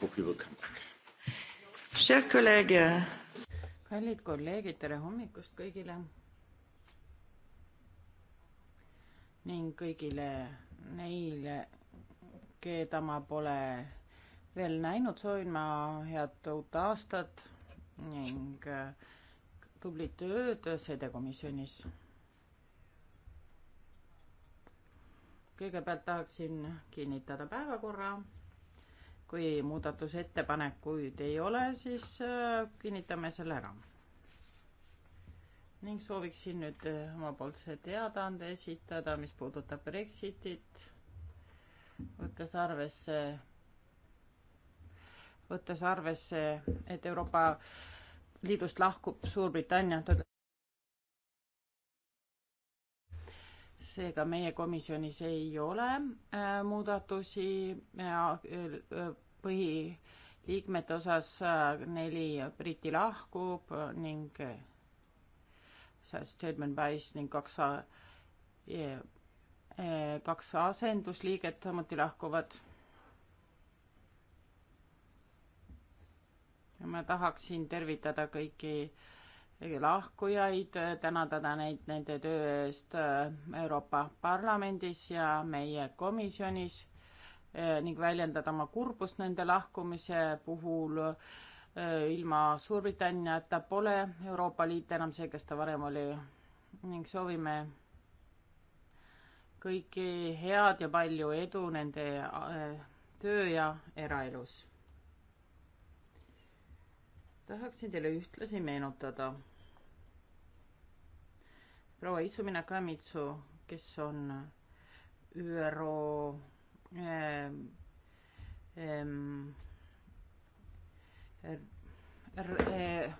hope you will come back. kallid kolleegid, tere hommikust kõigile. ning kõigile neile, keda ma pole veel näinud, soovin ma head uut aastat ning äh, tublit tööd sedekomisjonis. kõigepealt tahaksin kinnitada päevakorra kui muudatusettepanekuid ei ole, siis äh, kinnitame selle ära. ning sooviksin nüüd äh, omapoolse teadaande esitada, mis puudutab Brexitit, võttes arvesse, võttes arvesse, et Euroopa Liidust lahkub Suurbritannia seega meie komisjonis ei ole äh, muudatusi äh, äh, põhiliikmete osas, neli Briti lahkub ning Stedman Wise ning kaks, kaks asendusliiget samuti lahkuvad ma tahaksin tervitada kõiki äh, lahkujaid, tänada neid nende töö eest äh, Euroopa Parlamendis ja meie komisjonis äh, ning väljendada oma kurbust nende lahkumise puhul. Äh, ilma Suurbritanniata pole Euroopa Liit enam see, kes ta varem oli ning soovime kõike head ja palju edu nende töö ja eraelus tahaksin teile ühtlasi meenutada proua Isumina Kamitsu, kes on ÜRO ähm, ähm, äh,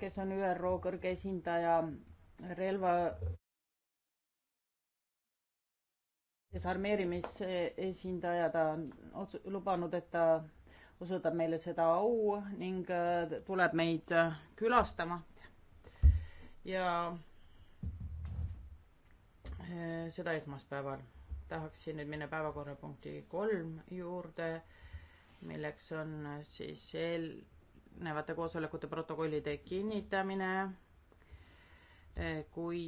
kes on ÜRO kõrge esindaja relva desarmeerimise esindaja, ta on lubanud, et ta osutab meile seda au ning äh, tuleb meid äh, külastama. ja äh, seda esmaspäeval. tahaksin nüüd minna päevakorrapunkti kolm juurde, milleks on siis eelnevate koosolekute protokollide kinnitamine. kui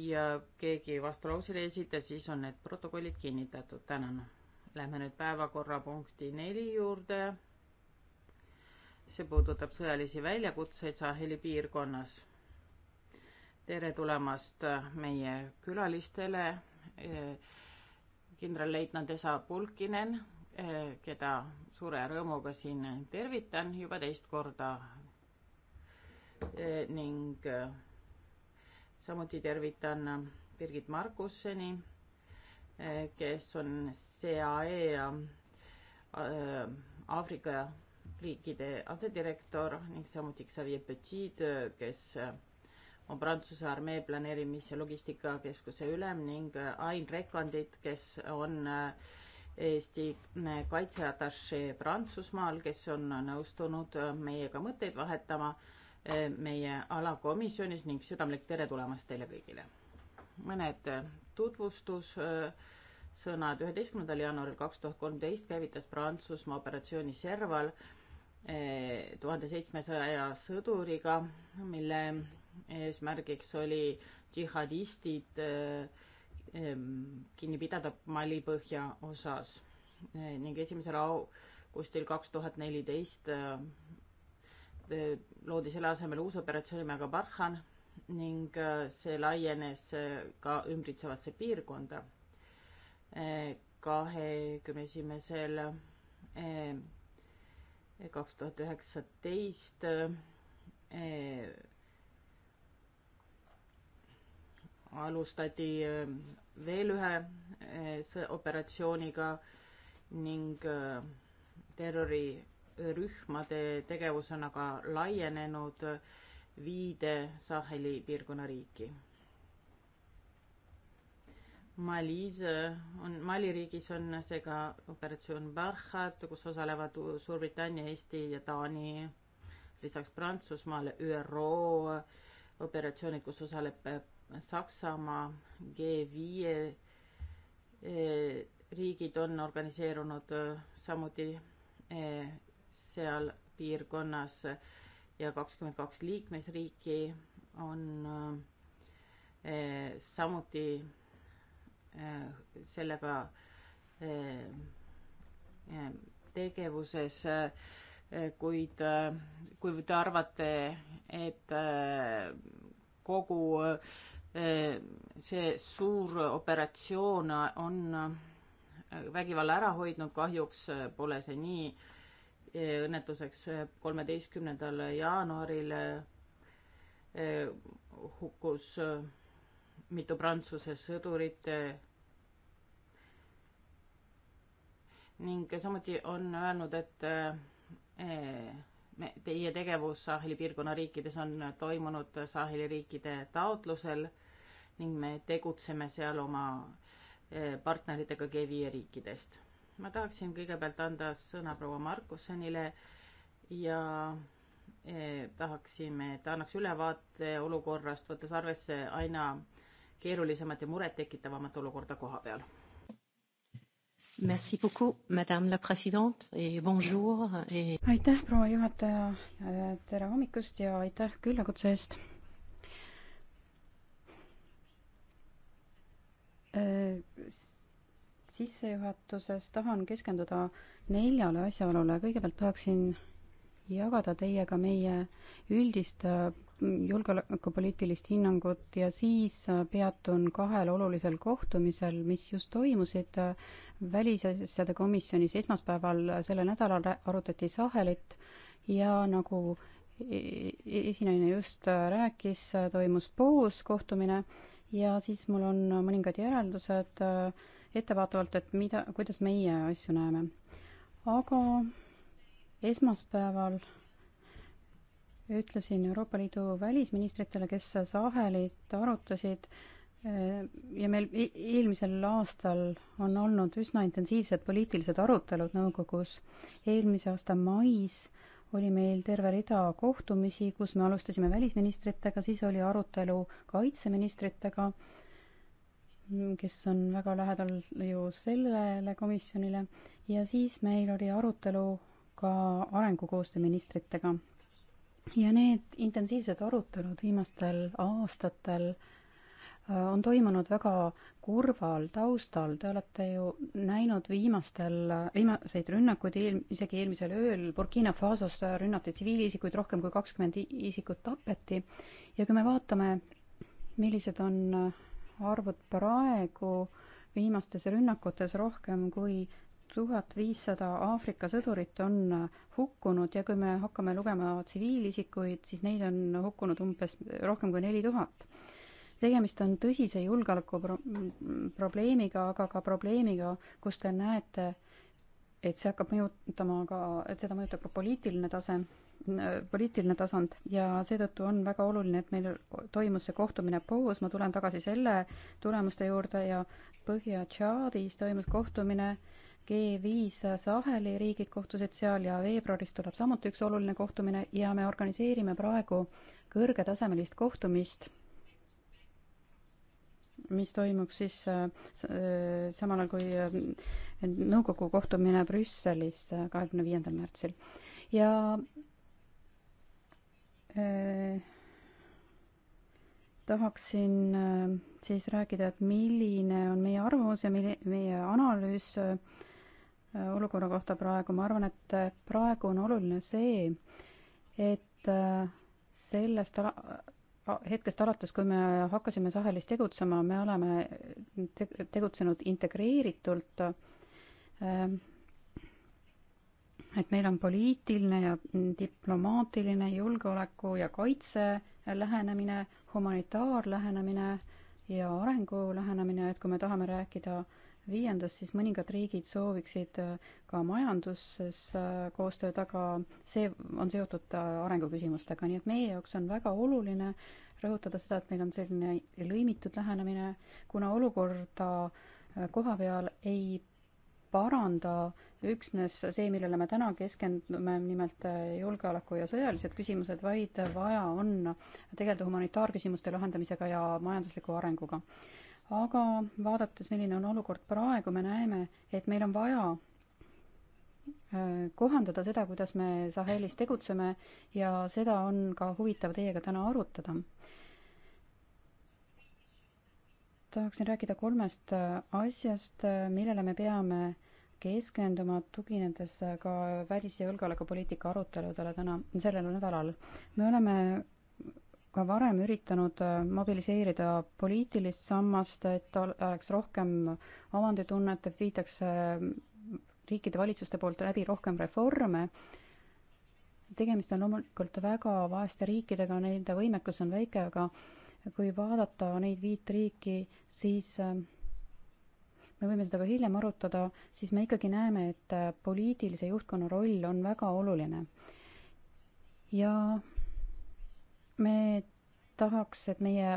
keegi vastulauseid ei esita, siis on need protokollid kinnitatud. tänan. Lähme nüüd päevakorrapunkti neli juurde see puudutab sõjalisi väljakutseid Saheli piirkonnas. tere tulemast meie külalistele, kindralleitnant Esa Pulkinen, keda suure rõõmuga siin tervitan juba teist korda ning samuti tervitan Birgit Markusseni, kes on CAE äh, Aafrika riikide asedirektor ning samuti Xavier Petit, kes äh, on Prantsuse armee planeerimis- ja logistikakeskuse ülem ning äh, Ain Rekandit, kes on äh, Eesti kaitseatašee Prantsusmaal, kes on nõustunud meiega mõtteid vahetama meie alakomisjonis ning südamlik tere tulemast teile kõigile. mõned tutvustussõnad. üheteistkümnendal jaanuaril kaks tuhat kolmteist käivitas Prantsusmaa operatsiooni Serval tuhande seitsmesaja sõduriga, mille eesmärgiks oli džihadistid eh, kinni pidada Mali põhjaosas eh, ning esimesel augustil kaks tuhat neliteist eh, loodi selle asemel uus operatsioon nimega Barhan ning see laienes ka ümbritsevasse piirkonda. kahekümne esimesel kaks tuhat üheksateist eh, alustati eh, veel ühe eh, operatsiooniga ning terrorirühmade tegevus on aga laienenud viide Saheli piirkonna riiki Malis äh, on, Mali riigis on seega operatsioon Barhat, kus osalevad Suurbritannia, Eesti ja Taani, lisaks Prantsusmaale ÜRO operatsioonid, kus osaleb äh, Saksamaa G5 äh, riigid on organiseerunud samuti seal piirkonnas ja kakskümmend kaks liikmesriiki on samuti Äh, sellega äh, äh, tegevuses, kuid kui te arvate, et kogu see suur operatsioon on vägivalla ära hoidnud, kahjuks pole see nii. õnnetuseks kolmeteistkümnendal jaanuaril hukkus mitu Prantsuse sõdurit eh, ning samuti on öelnud, et eh, teie tegevus Saheli piirkonna riikides on toimunud Saheli riikide taotlusel ning me tegutseme seal oma eh, partneritega G5 riikidest. ma tahaksin kõigepealt anda sõna proua Markusenile ja tahaksime, et ta annaks ülevaate olukorrast, võttes arvesse aina keerulisemat ja murettekitavamat olukorda koha peal. Merci beaucoup, madame la présidente et bonjour et.... aitäh, proua juhataja, tere hommikust ja aitäh küllakutse eest. Äh, sissejuhatuses tahan keskenduda neljale asjaolule, kõigepealt tahaksin jagada teiega meie üldist julgeolekupoliitilist hinnangut ja siis äh, peatun kahel olulisel kohtumisel, mis just toimusid äh, välisasjade komisjonis esmaspäeval äh, sellel nädalal arutati Sahelit ja nagu e-, e-, esinaine just rääkis, toimus Poos kohtumine ja siis mul on mõningad järeldused ettevaatavalt, et mida, kuidas meie asju näeme. aga esmaspäeval ütlesin Euroopa Liidu välisministritele, kes Sahelit arutasid ja meil e-, eelmisel aastal on olnud üsna intensiivsed poliitilised arutelud nõukogus. eelmise aasta mais oli meil terve rida kohtumisi, kus me alustasime välisministritega, siis oli arutelu kaitseministritega, kes on väga lähedal ju sellele komisjonile, ja siis meil oli arutelu ka arengukoostöö ministritega ja need intensiivsed arutelud viimastel aastatel äh, on toimunud väga kurval taustal, te olete ju näinud viimastel, äh, viimaseid rünnakuid eel-, isegi eelmisel ööl Burkina Fasos äh, rünnati tsiviilisikuid, rohkem kui kakskümmend isikut tapeti ja kui me vaatame, millised on arvud praegu viimastes rünnakutes, rohkem kui tuhat viissada Aafrika sõdurit on hukkunud ja kui me hakkame lugema tsiviilisikuid, siis neid on hukkunud umbes rohkem kui neli tuhat. tegemist on tõsise julgeoleku pro probleemiga, aga ka probleemiga, kus te näete, et see hakkab mõjutama ka, et seda mõjutab ka poliitiline tase, poliitiline tasand ja seetõttu on väga oluline, et meil toimus see kohtumine Poos, ma tulen tagasi selle tulemuste juurde ja Põhja-Tšaadis toimus kohtumine äh, G5 Saheli riigid kohtusid seal ja veebruaris tuleb samuti üks oluline kohtumine ja me organiseerime praegu kõrgetasemelist kohtumist, mis toimuks siis äh, samal ajal kui äh, nõukogu kohtumine Brüsselis äh, kahekümne viiendal märtsil. ja eh, tahaksin siis rääkida, et milline on meie arvamus ja mille, meie analüüs äh, olukorra kohta praegu, ma arvan, et praegu on oluline see, et äh, sellest ala-, hetkest alates, kui me hakkasime Sahelis tegutsema, me oleme te-, tegutsenud integreeritult, äh, et meil on poliitiline ja diplomaatiline julgeoleku ja kaitse lähenemine, humanitaarlähenemine ja arengu lähenemine, et kui me tahame rääkida äh, viiendas siis mõningad riigid sooviksid äh, ka majanduses äh, koostööd, aga see on seotud äh, arenguküsimustega, nii et meie jaoks on väga oluline rõhutada seda, et meil on selline lõimitud lähenemine, kuna olukorda koha peal ei paranda üksnes see, millele me täna keskendume, nimelt julgeoleku ja sõjalised küsimused, vaid vaja on tegeleda humanitaarküsimuste lahendamisega ja majandusliku arenguga aga vaadates, milline on olukord praegu, me näeme, et meil on vaja äh, kohandada seda, kuidas me Sahelis tegutseme ja seda on ka huvitav teiega täna arutada. tahaksin rääkida kolmest äh, asjast, äh, millele me peame keskenduma, tuginedes ka välis- ja julgeolekupoliitika aruteludele täna, sellel nädalal. me oleme ka varem üritanud äh, mobiliseerida poliitilist sammast, et oleks rohkem omanditunnet, et viidakse äh, riikide valitsuste poolt läbi rohkem reforme. tegemist on loomulikult väga vaeste riikidega, nende võimekus on väike, aga kui vaadata neid viit riiki, siis äh, me võime seda ka hiljem arutada, siis me ikkagi näeme, et poliitilise juhtkonna roll on väga oluline. ja me tahaks, et meie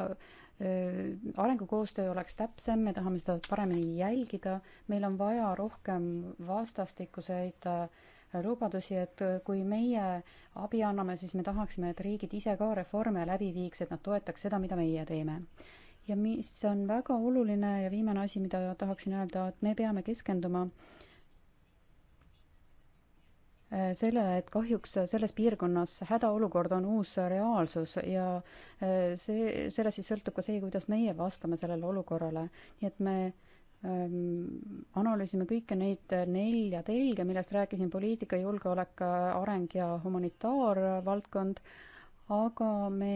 arengukoostöö oleks täpsem, me tahame seda paremini jälgida, meil on vaja rohkem vastastikuseid äh, lubadusi, et äh, kui meie abi anname, siis me tahaksime, et riigid ise ka reforme läbi viiks, et nad toetaks seda, mida meie teeme. ja mis on väga oluline ja viimane asi, mida tahaksin öelda, et me peame keskenduma äh, Äh, sellele, et kahjuks selles piirkonnas hädaolukord on uus reaalsus ja äh, see, sellest siis sõltub ka see, kuidas meie vastame sellele olukorrale. nii et me ähm, analüüsime kõiki neid nelja telge, millest rääkisin, poliitika, julgeolek, areng ja humanitaarvaldkond, aga me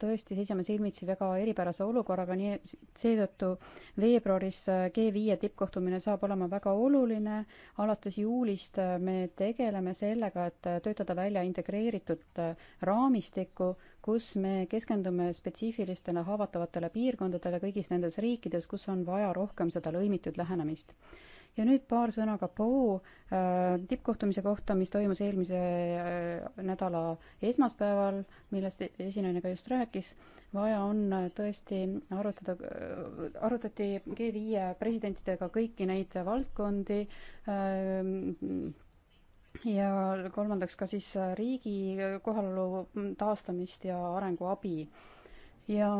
tõesti seisame silmitsi väga eripärase olukorraga, nii seetõttu veebruaris G5 tippkohtumine saab olema väga oluline. alates juulist me tegeleme sellega, et töötada välja integreeritud raamistikku, kus me keskendume spetsiifilistele haavatavatele piirkondadele kõigis nendes riikides, kus on vaja rohkem seda lõimitud lähenemist ja nüüd paar sõna ka Poo äh, tippkohtumise kohta, mis toimus eelmise äh, nädala esmaspäeval, millest e-, esinaine ka just rääkis. vaja on äh, tõesti arutada, arutati G5 presidentidega kõiki neid valdkondi ja kolmandaks ka siis riigi kohalolu taastamist ja arenguabi ja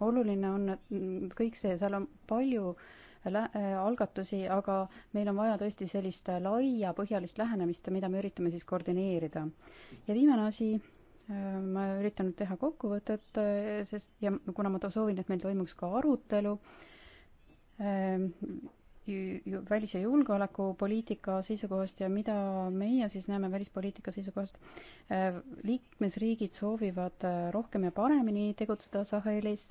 oluline on, et kõik see, seal on palju äh, Äh, algatusi, aga meil on vaja tõesti sellist laiapõhjalist lähenemist, mida me üritame siis koordineerida. ja viimane asi, äh, ma üritan nüüd teha kokkuvõtet, äh, sest ja kuna ma soovin, et meil toimuks ka arutelu välis- ja julgeolekupoliitika seisukohast ja mida meie siis näeme välispoliitika seisukohast, liikmesriigid soovivad rohkem ja paremini tegutseda Sahelis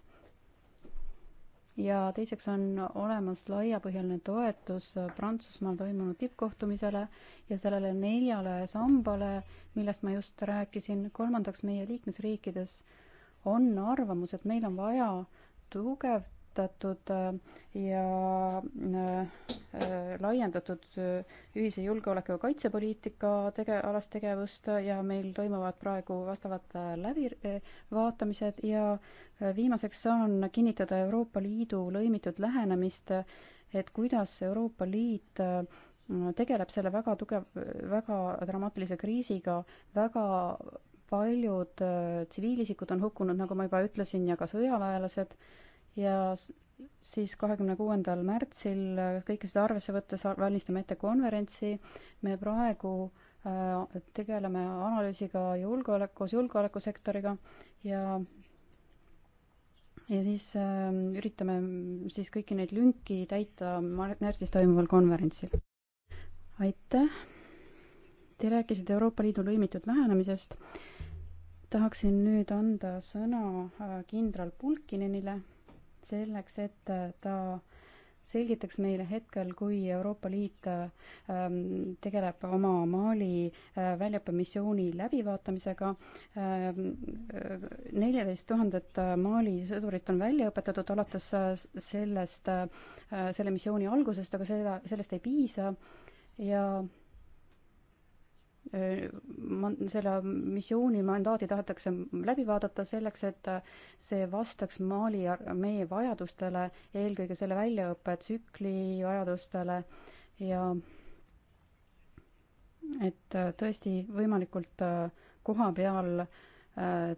ja teiseks on olemas laiapõhjaline toetus Prantsusmaal toimunud tippkohtumisele ja sellele neljale sambale, millest ma just rääkisin. kolmandaks, meie liikmesriikides on arvamus, et meil on vaja tugev ühtlustatud äh, ja äh, äh, laiendatud ühise julgeoleku- ja kaitsepoliitika tege-, alast tegevust ja meil toimuvad praegu vastavad läbivaatamised ja viimaseks saan kinnitada Euroopa Liidu lõimitud lähenemist, et kuidas Euroopa Liit tegeleb selle väga tugev, väga dramaatilise kriisiga, väga paljud tsiviilisikud on hukkunud, nagu ma juba ütlesin, ja ka sõjaväelased äh, ja siis kahekümne kuuendal märtsil äh, kõike seda arvesse võttes valmistame ette konverentsi. me praegu äh, tegeleme analüüsiga julgeolek, koos julgeolekusektoriga ja ja siis ähm, üritame siis kõiki neid lünki täita märtsis toimuval konverentsil. aitäh! Te rääkisite Euroopa Liidu lõimitud lähenemisest. tahaksin nüüd anda sõna äh, kindral Pulkinenile selleks, et äh, ta selgitaks meile hetkel, kui Euroopa Liit ähm, tegeleb oma Mali äh, väljaõppemissiooni läbivaatamisega. Ähm, äh, neljateist tuhandet Mali sõdurit on välja õpetatud alates sellest, selle missiooni algusest, aga seda, sellest ei piisa ja man-, selle missiooni mandaati tahetakse läbi vaadata selleks, et see vastaks Mali armee vajadustele, eelkõige selle väljaõppetsükli vajadustele ja et tõesti võimalikult äh, koha peal äh,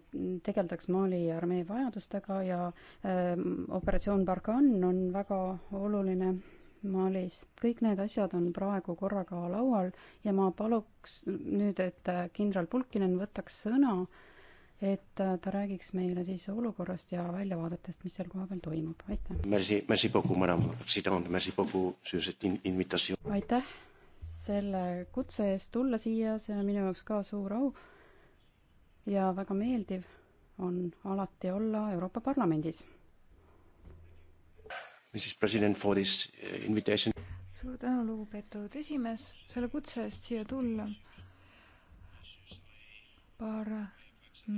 tegeldaks Mali armee vajadustega ja äh, operatsioon Barkhane on väga oluline Malis. kõik need asjad on praegu korraga laual ja ma paluks nüüd, et äh, kindral Pulkinen võtaks sõna, et äh, ta räägiks meile siis olukorrast ja väljavaadetest, mis seal kohapeal toimub, aitäh. aitäh selle kutse eest tulla siia, see on minu jaoks ka suur au ja väga meeldiv on alati olla Euroopa Parlamendis Mrs President for this uh, invitation. suur tänu, lugupeetud esimees, selle kutse eest siia tulla. paar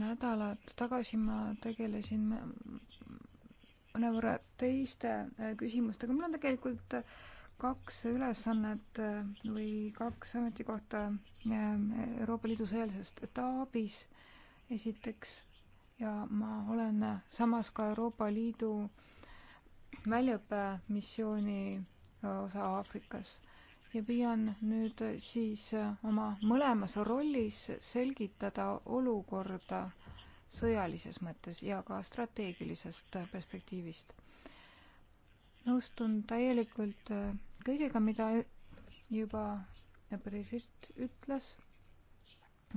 nädalat tagasi ma tegelesin mõnevõrra teiste äh, küsimustega, mul on tegelikult kaks ülesannet äh, või kaks ametikohta äh, Euroopa Liidu sõjalises staabis esiteks ja ma olen samas ka Euroopa Liidu äh, väljaõppemissiooni äh, osa Aafrikas ja püüan nüüd siis äh, oma mõlemas rollis selgitada olukorda sõjalises mõttes ja ka strateegilisest äh, perspektiivist. nõustun täielikult kõigega, mida juba Brigitte ütles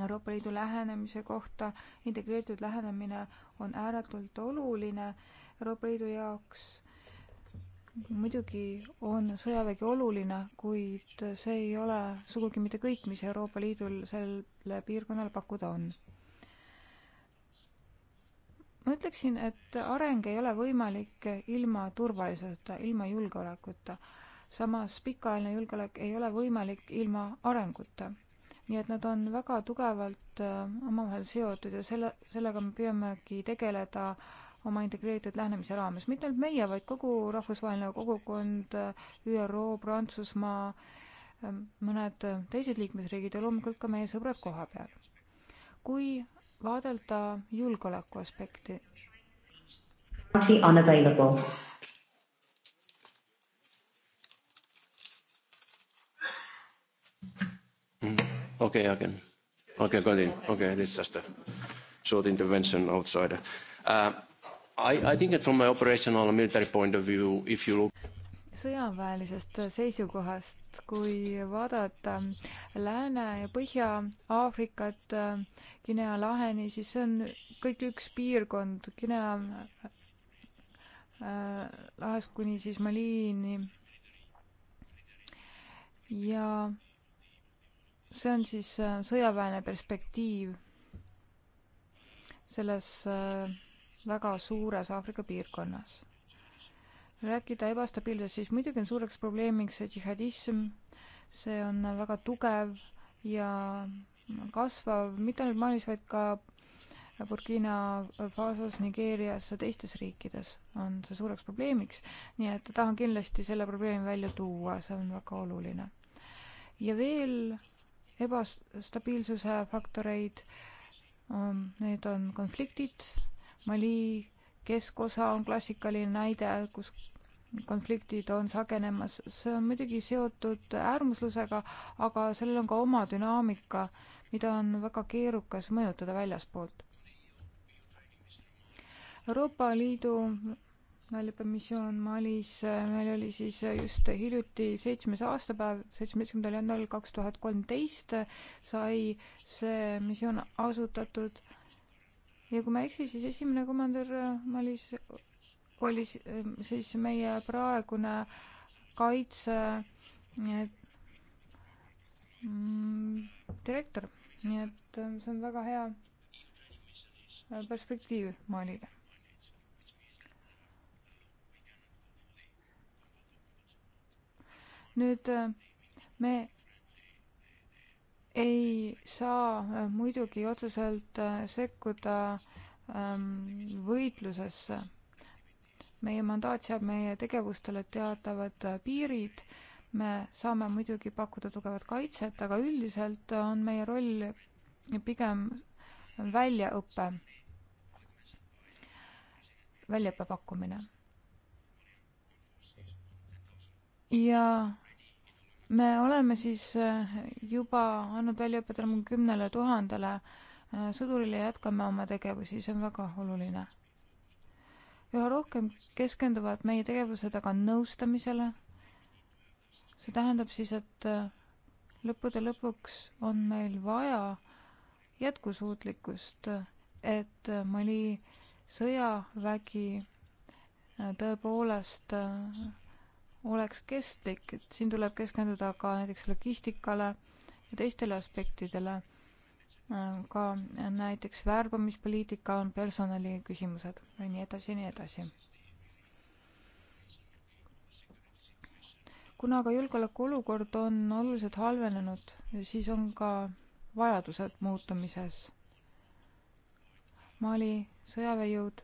Euroopa Liidu lähenemise kohta. integreeritud lähenemine on ääretult oluline Euroopa Liidu jaoks muidugi on sõjavägi oluline, kuid see ei ole sugugi mitte kõik, mis Euroopa Liidul sellele piirkonnale pakkuda on. ma ütleksin, et areng ei ole võimalik ilma turvalisuseta, ilma julgeolekuta. samas pikaajaline julgeolek ei ole võimalik ilma arenguta. nii et nad on väga tugevalt äh, omavahel seotud ja selle, sellega me püüamegi tegeleda äh, oma integreeritud lähenemise raames. mitte ainult meie, vaid kogu rahvusvaheline kogukond, ÜRO, Prantsusmaa, mõned teised liikmesriigid ja loomulikult ka meie sõbrad koha peal. kui vaadelda julgeoleku aspekti, unavailable. Okay, I can. Okay, got it. Okay, this is just a short intervention outside. Uh, äh, I, I think that from my operational and military point of view, if you look sõjaväelisest seisukohast, kui vaadata Lääne- ja Põhja-Aafrikat, Guinea laheni, siis see on kõik üks piirkond Guinea äh, lahest kuni siis Maliini. ja see on siis äh, sõjaväeline perspektiiv selles äh, väga suures Aafrika piirkonnas. rääkida ebastabiilsusest, siis muidugi on suureks probleemiks see džihadism, see on väga tugev ja kasvav mitte ainult Malis, vaid ka Burkina Fasos, Nigeerias ja teistes riikides on see suureks probleemiks. nii et tahan kindlasti selle probleemi välja tuua, see on väga oluline. ja veel ebastabiilsuse faktoreid, need on konfliktid Mali keskosa on klassikaline näide, kus konfliktid on sagenemas. see on muidugi seotud äärmuslusega, aga sellel on ka oma dünaamika, mida on väga keerukas mõjutada väljaspoolt. Euroopa Liidu väljaõppemissioon Malis, meil oli siis just hiljuti seitsmes aastapäev, seitsmeteistkümnendal jaanuaril kaks tuhat kolmteist sai see missioon asutatud ja kui ma ei eksi, siis esimene komandör äh, Malis oli äh, siis meie praegune kaitse äh, mm, direktor, nii et see on väga hea perspektiiv Malile. nüüd me ei saa äh, muidugi otseselt äh, sekkuda ähm, võitlusesse. meie mandaat seab meie tegevustele teatavad äh, piirid, me saame muidugi pakkuda tugevat kaitset, aga üldiselt on meie roll pigem väljaõpe, väljaõppe pakkumine. ja me oleme siis eh, juba andnud väljaõpet enam kui kümnele tuhandele eh, sõdurile ja jätkame oma tegevusi, see on väga oluline. üha rohkem keskenduvad meie tegevused aga nõustamisele. see tähendab siis, et eh, lõppude lõpuks on meil vaja jätkusuutlikkust, et Mali sõjavägi tõepoolest oleks kestlik, et siin tuleb keskenduda ka näiteks logistikale ja teistele aspektidele, ka näiteks värbamispoliitika on personali küsimused ja nii edasi ja nii edasi. kuna aga julgeolekuolukord on oluliselt halvenenud, siis on ka vajadused muutumises. Mali sõjaväejõud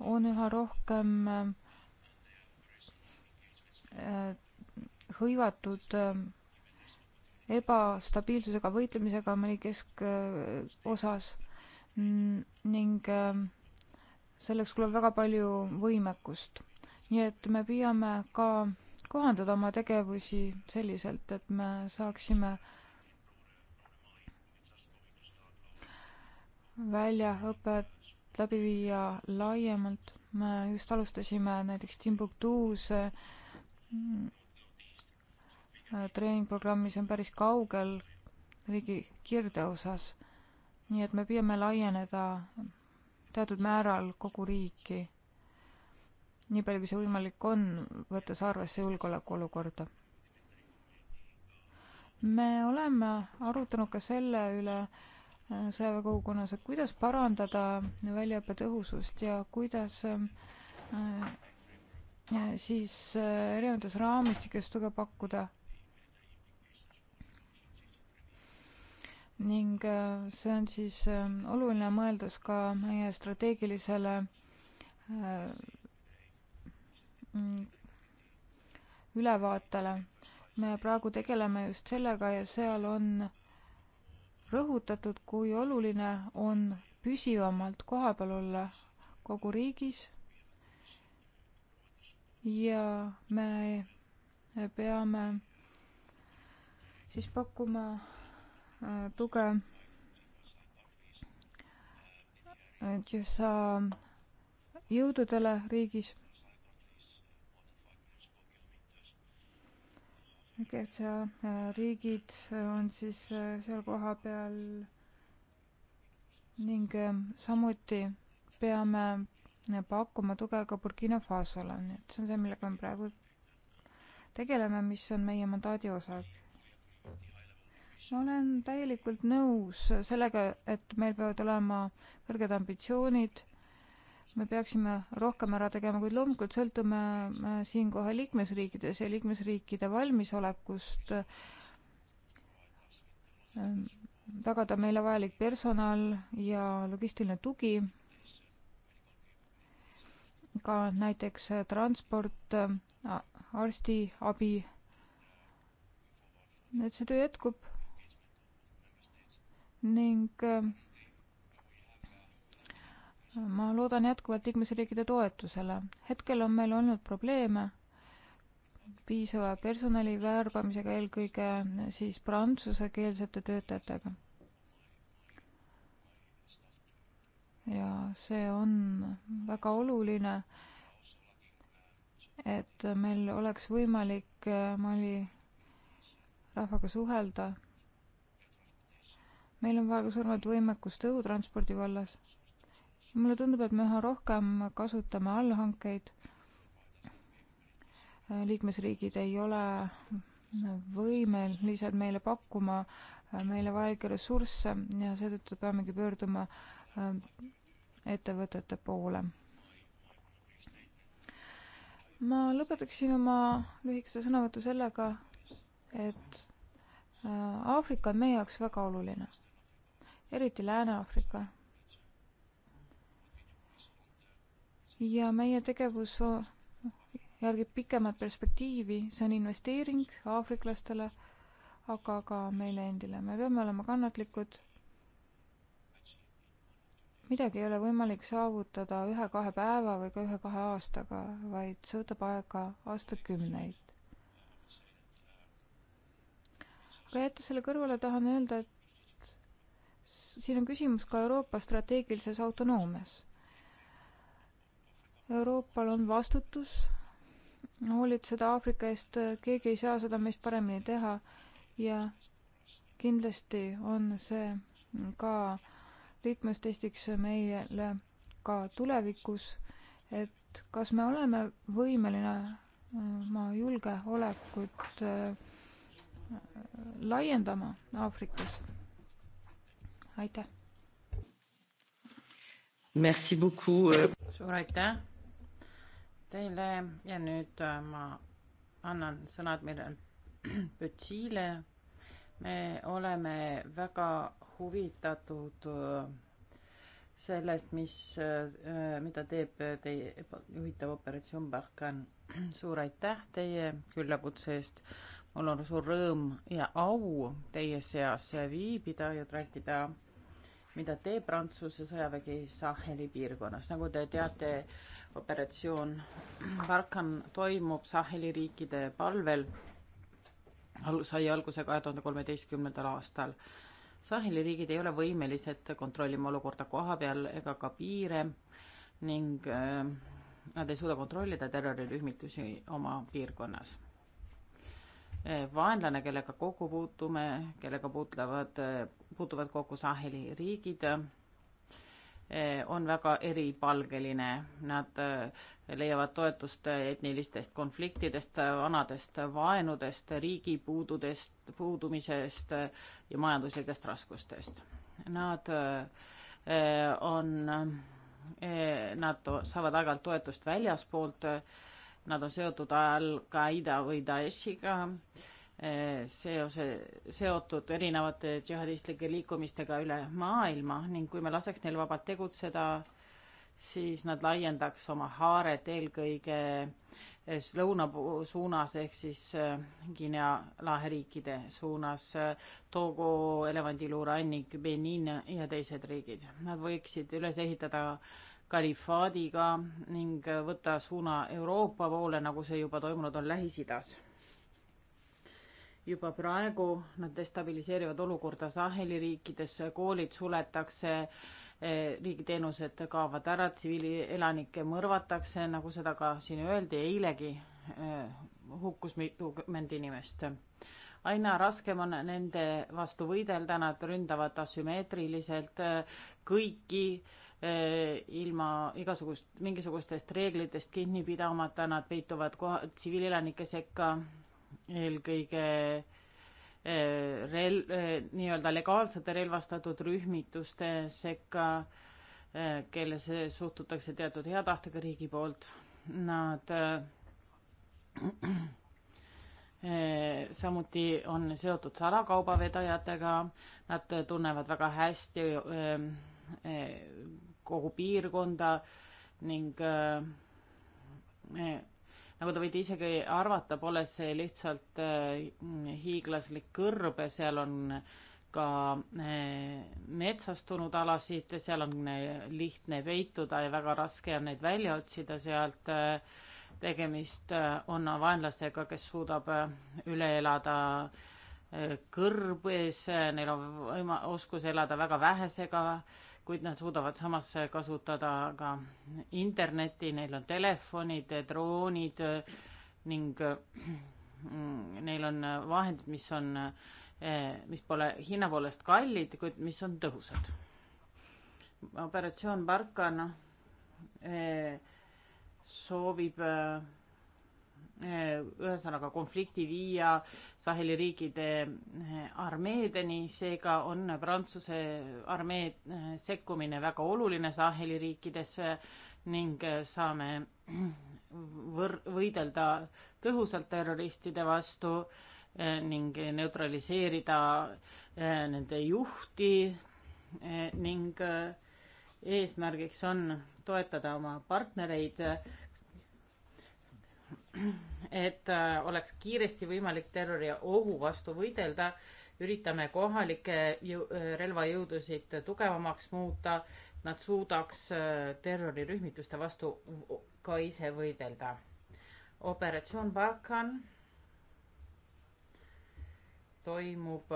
on üha rohkem äh, hõivatud äh, ebastabiilsusega võitlemisega Mali keskosas äh, ning selleks kulub väga palju võimekust. nii et me püüame ka kohandada oma tegevusi selliselt, et me saaksime väljaõpet läbi viia laiemalt. me just alustasime näiteks Timbuktuus mm, treeningprogrammi, see on päris kaugel riigi kirdeosas. nii et me püüame laieneda teatud määral kogu riiki. nii palju, kui see võimalik on, võttes arvesse julgeolekuolukorda. me oleme arutanud ka selle üle, sõjaväekogukonnas, et kuidas parandada väljaõppe tõhusust ja kuidas äh, Ja siis äh, erinevates raamistikes tuge pakkuda. ning äh, see on siis oluline, mõeldes ka meie strateegilisele mm, ülevaatele. me praegu tegeleme just sellega ja seal on äh, rõhutatud, kui oluline on püsivamalt kohapeal olla kogu riigis. ja me peame siis pakkuma äh, tuge äh, jõududele riigis GCA äh, riigid äh, on siis äh, seal kohapeal ning samuti peame pakkuma tuge ka Burkina Fasole, nii et see on see, millega me praegu tegeleme, mis on meie mandaadi osad. ma olen täielikult nõus sellega, et meil peavad olema kõrged ambitsioonid me peaksime rohkem ära tegema, kuid loomulikult sõltume äh, siinkohal liikmesriikides ja liikmesriikide valmisolekust ähm, tagada meile vajalik personal ja logistiline tugi, ka näiteks äh, transport, äh, arstiabi. et see töö jätkub ning ma loodan jätkuvalt liikmesriikide toetusele. hetkel on meil olnud probleeme piisava personali värbamisega, eelkõige siis prantsusekeelsete töötajatega. ja see on väga oluline, et meil oleks võimalik äh, Mali rahvaga suhelda. meil on vaja ka suuremat võimekust õhutranspordi vallas mulle tundub, et me üha rohkem kasutame allhankeid. liikmesriigid ei ole võimelised meile pakkuma äh, meile vajalikke ressursse ja seetõttu peamegi pöörduma äh, ettevõtete poole. ma lõpetaksin oma lühikese sõnavõtu sellega, et äh, Aafrika on meie jaoks väga oluline, eriti Lääne-Aafrika ja meie tegevus järgib pikemat perspektiivi, see on investeering aafriklastele, aga ka meile endile, me peame olema kannatlikud. midagi ei ole võimalik saavutada ühe-kahe päeva või ka ühe-kahe aastaga, vaid see võtab aega aastakümneid. aga jättes selle kõrvale, tahan öelda, et siin on küsimus ka Euroopa strateegilises autonoomias Euroopal on vastutus hoolitseda Aafrika eest, keegi ei saa seda meist paremini teha ja kindlasti on see ka liikmestestiks meile ka tulevikus, et kas me oleme võimeline oma julgeolekut äh, laiendama Aafrikas. aitäh! Euh. suur aitäh! teile ja nüüd äh, ma annan sõnad Mirjam Pütsile. me oleme väga huvitatud äh, sellest, mis, äh, mida teeb teie juhitav operatsioon Barkan. suur aitäh teie küllakutse eest. mul on suur rõõm ja au teie seas viibida ja rääkida, mida teeb Prantsuse sõjavägi Saheli piirkonnas. nagu te teate, operatsioon Barkan toimub Saheli riikide palvel, sai alguse kahe tuhande kolmeteistkümnendal aastal. Saheli riigid ei ole võimelised kontrollima olukorda koha peal ega ka piire ning äh, nad ei suuda kontrollida terrorirühmitusi oma piirkonnas. Äh, vaenlane, kellega kokku puutume, kellega puutlevad, äh, puutuvad kokku Saheli riigid, Eh, on väga eripalgeline, nad eh, leiavad toetust etnilistest konfliktidest, vanadest vaenudest, riigi puududest, puudumisest ja majanduslikest raskustest. Nad eh, on, nad saavad aeg-ajalt toetust väljaspoolt, nad on seotud Al-Qaeda või Daeshiga, seose, seotud erinevate džihadistlike liikumistega üle maailma ning kui me laseks neil vabalt tegutseda, siis nad laiendaks oma haaret eelkõige lõuna suunas ehk siis äh, Guinea lahe riikide suunas, äh, Togo, elevandiluurannik, Benin ja teised riigid. Nad võiksid üles ehitada kalifaadiga ning võtta suuna Euroopa poole, nagu see juba toimunud on Lähis-Idas juba praegu nad destabiliseerivad olukorda Saheli riikides, koolid suletakse, eh, riigiteenused kaovad ära, tsiviilelanikke mõrvatakse, nagu seda ka siin öeldi, eilegi eh, hukkus mitukümmend inimest. aina raskem on nende vastu võidelda, nad ründavad asümmeetriliselt eh, kõiki ilma igasugust, mingisugustest reeglitest kinni pidamata, nad peituvad koha, tsiviilelanike sekka eelkõige eh, rel-, eh, nii-öelda legaalsete relvastatud rühmituste sekka, eh, kellesse suhtutakse teatud hea tahtega riigi poolt. Nad samuti on seotud salakaubavedajatega, nad tunnevad väga hästi kogu piirkonda ning nagu te võite isegi arvata, pole see lihtsalt äh, hiiglaslik kõrb, seal on ka äh, metsastunud alasid, seal on äh, lihtne peituda ja väga raske on neid välja otsida sealt. tegemist on vaenlasega, kes suudab üle elada kõrbes, neil on võima-, oskus elada väga vähesega kuid nad suudavad samas kasutada ka internetti, neil on telefonid, droonid ning mm, neil on vahendid, mis on, eh, mis pole hinna poolest kallid, kuid mis on tõhusad. operatsioon Barkan eh, soovib eh, Äh, ühesõnaga konflikti viia Saheli riikide äh, armeedeni, seega on Prantsuse armee äh, sekkumine väga oluline Saheli riikidesse ning saame võr-, võidelda tõhusalt terroristide vastu ning neutraliseerida nende juhti ning eesmärgiks on toetada oma partnereid et äh, oleks kiiresti võimalik terroriohu vastu võidelda, üritame kohalikke äh, relvajõudusid tugevamaks muuta, nad suudaks äh, terrorirühmituste vastu ka ise võidelda. operatsioon Balkan toimub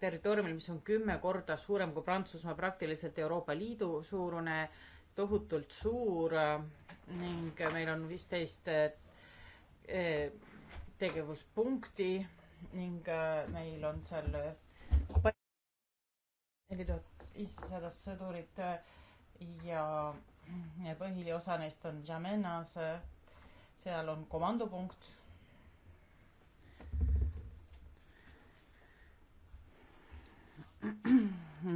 territooriumil, mis on kümme korda suurem kui Prantsusmaa, praktiliselt Euroopa Liidu suurune, tohutult suur ning meil on viisteist eh, eh, tegevuspunkti ning eh, meil on seal neli tuhat viissada sõdurit ja põhiosa neist on Jamenas, seal on komandopunkt.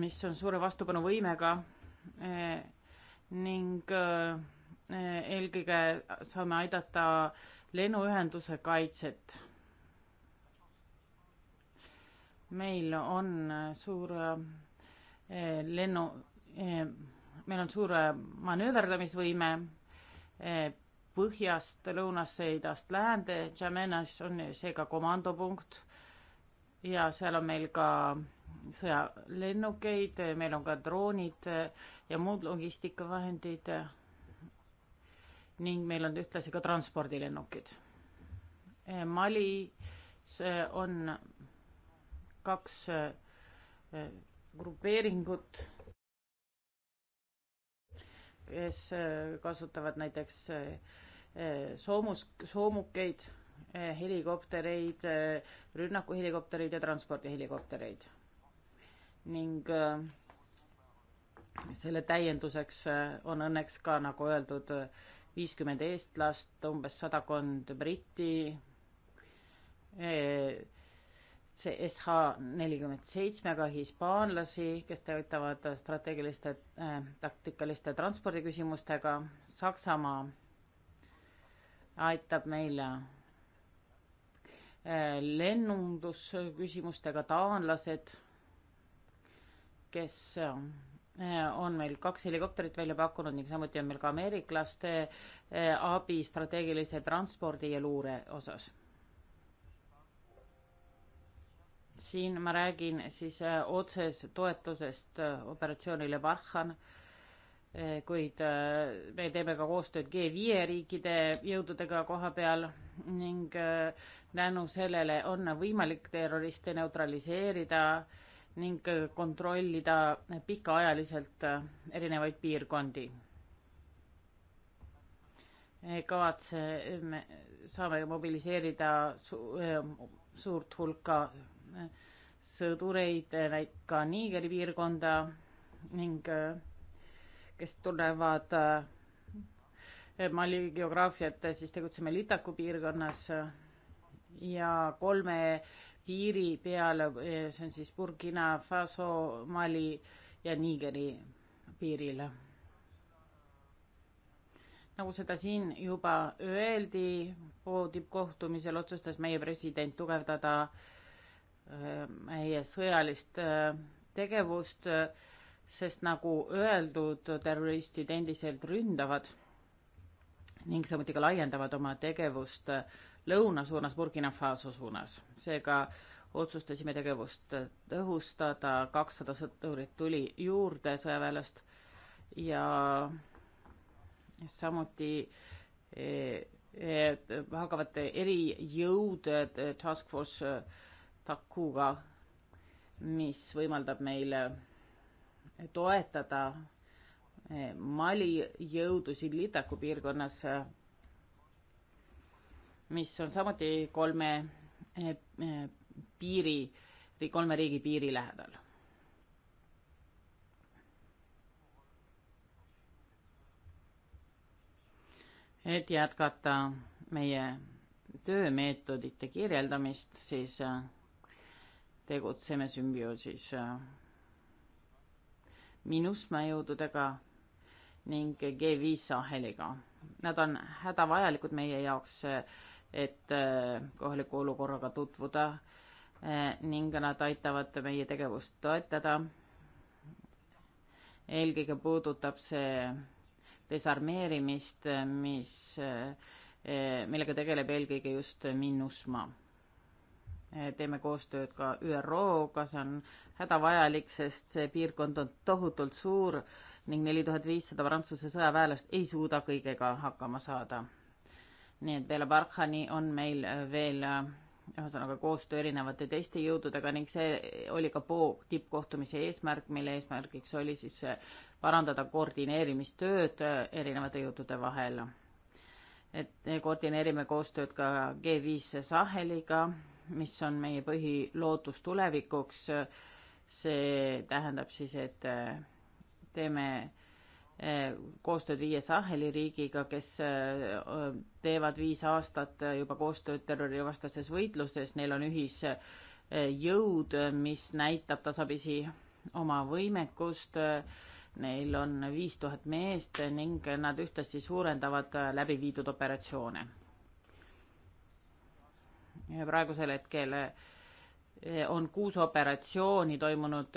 mis on suure vastupanuvõimega ning eelkõige saame aidata lennuühenduse kaitset. meil on suur eh, lennu, eh, meil on suur manööverdamisvõime eh, põhjast lõunasse, idast läände. Tšamenas on seega komandopunkt ja seal on meil ka sõjalennukeid, meil on ka droonid ja muud logistikavahendid ning meil on ühtlasi ka transpordilennukid. Eh, Malis on kaks eh, grupeeringut, kes eh, kasutavad näiteks soomus, soomukeid, helikoptereid, rünnakuhelikoptereid ja transpordihelikoptereid. ning selle täienduseks on õnneks ka, nagu öeldud, viiskümmend eestlast, umbes sadakond britti, see SH nelikümmend seitsmega hispaanlasi, kes töötavad strateegiliste äh, taktikaliste transpordiküsimustega. Saksamaa aitab meile äh, lennundusküsimustega, taanlased, kes äh, Äh, on meil kaks helikopterit välja pakkunud ning samuti on meil ka ameeriklaste äh, abi strateegilise transpordi ja luure osas. siin ma räägin siis äh, otsest toetusest operatsioonile Varhan, kuid me teeme ka koostööd G5 riikide jõududega koha peal ning tänu sellele on võimalik terroriste neutraliseerida äh, ning äh, kontrollida pikaajaliselt äh, erinevaid piirkondi. kavatse, me saame mobiliseerida su, äh, suurt hulka sõdureid ka Nigeri piirkonda ning kes tunnevad Mali geograafiat, siis tegutseme Litaku piirkonnas ja kolme piiri peal, eh, see on siis Burkina Faso, Mali ja Nigeri piiril. nagu seda siin juba öeldi, Poo tippkohtumisel otsustas meie president tugevdada eh, meie sõjalist eh, tegevust, sest nagu öeldud, terroristid endiselt ründavad ning samuti ka laiendavad oma tegevust lõuna suunas, Burkina Faso suunas. seega otsustasime tegevust tõhustada, kakssada sõdurit tuli juurde sõjaväelast ja samuti e, e, hakkavad erijõud e, Task Force Takuga, mis võimaldab meil toetada Mali jõudusid Lidaku piirkonnas mis on samuti kolme eh, eh, piiri, kolme riigi piiri lähedal. et jätkata meie töömeetodite kirjeldamist, siis eh, tegutseme sümbioosis minusma jõududega ning G5 Saheliga. Nad on hädavajalikud meie jaoks et äh, kohaliku olukorraga tutvuda äh, ning nad aitavad meie tegevust toetada. eelkõige puudutab see desarmeerimist, äh, mis, millega tegeleb eelkõige just Minusma. teeme koostööd ka ÜRO-ga, see on hädavajalik, sest see piirkond on tohutult suur ning neli tuhat viissada Prantsuse sõjaväelast ei suuda kõigega hakkama saada nii et peale Barkhani on meil äh, veel äh, ühesõnaga koostöö erinevate teiste jõududega ning see oli ka Poo tippkohtumise eesmärk, mille eesmärgiks oli siis äh, parandada koordineerimistööd erinevate jõudude vahel. et koordineerime koostööd ka G5 Saheliga, mis on meie põhilootus tulevikuks. see tähendab siis, et teeme koostööd viie Saheli riigiga, kes äh, teevad viis aastat juba koostööd terrorivastases võitluses, neil on ühisjõud, äh, mis näitab tasapisi oma võimekust. Neil on viis tuhat meest ning nad ühtlasi suurendavad äh, läbi viidud operatsioone. praegusel hetkel on kuus operatsiooni toimunud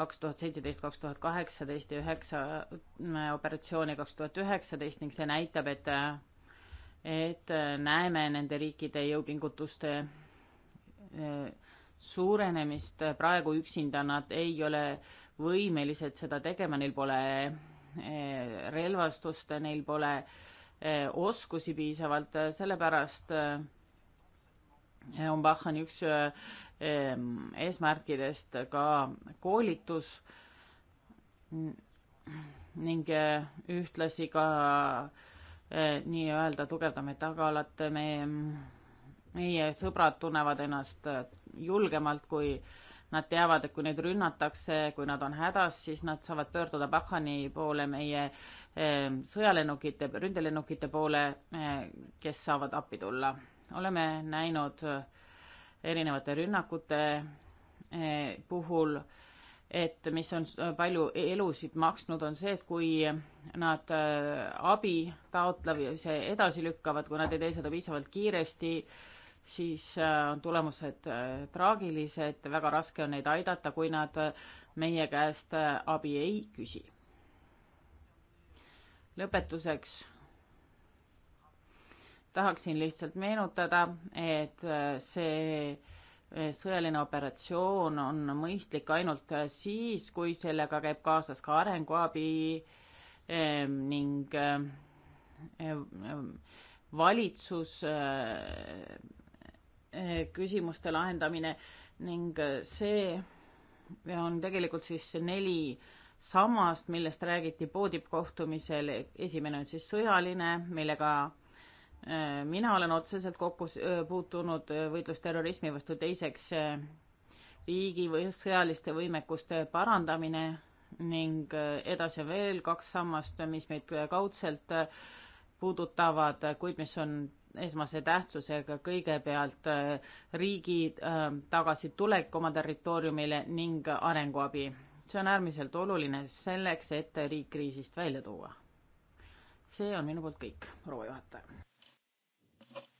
kaks tuhat seitseteist, kaks tuhat kaheksateist ja üheksa äh, operatsiooni kaks tuhat üheksateist ning see näitab, et äh, et äh, näeme nende riikide jõupingutuste suurenemist, praegu üksinda nad ei ole võimelised seda tegema, neil pole relvastust, neil pole oskusi piisavalt, sellepärast on Bahhani üks eesmärkidest ka koolitus ning eh, ühtlasi ka eh, nii-öelda tugevdame tagalat, me, meie sõbrad tunnevad ennast eh, julgemalt, kui nad teavad, et kui neid rünnatakse, kui nad on hädas, siis nad saavad pöörduda Bahani poole, meie sõjalennukite, ründelennukite poole, kes saavad appi tulla. oleme näinud äh, erinevate rünnakute eh, puhul, et mis on palju e-, elusid maksnud, on see, et kui nad eh, abi taotlemise edasi lükkavad, kui nad ei tee seda piisavalt kiiresti, siis eh, on tulemused traagilised, väga raske on neid aidata, kui nad meie käest abi ei küsi. lõpetuseks tahaksin lihtsalt meenutada, et äh, see äh, sõjaline operatsioon on mõistlik ainult äh, siis, kui sellega käib kaasas ka arenguabi ähm, ning valitsus küsimuste lahendamine ning see on tegelikult siis neli sammast, millest räägiti Poodip kohtumisel. esimene on siis sõjaline, millega Äh, mina olen otseselt kokku äh, puutunud äh, võitlusterrorismi vastu, teiseks riigi või sõjaliste võimekuste parandamine ning edasi veel kaks sammast, mis meid kaudselt puudutavad, kuid mis on esmase tähtsusega kõigepealt riigi tagasitulek oma territooriumile ning arenguabi. see on äärmiselt oluline selleks, et riik kriisist välja tuua. see on minu poolt kõik, proua juhataja.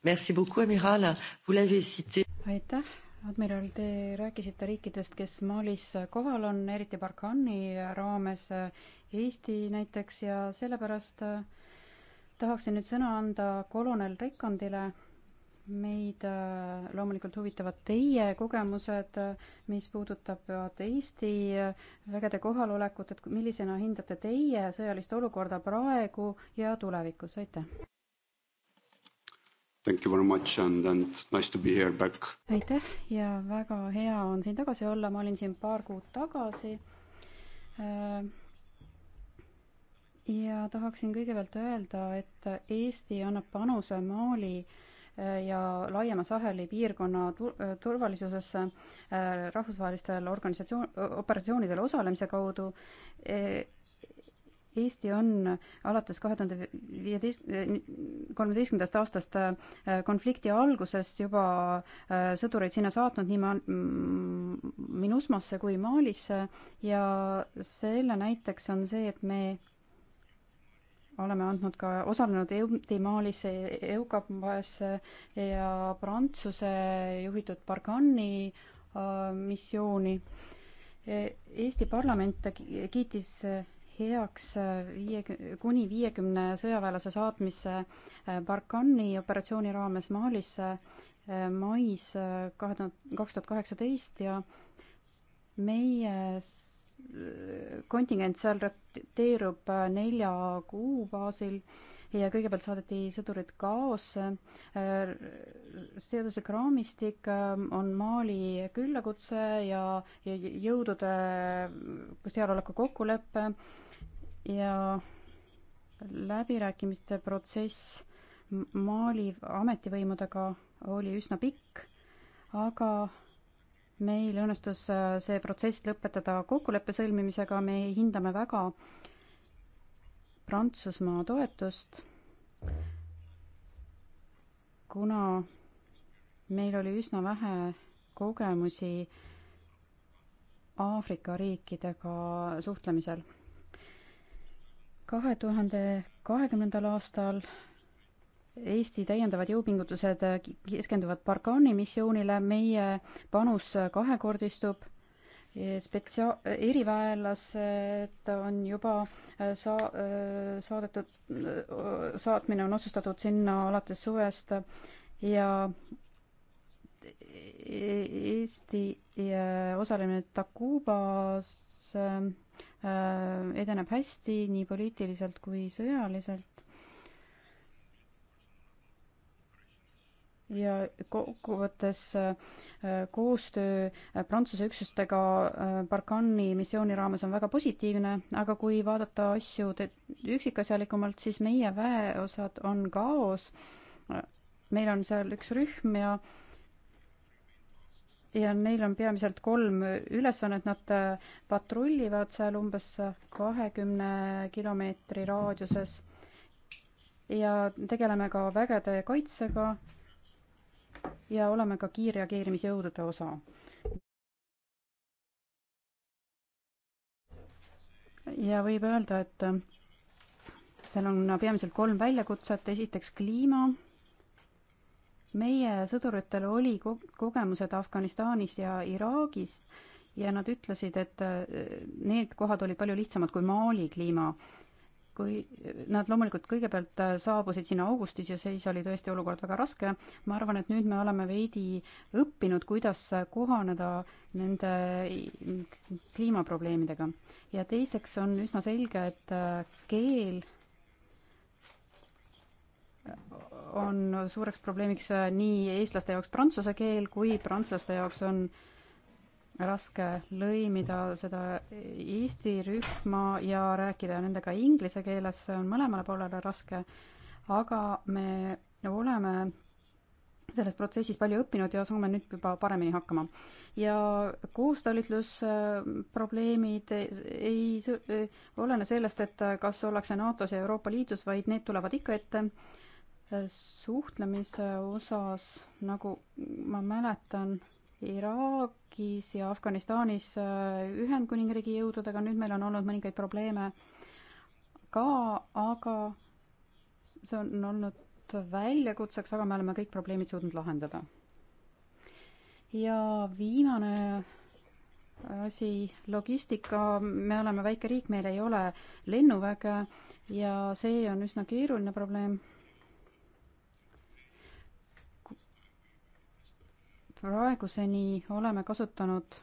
Merci beaucoup, amiral. Vous l'avez cité. aitäh, admiral, te rääkisite riikidest, kes Malis kohal on, eriti Barkhani raames Eesti näiteks ja sellepärast äh, tahaksin nüüd sõna anda kolonel Rikandile. meid äh, loomulikult huvitavad teie kogemused, mis puudutavad Eesti äh, vägede kohalolekut, et millisena hindate teie sõjalist olukorda praegu ja tulevikus, aitäh! Thank you very much and, and nice to be here back. aitäh ja väga hea on siin tagasi olla, ma olin siin paar kuud tagasi. Äh, ja tahaksin kõigepealt öelda, et Eesti annab panuse Mali äh, ja laiema Saheli piirkonna äh, turvalisusesse rahvusvahelistel organisatsioon, operatsioonidel osalemise kaudu Eesti on alates kahe tuhande viieteist, kolmeteistkümnendast aastast äh, konflikti algusest juba äh, sõdureid sinna saatnud nii ma-, mm, Minusmasse kui Malisse ja selle näiteks on see, et me oleme andnud ka, osalenud EUMTi Malisse, EUCAPAS-e ja Prantsuse juhitud Barkhani äh, missiooni. E-, Eesti parlament kiitis heaks äh, viie, kuni viiekümne sõjaväelase saatmise äh, Barkhani operatsiooni raames Malisse äh, mais kahe tuhande, kaks tuhat kaheksateist ja meie kontingent seal roteerub nelja kuu baasil ja kõigepealt saadeti sõdurid kaosse. seaduslik raamistik on Mali küllakutse ja, ja jõudude sealoleku kokkulepe ja läbirääkimiste protsess Mali ametivõimudega oli üsna pikk, aga meil õnnestus äh, see protsess lõpetada kokkuleppe sõlmimisega, me hindame väga Prantsusmaa toetust, kuna meil oli üsna vähe kogemusi Aafrika riikidega suhtlemisel kahe tuhande kahekümnendal aastal Eesti täiendavad jõupingutused keskenduvad Barkhane missioonile, meie panus kahekordistub, spetsia-, eriväelased on juba äh, saa-, äh, saadetud, äh, saatmine on otsustatud sinna alates suvest ja e-, e-, Eesti osalemine Takubas Äh, edeneb hästi nii poliitiliselt kui sõjaliselt. ja kokkuvõttes äh, koostöö äh, Prantsuse üksustega Barkhani missiooni raames on väga positiivne, aga kui vaadata asju üksikasjalikumalt, siis meie väeosad on kaos. meil on seal üks rühm ja äh, ja neil on peamiselt kolm ülesannet, nad äh, patrullivad seal umbes kahekümne kilomeetri raadiuses ja tegeleme ka vägede kaitsega ja oleme ka kiirreageerimisjõudude osa. ja võib öelda, et äh, seal on peamiselt kolm väljakutset, esiteks kliima meie sõduritel oli ko-, kogemused Afganistanis ja Iraagist ja nad ütlesid, et äh, need kohad olid palju lihtsamad kui Mali kliima. kui nad loomulikult kõigepealt äh, saabusid sinna augustis ja siis oli tõesti olukord väga raske, ma arvan, et nüüd me oleme veidi õppinud, kuidas äh, kohaneda nende kliimaprobleemidega. ja teiseks on üsna selge, et keel on suureks probleemiks äh, nii eestlaste jaoks prantsuse keel kui prantslaste jaoks on raske lõimida seda eesti rühma ja rääkida nendega inglise keeles, see on mõlemale poolele raske, aga me oleme selles protsessis palju õppinud ja saame nüüd juba paremini hakkama. ja koostalitlusprobleemid ei olene sellest, et kas ollakse NATO-s ja Euroopa Liidus, vaid need tulevad ikka ette suhtlemise osas, nagu ma mäletan, Iraagis ja Afganistanis äh, Ühendkuningriigi jõududega, nüüd meil on olnud mõningaid probleeme ka, aga see on olnud väljakutseks, aga me oleme kõik probleemid suutnud lahendada. ja viimane asi, logistika, me oleme väike riik, meil ei ole lennuväge ja see on üsna keeruline probleem praeguseni oleme kasutanud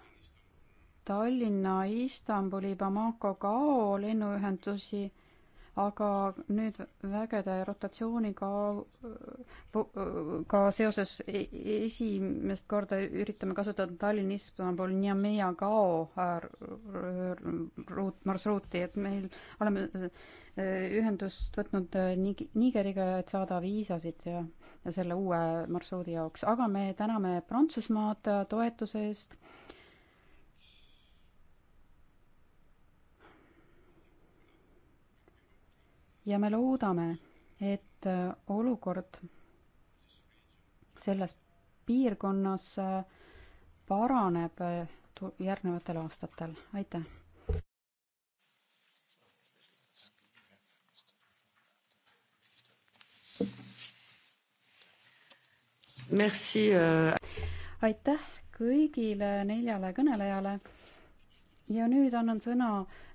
Tallinna, Istanbuli, Bamako, Gao lennuühendusi aga nüüd vägede rotatsiooniga äh, äh, ka seoses e-, esimest korda üritame kasutada Tallinn-Istanbul Niamea-Gao ruut, marsruuti, et meil oleme äh, ühendust võtnud Nig-, Nigeriga, et saada viisasid ja, ja selle uue marsruudi jaoks, aga me täname Prantsusmaad toetuse eest ja me loodame, et äh, olukord selles piirkonnas äh, paraneb äh, järgnevatel aastatel, aitäh! Merci. aitäh kõigile neljale kõnelejale ja nüüd annan sõna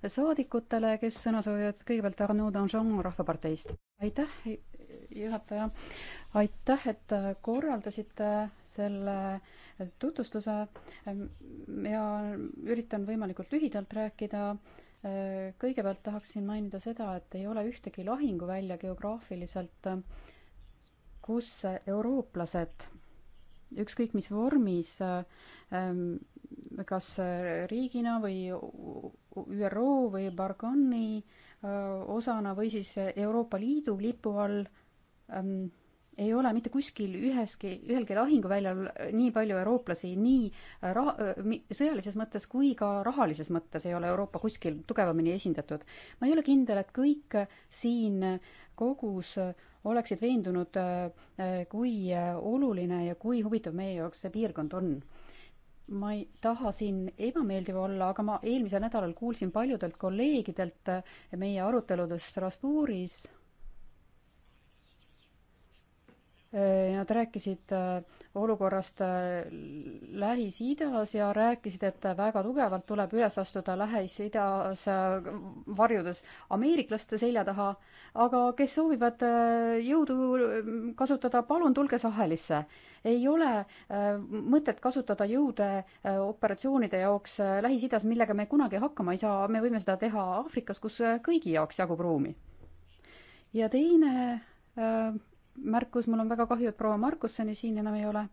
saadikutele, kes sõna soovivad, kõigepealt Arno Danjon Rahvaparteist. aitäh, juhataja, aitäh, et korraldasite selle tutvustuse ja üritan võimalikult lühidalt rääkida. kõigepealt tahaksin mainida seda, et ei ole ühtegi lahinguvälja geograafiliselt, kus eurooplased ükskõik mis vormis ähm, kas riigina või ÜRO või Barkani äh, osana või siis Euroopa Liidu lipu all ähm, ei ole mitte kuskil üheski, ühelgi lahinguväljal nii palju eurooplasi nii äh, rah-, äh, sõjalises mõttes kui ka rahalises mõttes ei ole Euroopa kuskil tugevamini esindatud. ma ei ole kindel, et kõik siin kogus oleksid veendunud, kui oluline ja kui huvitav meie jaoks see piirkond on ma ei taha siin ebameeldiv olla, aga ma eelmisel nädalal kuulsin paljudelt kolleegidelt meie aruteludes Strasbourgis Äh, nad rääkisid äh, olukorrast äh, Lähis-Idas ja rääkisid, et väga tugevalt tuleb üles astuda Lähis-Idas varjudes ameeriklaste selja taha, aga kes soovivad jõudu kasutada, palun tulge Sahelisse. ei ole mõtet kasutada jõude operatsioonide jaoks Lähis-Idas, millega me kunagi hakkama ei saa, me võime seda teha Aafrikas, kus kõigi jaoks jagub ruumi. ja teine märkus, mul on väga kahju, et proua Markussoni siin enam ei ole.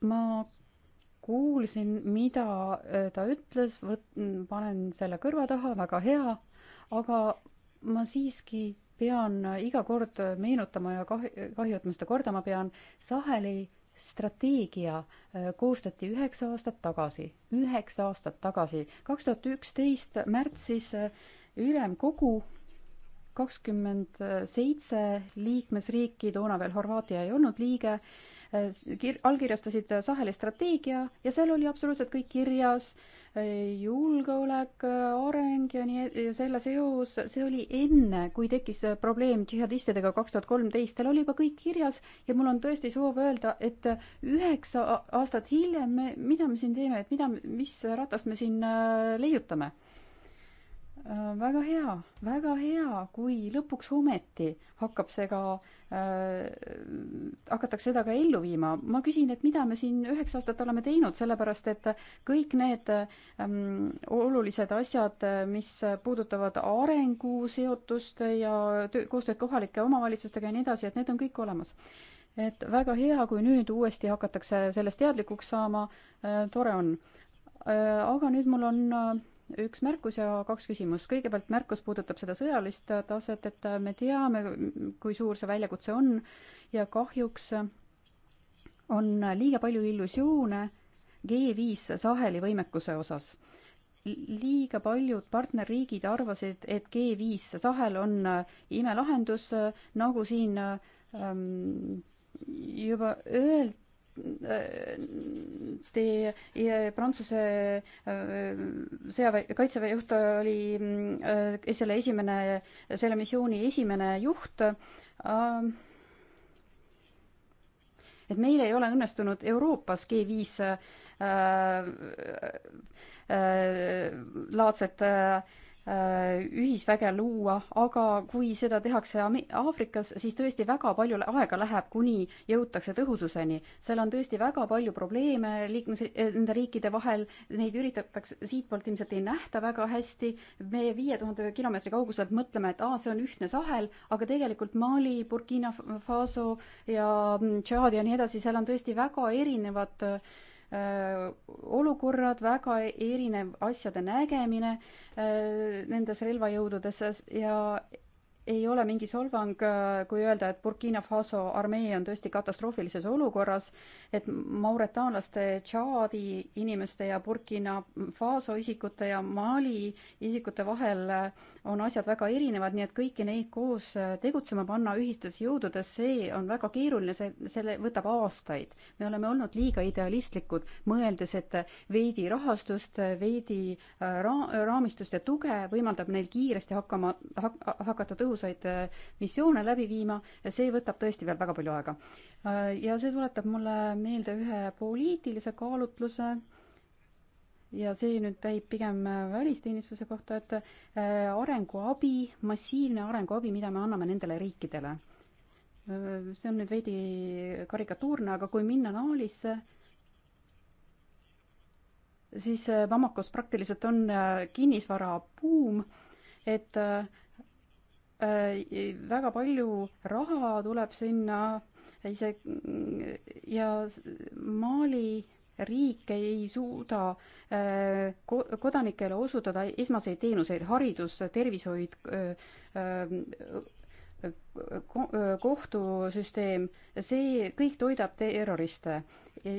ma kuulsin, mida äh, ta ütles, võt-, panen selle kõrva taha, väga hea, aga ma siiski pean iga kord meenutama ja kah-, kahju, et ma seda kordama pean, Saheli strateegia äh, koostati üheksa aastat tagasi, üheksa aastat tagasi, kaks tuhat üksteist märtsis äh, ülemkogu kakskümmend seitse liikmesriiki, toona veel Horvaatia ei olnud liige, eh, kir-, allkirjastasid Saheli strateegia ja seal oli absoluutselt kõik kirjas, eh, julgeolek, eh, areng ja nii, ja selle seos, see oli enne, kui tekkis probleem džihadistidega kaks tuhat kolmteist, seal oli juba kõik kirjas ja mul on tõesti soov öelda, et üheksa aastat hiljem me, mida me siin teeme, et mida, mis ratast me siin leiutame Äh, väga hea, väga hea, kui lõpuks ometi hakkab see ka äh,, hakatakse seda ka ellu viima. ma küsin, et mida me siin üheksa aastat oleme teinud, sellepärast et kõik need ähm, olulised asjad, mis puudutavad arengu seotust ja töö, koostööd kohalike omavalitsustega ja nii edasi, et need on kõik olemas et väga hea, kui nüüd uuesti hakatakse sellest teadlikuks saama äh,, tore on äh,. aga nüüd mul on äh, üks märkus ja kaks küsimust. kõigepealt märkus puudutab seda sõjalist taset, et me teame, kui suur see väljakutse on ja kahjuks on liiga palju illusioone G5 Saheli võimekuse osas. liiga paljud partnerriigid arvasid, et G5 Sahel on imelahendus, nagu siin ähm, juba öeld-, tee Prantsuse äh, sõjaväe, kaitseväe juht oli äh, selle esimene, selle missiooni esimene juht. Äh, et meil ei ole õnnestunud Euroopas G5 laadset Äh, ühisväge luua, aga kui seda tehakse Aafrikas, siis tõesti väga palju aega läheb, kuni jõutakse tõhususeni. seal on tõesti väga palju probleeme liikmes-, äh, nende riikide vahel, neid üritatakse, siitpoolt ilmselt ei nähta väga hästi, meie viie tuhande kilomeetri kauguselt mõtleme, et aa, see on ühtne sahel, aga tegelikult Mali, Burkina Faso ja mm, Tšaad ja nii edasi, seal on tõesti väga erinevad äh, olukorrad, väga erinev asjade nägemine nendes relvajõududes ja ei ole mingi solvang, äh, kui öelda, et Burkina Faso armee on tõesti katastroofilises olukorras, et mauretaanlaste, Tšaadi inimeste ja Burkina Faso isikute ja Mali isikute vahel äh, on asjad väga erinevad, nii et kõiki neid koos äh, tegutsema panna ühistes jõududes, see on väga keeruline, see, selle võtab aastaid. me oleme olnud liiga idealistlikud, mõeldes, et veidi rahastust, veidi ra-, raamistust ja tuge võimaldab neil kiiresti hakkama hak,, hakata tõhusama tõhusaid äh, missioone läbi viima ja see võtab tõesti veel väga palju aega. Äh, ja see tuletab mulle meelde ühe poliitilise kaalutluse, ja see nüüd käib pigem äh, välisteenistuse kohta, et arenguabi, massiivne arenguabi, mida me anname nendele riikidele. see on nüüd veidi karikatuurne, aga kui minna Naalisse, siis Bamakos praktiliselt on kinnisvarabuum, et äh, Äh, väga palju raha tuleb sinna ise ja Mali riik ei suuda äh, kodanikele osutada esmaseid teenuseid, haridus, tervishoid, äh, kohtusüsteem, see kõik toidab terroriste,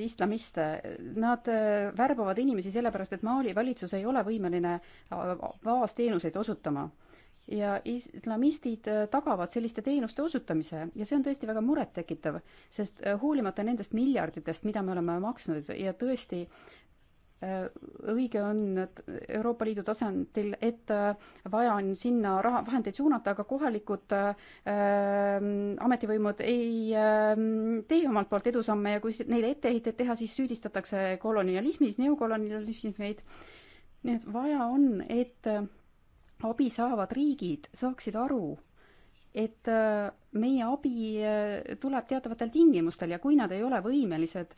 islamiste. Nad värbavad inimesi sellepärast, et Mali valitsus ei ole võimeline baasteenuseid osutama ja islamistid äh, tagavad selliste teenuste osutamise ja see on tõesti väga murettekitav, sest äh, hoolimata nendest miljarditest, mida me oleme maksnud ja tõesti äh, õige on Euroopa Liidu tasandil, et vaja on sinna raha, vahendeid suunata, aga kohalikud äh, ähm, ametivõimud ei äh, tee omalt poolt edusamme ja kui neile etteheiteid teha, siis süüdistatakse kolonialismis, neokolonialismis meid. nii et vaja on, et abi saavad riigid saaksid aru, et äh, meie abi äh, tuleb teatavatel tingimustel ja kui nad ei ole võimelised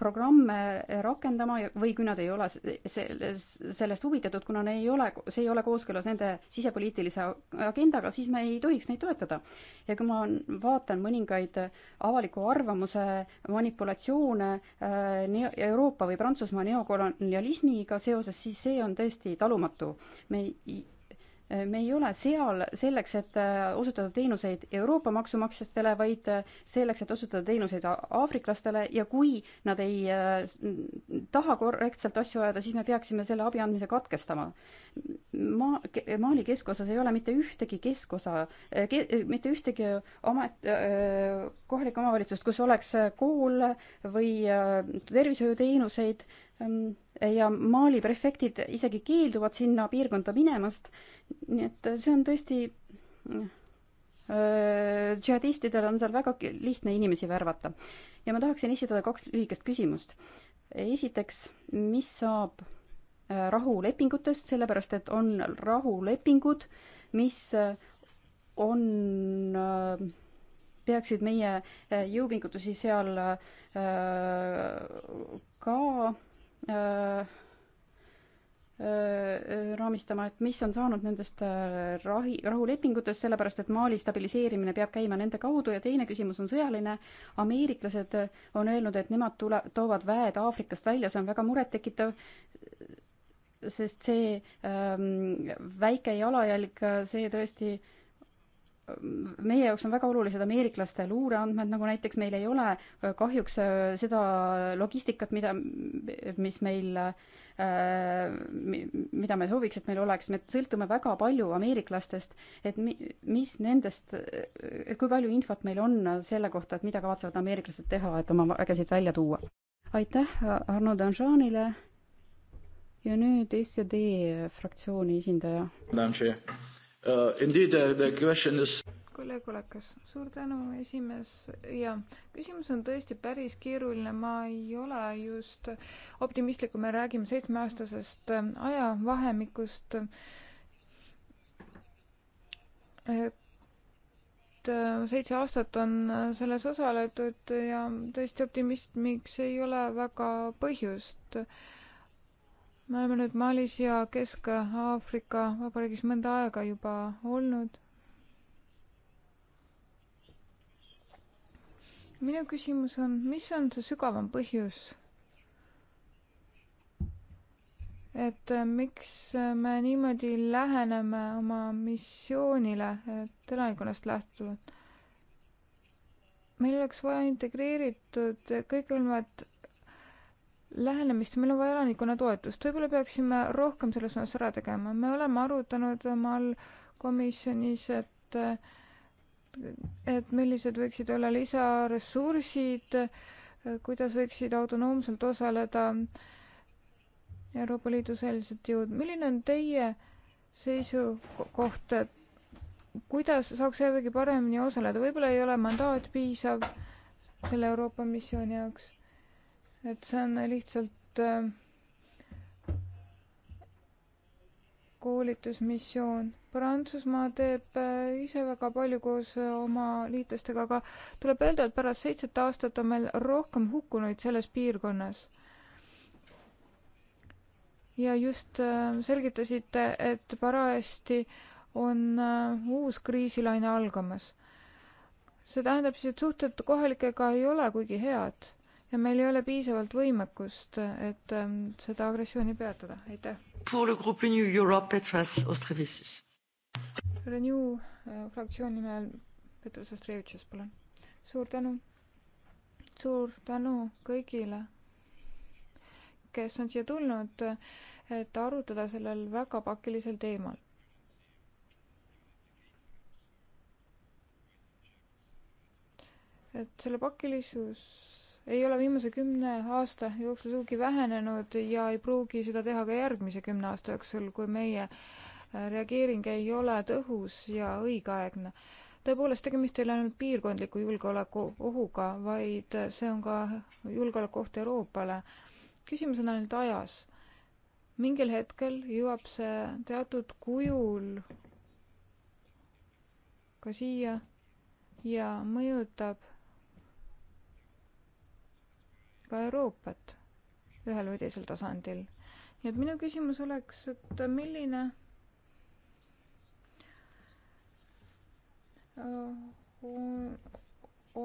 programme äh, rakendama või kui nad ei ole sellest huvitatud, kuna ne ei ole, see ei ole kooskõlas nende sisepoliitilise agendaga, siis me ei tohiks neid toetada. ja kui ma vaatan mõningaid avaliku arvamuse manipulatsioone Euroopa või Prantsusmaa neokolonialismiga seoses, siis see on tõesti talumatu. me ei Äh, me ei ole seal selleks, et äh, osutada teenuseid Euroopa maksumaksjatele, vaid äh, selleks, et osutada teenuseid aafriklastele ja kui nad ei taha korrektselt asju ajada, siis me peaksime selle abi andmise katkestama. Ma-, Mali keskosas ei ole mitte ühtegi keskosa ke,, mitte ühtegi amet äh,, kohalikku omavalitsust, kus oleks kool või tervishoiuteenuseid, Ehm, ja Mali prefektid isegi keelduvad sinna piirkonda minemast. nii et see on tõesti äh, džihadistidel on seal väga lihtne inimesi värvata. ja ma tahaksin esitada kaks lühikest küsimust. esiteks, mis saab äh, rahulepingutest, sellepärast et on rahulepingud, mis äh, on, peaksid meie jõupingutusi seal ka Äh, äh, raamistama, et mis on saanud nendest äh, rahi, rahulepingutest, sellepärast et Mali stabiliseerimine peab käima nende kaudu ja teine küsimus on sõjaline. ameeriklased on öelnud, et nemad tule-, toovad väed Aafrikast välja, see on väga murettekitav, sest see ähm, väike jalajälg, see tõesti äh, meie jaoks on väga olulised ameeriklaste luureandmed, nagu näiteks meil ei ole äh, kahjuks äh, seda logistikat, mida, mis meil, äh, mida me sooviks, et meil oleks, me sõltume väga palju ameeriklastest, et mi-, mis nendest, et kui palju infot meil on selle kohta, et mida kavatsevad ameeriklased teha, et oma vägesid välja tuua. aitäh Arno Danžanile ja nüüd SD fraktsiooni esindaja. Uh, indeed, uh, the question is kolleeg Olekas, suur tänu, esimees. ja küsimus on tõesti päris keeruline, ma ei ole just optimistlik, kui me räägime seitsmeaastasest äh, ajavahemikust. et äh, seitse aastat on äh, selles osaletud ja tõesti optimismiks ei ole väga põhjust me oleme nüüd Malis ja Kesk-Aafrika Vabariigis mõnda aega juba olnud. minu küsimus on, mis on see sügavam põhjus? et äh, miks äh, me niimoodi läheneme oma missioonile, et elanikkonnast lähtuvalt? meil oleks vaja integreeritud kõikvõimalikud lähenemist, meil on vaja elanikuna toetust, võib-olla peaksime rohkem selles suunas ära tegema, me oleme arutanud omal komisjonis, et et millised võiksid olla lisaressursid, kuidas võiksid autonoomselt osaleda Euroopa Liidu sellised jõud, milline on teie seisukoht, et kuidas saaks EVG paremini osaleda, võib-olla ei ole mandaat piisav selle Euroopa missiooni jaoks et see on lihtsalt äh, koolitusmissioon. Prantsusmaa teeb äh, ise väga palju koos äh, oma liitlastega, aga tuleb öelda, et pärast seitset aastat on meil rohkem hukkunuid selles piirkonnas. ja just selgitasite, et parajasti on uus kriisilaine algamas. see tähendab siis, et suhted kohalikega ei ole kuigi head ja meil ei ole piisavalt võimekust, et ähm, seda agressiooni peatada, aitäh. Renew äh, fraktsiooni nimel Petrus Ostrevitšus, palun. suur tänu, suur tänu kõigile, kes on siia tulnud, et arutada sellel väga pakilisel teemal. et selle pakilisus ei ole viimase kümne aasta jooksul sugugi vähenenud ja ei pruugi seda teha ka järgmise kümne aasta jooksul, kui meie äh, reageering ei ole tõhus ja õigeaegne. tõepoolest, tegemist ei ole ainult piirkondliku julgeolekuohuga, vaid äh, see on ka julgeolekuoht Euroopale. küsimus on ainult ajas. mingil hetkel jõuab see teatud kujul ka siia ja mõjutab ka Euroopat ühel või teisel tasandil. nii et minu küsimus oleks, et milline äh,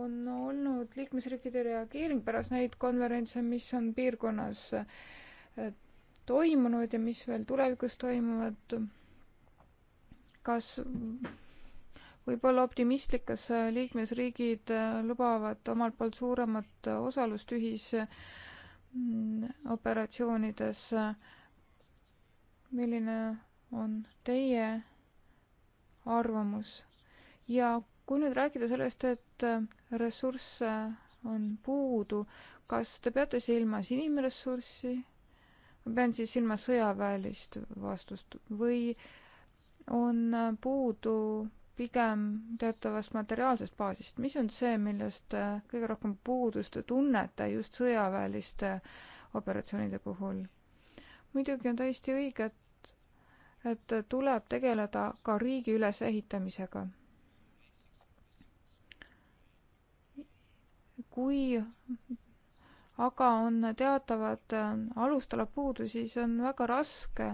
on olnud liikmesriikide reageering pärast neid konverentse, mis on piirkonnas äh, toimunud ja mis veel tulevikus toimuvad. kas võib-olla optimistlik, kas liikmesriigid äh, lubavad omalt poolt suuremat äh, osalust ühisoperatsioonides. Mm, milline on teie arvamus? ja kui nüüd rääkida sellest, et äh, ressursse on puudu, kas te peate silmas inimressurssi? ma pean siis silmas sõjaväelist vastust või on puudu pigem teatavast materiaalsest baasist, mis on see, millest äh, kõige rohkem puudust tunnete just sõjaväeliste operatsioonide puhul? muidugi on täiesti õige, et, et tuleb tegeleda ka riigi ülesehitamisega. kui aga on teatavad äh, alustala puudu, siis on väga raske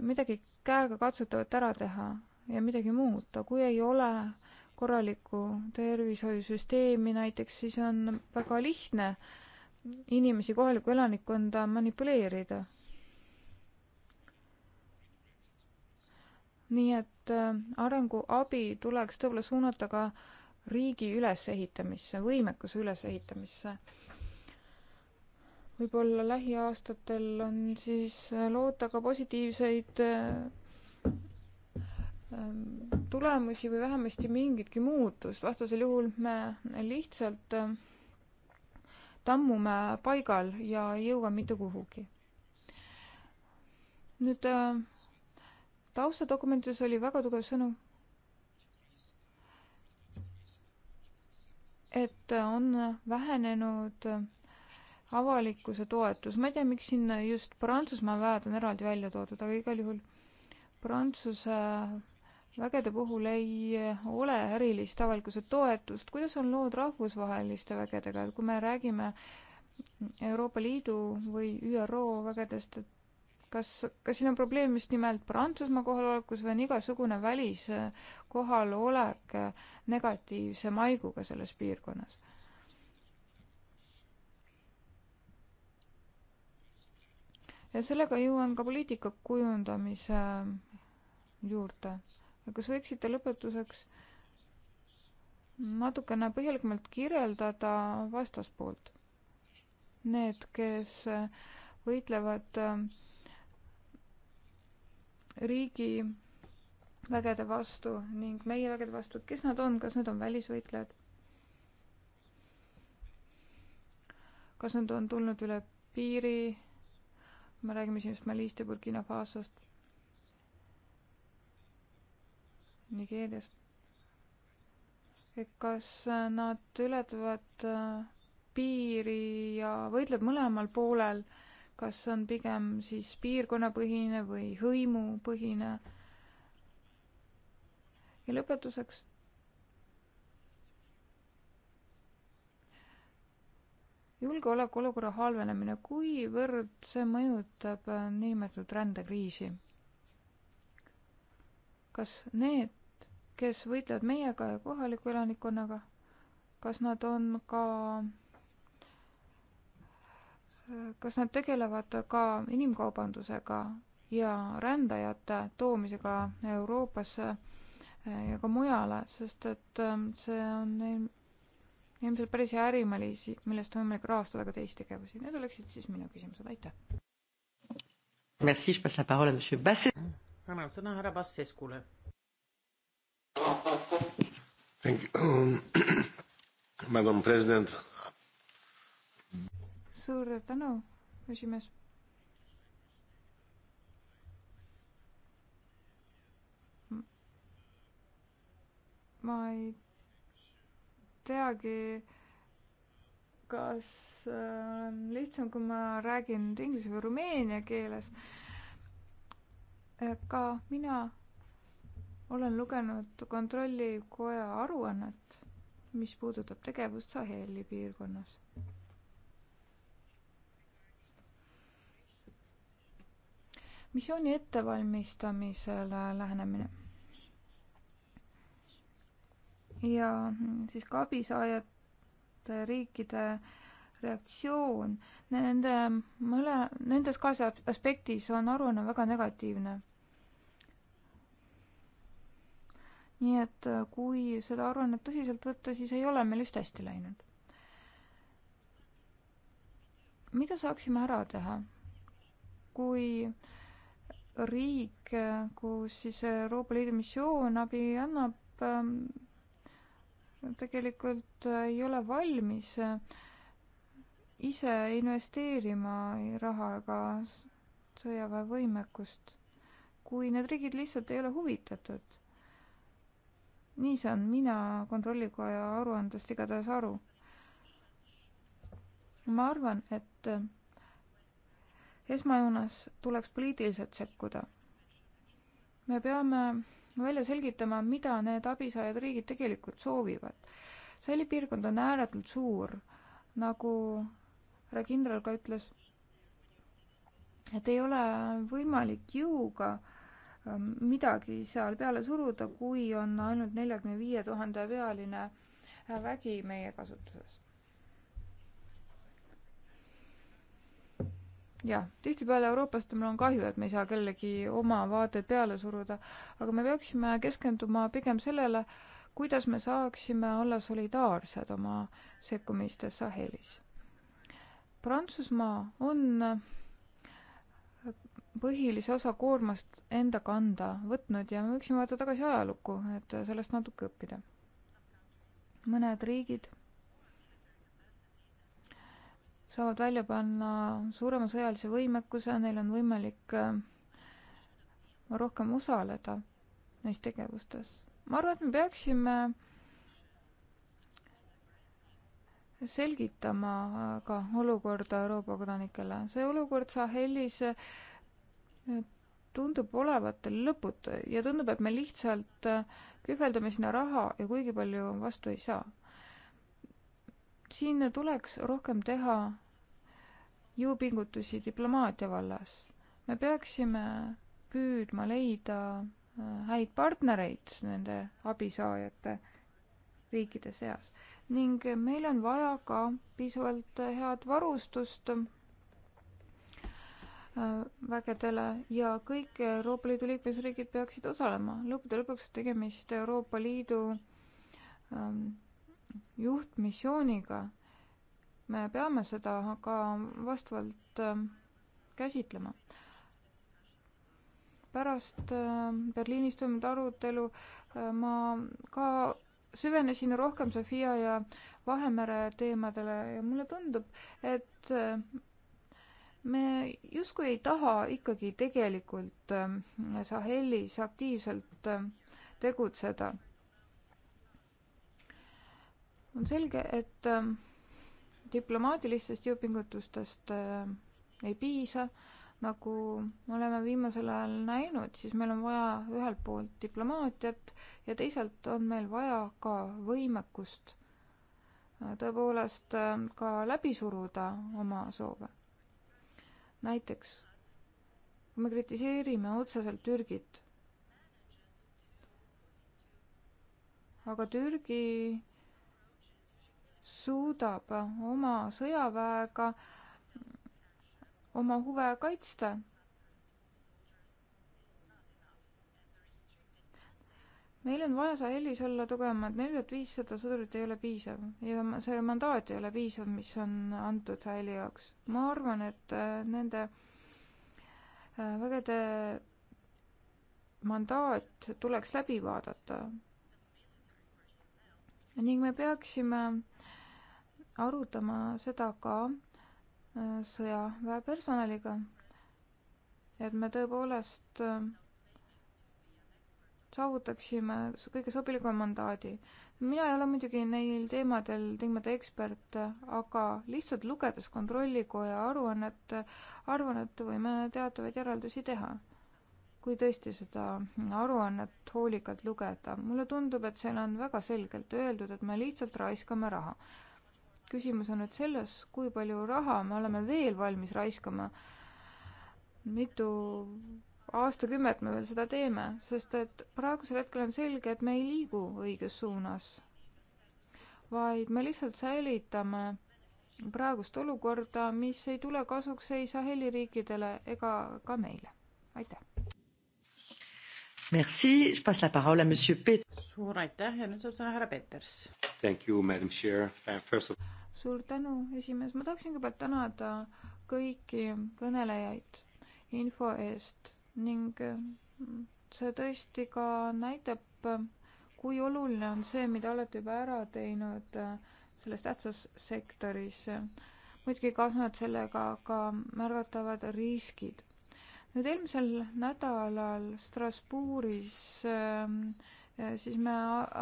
midagi käega katsutavat ära teha ja midagi muuta. kui ei ole korralikku tervishoiusüsteemi näiteks, siis on väga lihtne inimesi, kohalikku elanikkonda manipuleerida. nii et äh, arenguabi tuleks tõepoolest suunata ka riigi ülesehitamisse, võimekuse ülesehitamisse võib-olla lähiaastatel on siis äh, loota ka positiivseid äh, Ähm, tulemusi või vähemasti mingitki muutust, vastasel juhul me lihtsalt ähm, tammume paigal ja ei jõua mitte kuhugi. nüüd äh, taustadokumentides oli väga tugev sõnum, et on vähenenud äh, avalikkuse toetus, ma ei tea, miks siin just Prantsusmaa väed on eraldi välja toodud, aga igal juhul Prantsuse vägede puhul ei ole ärilist avalikkuse toetust. kuidas on lood rahvusvaheliste vägedega, et kui me räägime Euroopa Liidu või ÜRO vägedest, et kas, kas siin on probleem just nimelt Prantsusmaa kohalolekus või on igasugune väliskohalolek negatiivse maiguga selles piirkonnas? ja sellega jõuan ka poliitika kujundamise juurde kas võiksite lõpetuseks natukene põhjalikumalt kirjeldada vastaspoolt? Need, kes võitlevad äh, riigi vägede vastu ning meie vägede vastu, kes nad on, kas need on välisvõitlejad? kas nad on tulnud üle piiri? me räägime siin just Malist ja Burkina Fasost Nigeeriast. kas äh, nad ületavad äh, piiri ja võitleb mõlemal poolel, kas on pigem siis piirkonnapõhine või hõimupõhine? ja lõpetuseks. julgeolekuolukorra halvenemine, kuivõrd see mõjutab äh, niinimetatud rändekriisi? kas need kes võitlevad meiega ja kohaliku elanikkonnaga, kas nad on ka, kas nad tegelevad ka inimkaubandusega ja rändajate toomisega Euroopasse eh, ja ka mujale, sest et eh, see on ilmselt päris hea ärimali, millest on võimalik rahastada ka teisi tegevusi. Need oleksid siis minu küsimused, aitäh. tänan sõna härra Basseskule Thank you. Um, Madam President. suur tänu, esimees. ma ei teagi, kas on äh, lihtsam, kui ma räägin inglise või rumeenia keeles. Äh, ka mina olen lugenud Kontrollikoja aruannet, mis puudutab tegevust Saheli piirkonnas. missiooni ettevalmistamisele lähenemine. ja siis ka abisaajate riikide reaktsioon nende mõle, nendes kahes aspektis on aruanne väga negatiivne nii et äh, kui seda aruannet tõsiselt võtta, siis ei ole meil just hästi läinud. mida saaksime ära teha, kui riik, kus siis Euroopa Liidu missioon abi annab, ähm, tegelikult ei ole valmis äh, ise investeerima raha ega sõjaväevõimekust, kui need riigid lihtsalt ei ole huvitatud nii saan mina Kontrollikoja aruandest igatahes aru. ma arvan, et eh, esmajoones tuleks poliitiliselt sekkuda. me peame välja selgitama, mida need abisaajad riigid tegelikult soovivad. Saheli piirkond on ääretult suur, nagu härra kindral ka ütles, et ei ole võimalik jõuga äh, Ähm, midagi seal peale suruda, kui on ainult neljakümne viie tuhande pealine äh, vägi meie kasutuses. jah, tihtipeale Euroopast mul on kahju, et me ei saa kellegi oma vaateid peale suruda, aga me peaksime keskenduma pigem sellele, kuidas me saaksime olla solidaarsed oma sekkumistes Sahelis. Prantsusmaa on äh, põhilise osa koormast enda kanda võtnud ja me võiksime vaadata tagasi ajalukku, et sellest natuke õppida. mõned riigid saavad välja panna suurema sõjalise võimekuse, neil on võimalik äh, rohkem osaleda neis tegevustes. ma arvan, et me peaksime selgitama ka olukorda Euroopa kodanikele. see olukord Sahelis tundub olevat lõputu ja tundub, et me lihtsalt äh, kühveldame sinna raha ja kuigi palju vastu ei saa. siin tuleks rohkem teha jõupingutusi diplomaatia vallas. me peaksime püüdma leida äh, häid partnereid nende abisaajate riikide seas ning meil on vaja ka piisavalt head varustust Äh, vägedele ja kõik Euroopa Liidu liikmesriigid peaksid osalema. lõppude lõpuks tegemist Euroopa Liidu ähm, juhtmissiooniga. me peame seda ka vastavalt ähm, käsitlema. pärast ähm, Berliinis toimunud arutelu äh, ma ka süvenesin rohkem Sofia ja Vahemere teemadele ja mulle tundub, et äh, me justkui ei taha ikkagi tegelikult ähm, Sahelis aktiivselt ähm, tegutseda. on selge, et ähm, diplomaatilistest jõupingutustest äh, ei piisa, nagu me oleme viimasel ajal näinud, siis meil on vaja ühelt poolt diplomaatiat ja teisalt on meil vaja ka võimekust äh, tõepoolest äh, ka läbi suruda oma soove näiteks kui me kritiseerime otseselt Türgit, aga Türgi suudab oma sõjaväega oma huve kaitsta meil on vaja Sahelis olla tugevamad, neli tuhat viissada sõdurit ei ole piisav ja see mandaat ei ole piisav, mis on antud Saheli jaoks. ma arvan, et äh, nende äh, vägede mandaat tuleks läbi vaadata. ning me peaksime arutama seda ka äh, sõjaväe personaliga, et me tõepoolest äh, saavutaksime kõige sobilikuma mandaadi. mina ei ole muidugi neil teemadel tingimata ekspert, aga lihtsalt lugedes Kontrollikoja aruannet, arvan, et võime teatavaid järeldusi teha. kui tõesti seda aruannet hoolikalt lugeda. mulle tundub, et seal on väga selgelt öeldud, et me lihtsalt raiskame raha. küsimus on nüüd selles, kui palju raha me oleme veel valmis raiskama mitu aastakümmet me veel seda teeme, sest et praegusel hetkel on selge, et me ei liigu õiges suunas, vaid me lihtsalt säilitame praegust olukorda, mis ei tule kasuks ei Saheli riikidele ega ka meile. aitäh. Merci, je passe la parole à monsieur Pet-. suur aitäh ja nüüd saab sõna härra Peters. Thank you, madam chair uh,, first of suur tänu, esimees, ma tahaksin kõigepealt tänada kõiki kõnelejaid info eest ning eh, see tõesti ka näitab, kui oluline on see, mida olete juba ära teinud eh, selles tähtsas sektoris. muidugi kaasnevad sellega ka märgatavad riskid. nüüd eelmisel nädalal Strasbourgis eh, siis me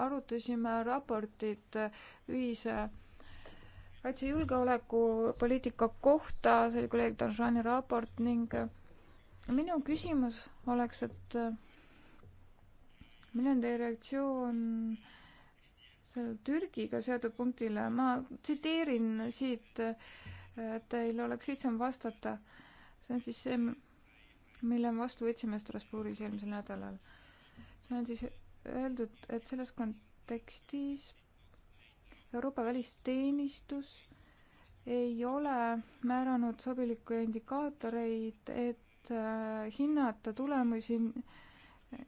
arutasime raportit ühise kaitse- ja julgeolekupoliitika kohta, see oli kolleeg Danšani raport ning minu küsimus oleks, et milline on teie reaktsioon selle Türgiga seotud punktile, ma tsiteerin siit, et teil oleks lihtsam vastata. see on siis see, mille me vastu võtsime Strasbourgis eelmisel nädalal. seal on siis öeldud, et selles kontekstis Euroopa välisteenistus ei ole määranud sobilikke indikaatoreid, et Äh, hinnata tulemusi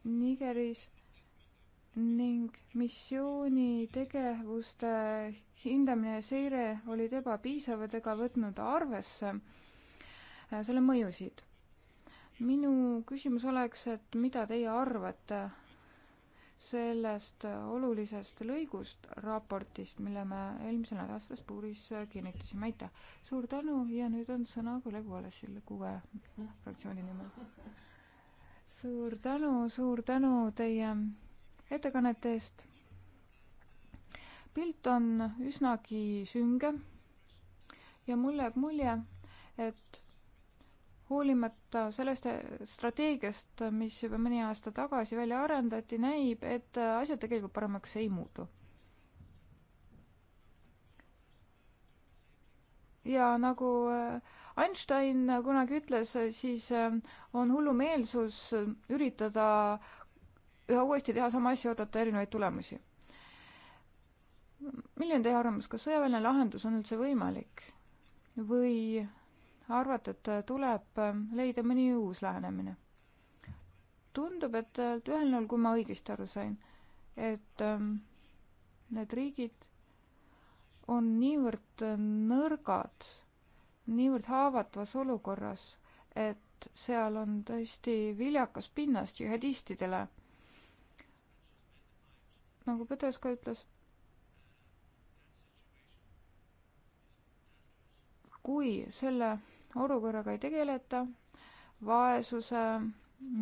Nigeris ning missiooni tegevuste hindamine ja seire olid ebapiisavad ega võtnud arvesse äh, selle mõjusid. minu küsimus oleks, et mida teie arvate sellest olulisest lõigust raportist, mille me eelmisel nädalal Strasbourgis kinnitasime, aitäh! suur tänu ja nüüd on sõna kolleeg Valesil kuue fraktsiooni nimel. suur tänu, suur tänu teie ettekannete eest. pilt on üsnagi sünge ja mulle jääb mulje, et hoolimata sellest strateegiast, mis juba mõni aasta tagasi välja arendati, näib, et asjad tegelikult paremaks ei muutu. ja nagu äh, Einstein kunagi ütles, siis äh, on hullumeelsus üritada üha uuesti teha sama asja, oodata erinevaid tulemusi. milline on teie arvamus, kas sõjaväeline lahendus on üldse võimalik või arvata, et tuleb äh, leida mõni uus lähenemine. tundub, et äh, ühel näol, kui ma õigesti aru sain, et ähm, need riigid on niivõrd äh, nõrgad, niivõrd haavatavas olukorras, et seal on tõesti viljakas pinnas džihadistidele. nagu Petres ka ütles kui selle olukorraga ei tegeleta, vaesuse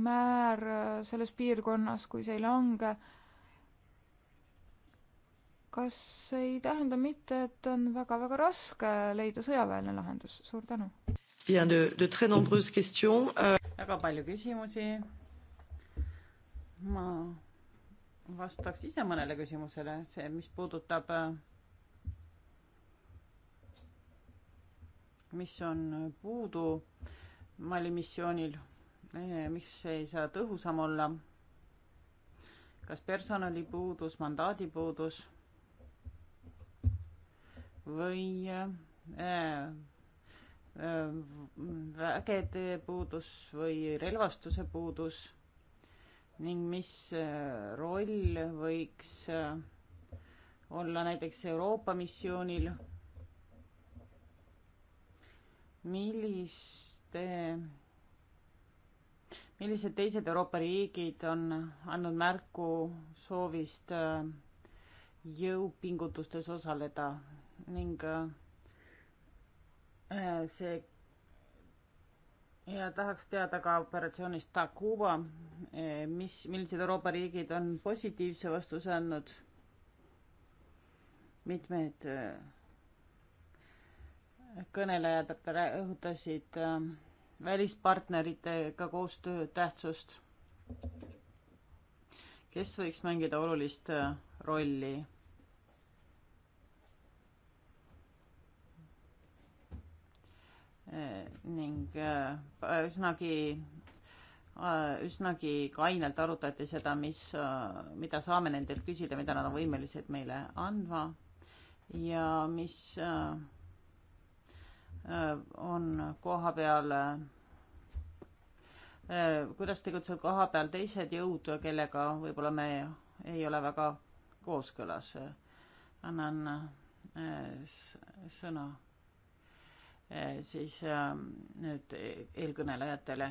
määr selles piirkonnas, kui see ei lange, kas see ei tähenda mitte, et on väga-väga raske leida sõjaväeline lahendus? suur tänu. Euh, väga palju küsimusi. ma vastaks ise mõnele küsimusele, see, mis puudutab äh, mis on puudu Mali missioonil, eh, miks ei saa tõhusam olla? kas personali puudus, mandaadi puudus või eh, eh, vägede puudus või relvastuse puudus ning mis roll võiks olla näiteks Euroopa missioonil milliste, millised teised Euroopa riigid on andnud märku soovist äh, jõupingutustes osaleda ning äh, see ja tahaks teada ka operatsioonist Takuba, äh, mis, millised Euroopa riigid on positiivse vastuse andnud? mitmed kõnelejad rõhutasid ähm, välispartneritega koostöö tähtsust. kes võiks mängida olulist äh, rolli? Äh, ning äh, üsnagi, üsnagi kainelt arutati seda, mis, mida saame nendelt küsida, mida nad on võimelised meile andma ja mis äh, Äh, on koha peal, äh, kuidas tegutseb koha peal teised jõud, kellega võib-olla me ei ole väga kooskõlas. annan äh, sõna siis ähm, nüüd eelkõnelejatele.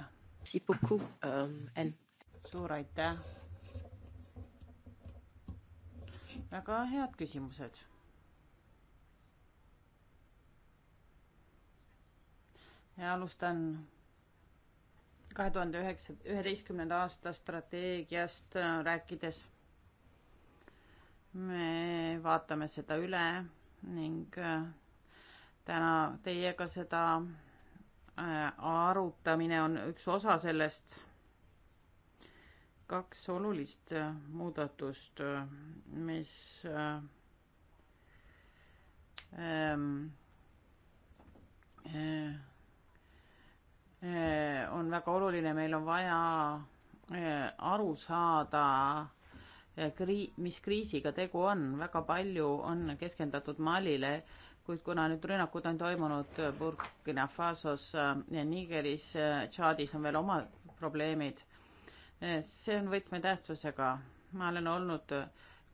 Ähm, suur aitäh. väga head küsimused alustan kahe tuhande üheksa, üheteistkümnenda aasta strateegiast äh, rääkides. me vaatame seda üle ning äh, täna teiega seda äh, arutamine on üks osa sellest. kaks olulist muudatust, mis ähm, äh, Äh, on väga oluline, meil on vaja äh, aru saada, äh, krii-, mis kriisiga tegu on, väga palju on keskendatud Malile, kuid kuna nüüd rünnakud on toimunud Burkina Fasos ja Nigeris, Tšaadis on veel oma probleemid, see on võtmetähtsusega. ma olen olnud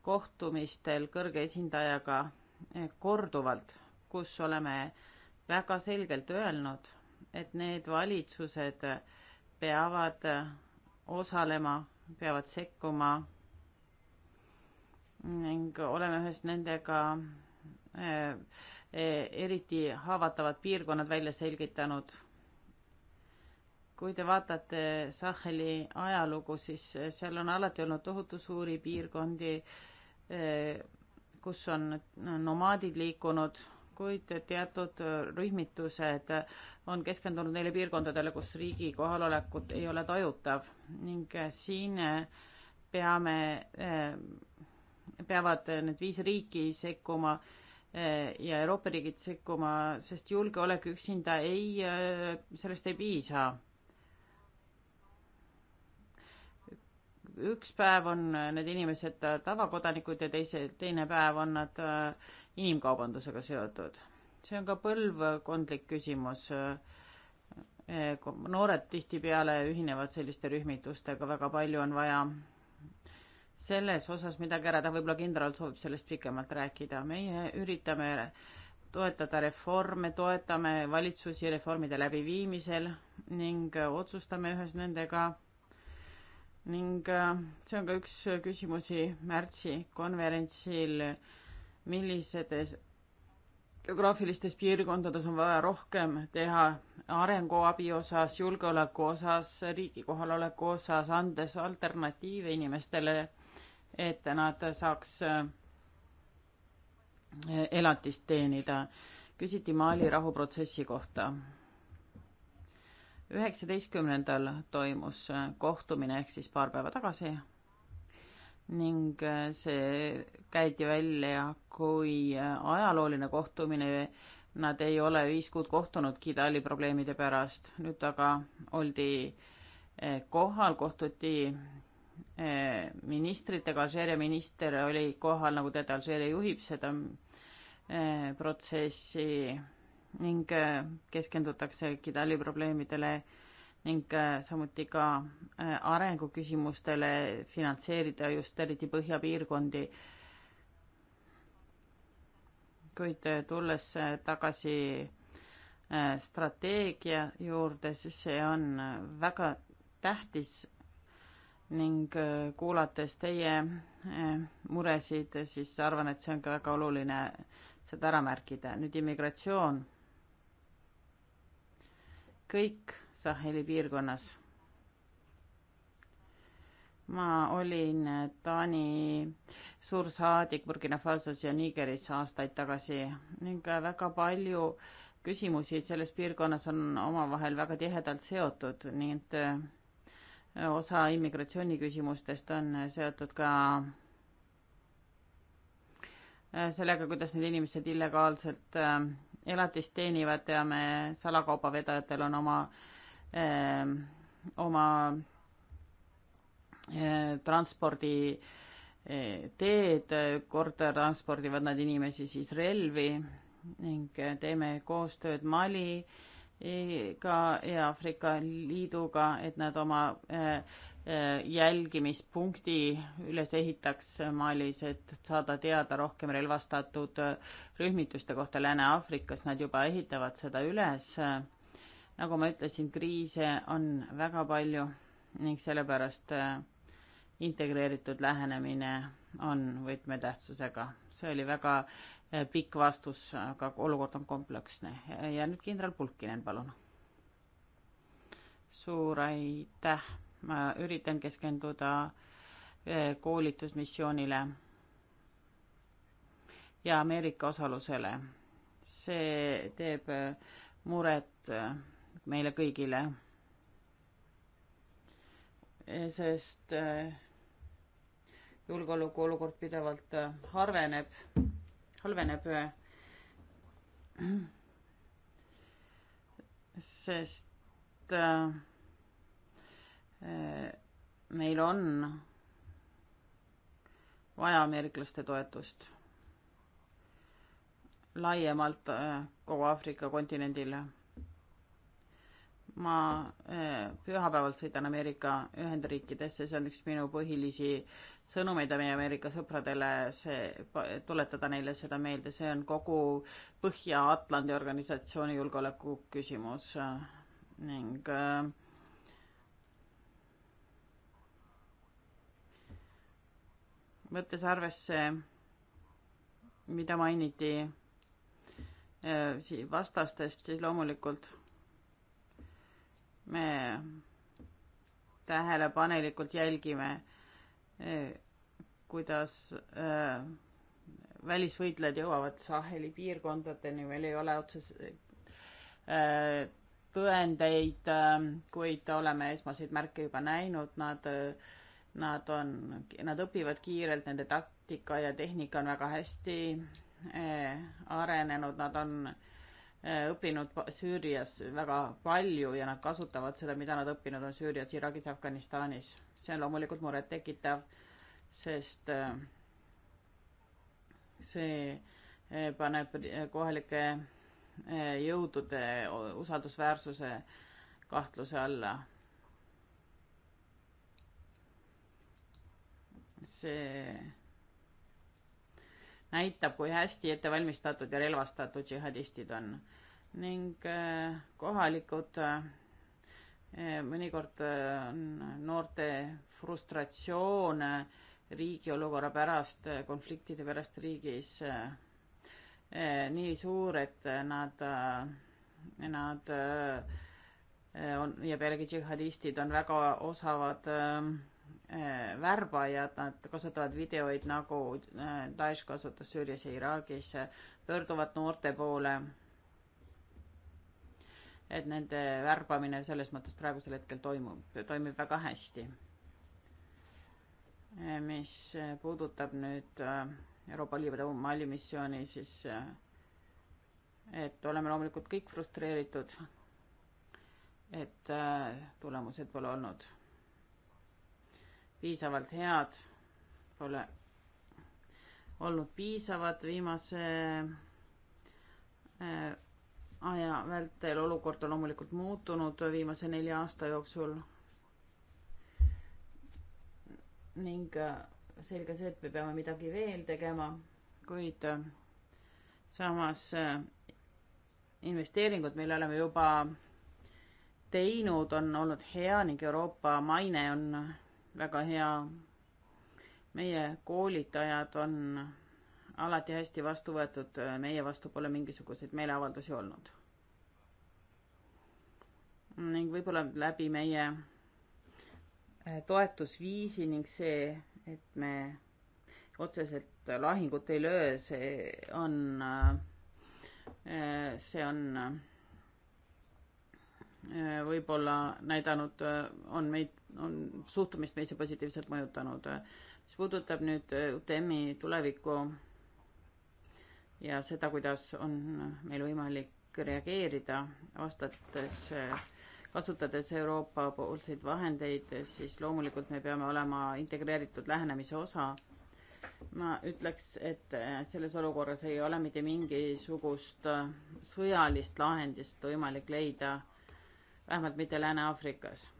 kohtumistel kõrge esindajaga korduvalt, kus oleme väga selgelt öelnud, et need valitsused peavad osalema, peavad sekkuma ning oleme ühes nendega eh, eriti haavatavad piirkonnad välja selgitanud. kui te vaatate Saheli ajalugu, siis seal on alati olnud tohutu suuri piirkondi, eh, kus on nomaadid liikunud kuid teatud rühmitused on keskendunud neile piirkondadele, kus riigi kohalolekut ei ole tajutav ning siin eh, peame, eh, peavad need viis riiki sekkuma eh, ja Euroopa riigid sekkuma, sest julgeolek üksinda ei, sellest ei piisa. üks päev on need inimesed tavakodanikud ja teise, teine päev on nad äh, inimkaubandusega seotud. see on ka põlvkondlik küsimus. Äh, noored tihtipeale ühinevad selliste rühmitustega, väga palju on vaja selles osas midagi ära teha, võib-olla kindral soovib sellest pikemalt rääkida. meie üritame toetada reforme, toetame valitsusi reformide läbiviimisel ning otsustame ühes nendega ning äh, see on ka üks küsimusi märtsi konverentsil, millisedes geograafilistes piirkondades on vaja rohkem teha arenguabi osas, julgeoleku osas, riigi kohaloleku osas, andes alternatiive inimestele, et nad saaks äh, elatist teenida. küsiti Mali rahuprotsessi kohta üheksateistkümnendal toimus äh, kohtumine ehk siis paar päeva tagasi ning äh, see käidi välja kui äh, ajalooline kohtumine. Nad ei ole viis kuud kohtunud Kidali probleemide pärast, nüüd aga oldi kohal, kohtuti ministritega, Alžeeria minister oli kohal, nagu teate, Alžeeria juhib seda protsessi ning äh, keskendutakse Kidali probleemidele ning äh, samuti ka äh, arenguküsimustele finantseerida just eriti põhjapiirkondi. kuid tulles tagasi strateegia juurde, siis see on väga tähtis ning kuulates teie muresid, siis arvan, et see on ka väga oluline seda ära märkida. nüüd immigratsioon kõik Saheli piirkonnas. ma olin Taani suursaadik Burkina Fasos ja Nigeris aastaid tagasi ning väga palju küsimusi selles piirkonnas on omavahel väga tihedalt seotud, nii et äh, osa immigratsiooniküsimustest on seotud ka äh, sellega, kuidas need inimesed illegaalselt äh, elatist teenivad, teame, salakaubavedajatel on oma öö, ehm, oma öö, eh, transpordi öö, eh, teed, kord transpordivad nad inimesi siis relvi ning eh, teeme koostööd Mali ka ja Aafrika Liiduga, et nad oma jälgimispunkti üles ehitaks Malis, et saada teada rohkem relvastatud rühmituste kohta Lääne-Aafrikas, nad juba ehitavad seda üles. nagu ma ütlesin, kriise on väga palju ning sellepärast integreeritud lähenemine on võtmetähtsusega. see oli väga eh, pikk vastus, aga olukord on kompleksne. ja nüüd kindral Pulkinen, palun. suur aitäh ma üritan keskenduda eh, koolitusmissioonile ja Ameerika osalusele. see teeb eh, muret eh, meile kõigile. sest julgeolekuolukord pidevalt harveneb, halveneb. sest äh, meil on vaja ameeriklaste toetust laiemalt äh, kogu Aafrika kontinendil. ma äh, pühapäeval sõidan Ameerika Ühendriikidesse, see on üks minu põhilisi sõnumeid meie Ameerika sõpradele, see, tuletada neile seda meelde, see on kogu Põhja-Atlandi organisatsiooni julgeoleku küsimus äh, ning äh, võttes arvesse, mida mainiti äh, vastastest, siis loomulikult me tähelepanelikult jälgime, äh, kuidas äh, välisvõitlejad jõuavad Saheli piirkondadeni, meil ei ole otseselt tõendeid, kuid oleme esmaseid märke juba näinud, nad Nad on, nad õpivad kiirelt, nende taktika ja tehnika on väga hästi eh, arenenud, nad on eh, õppinud Süürias väga palju ja nad kasutavad seda, mida nad õppinud on Süürias, Iraagis, Afganistanis. see on loomulikult murettekitav, sest eh, see paneb kohalike jõudude usaldusväärsuse kahtluse alla see näitab, kui hästi ettevalmistatud ja relvastatud džihadistid on ning äh, kohalikud äh, mõnikord äh, noorte frustratsioon riigi olukorra pärast, konfliktide pärast riigis nii suur, et nad, nad on ja pealegi džihadistid on väga osavad Äh, värbajad, nad kasutavad videoid nagu äh, Daesh kasutas Süürias ja Iraagis, äh, pöörduvad noorte poole. et nende värbamine selles mõttes praegusel hetkel toimub, toimib väga hästi. mis puudutab nüüd Euroopa Liidu Mali missiooni, siis et oleme loomulikult kõik frustreeritud, et tulemused pole olnud piisavalt head, pole olnud piisavad viimase äh, aja vältel, olukord on loomulikult muutunud viimase nelja aasta jooksul. ning äh, selge see, et me peame midagi veel tegema, kuid äh, samas investeeringud, mille oleme juba teinud, on olnud hea ning Euroopa maine on väga hea. meie koolitajad on alati hästi vastu võetud, meie vastu pole mingisuguseid meeleavaldusi olnud. ning võib-olla läbi meie äh, toetusviisi ning see, et me otseselt lahingut ei löö, see on, äh, see on äh, Äh, võib-olla näidanud, äh, on meid, on suhtumist meisse positiivselt mõjutanud. mis puudutab nüüd äh, UTM-i tulevikku ja seda, kuidas on meil võimalik reageerida, vastates, kasutades Euroopa poolseid vahendeid, siis loomulikult me peame olema integreeritud lähenemise osa. ma ütleks, et selles olukorras ei ole mitte mingisugust sõjalist lahendist võimalik leida vähemalt mitte Lääne-Aafrikas.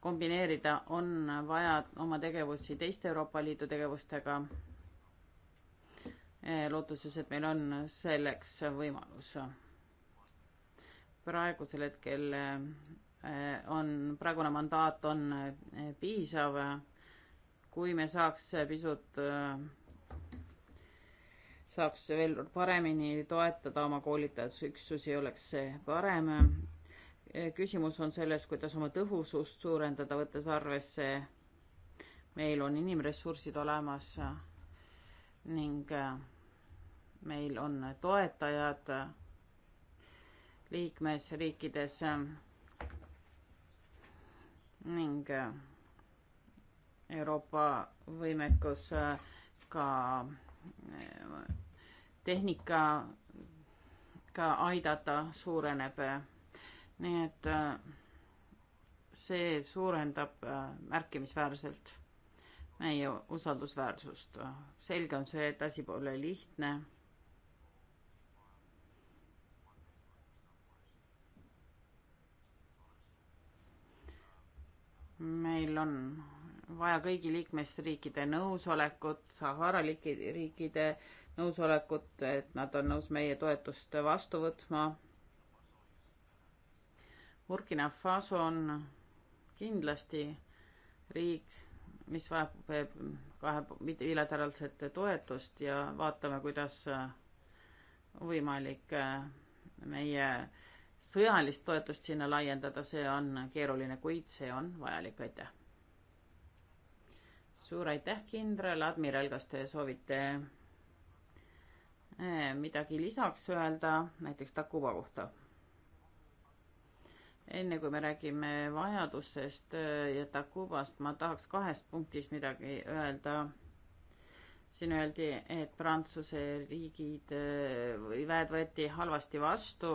kombineerida on vaja oma tegevusi teiste Euroopa Liidu tegevustega, eh, lootuses, et meil on selleks võimalus. praegusel hetkel eh, on, praegune mandaat on eh, piisav, kui me saaks pisut saaks veel paremini toetada oma koolitajasüksusi, oleks see parem. küsimus on selles, kuidas oma tõhusust suurendada, võttes arvesse, meil on inimressursid olemas ning meil on toetajad liikmesriikides ning Euroopa võimekus ka tehnikaga aidata, suureneb. nii et äh, see suurendab äh, märkimisväärselt meie usaldusväärsust. selge on see, et asi pole lihtne. meil on vaja kõigi liikmesriikide nõusolekut, Sahara riikide nõusolekut, et nad on nõus meie toetust vastu võtma. Burkina Faso on kindlasti riik, mis vajab kahe bilateraalset toetust ja vaatame, kuidas võimalik meie sõjalist toetust sinna laiendada, see on keeruline, kuid see on vajalik, aitäh. suur aitäh, kindral, admiral, kas te soovite Eh, midagi lisaks öelda näiteks Takuba kohta? enne kui me räägime vajadusest eh, ja Takubast, ma tahaks kahes punktis midagi öelda. siin öeldi, et Prantsuse riigid eh, või väed võeti halvasti vastu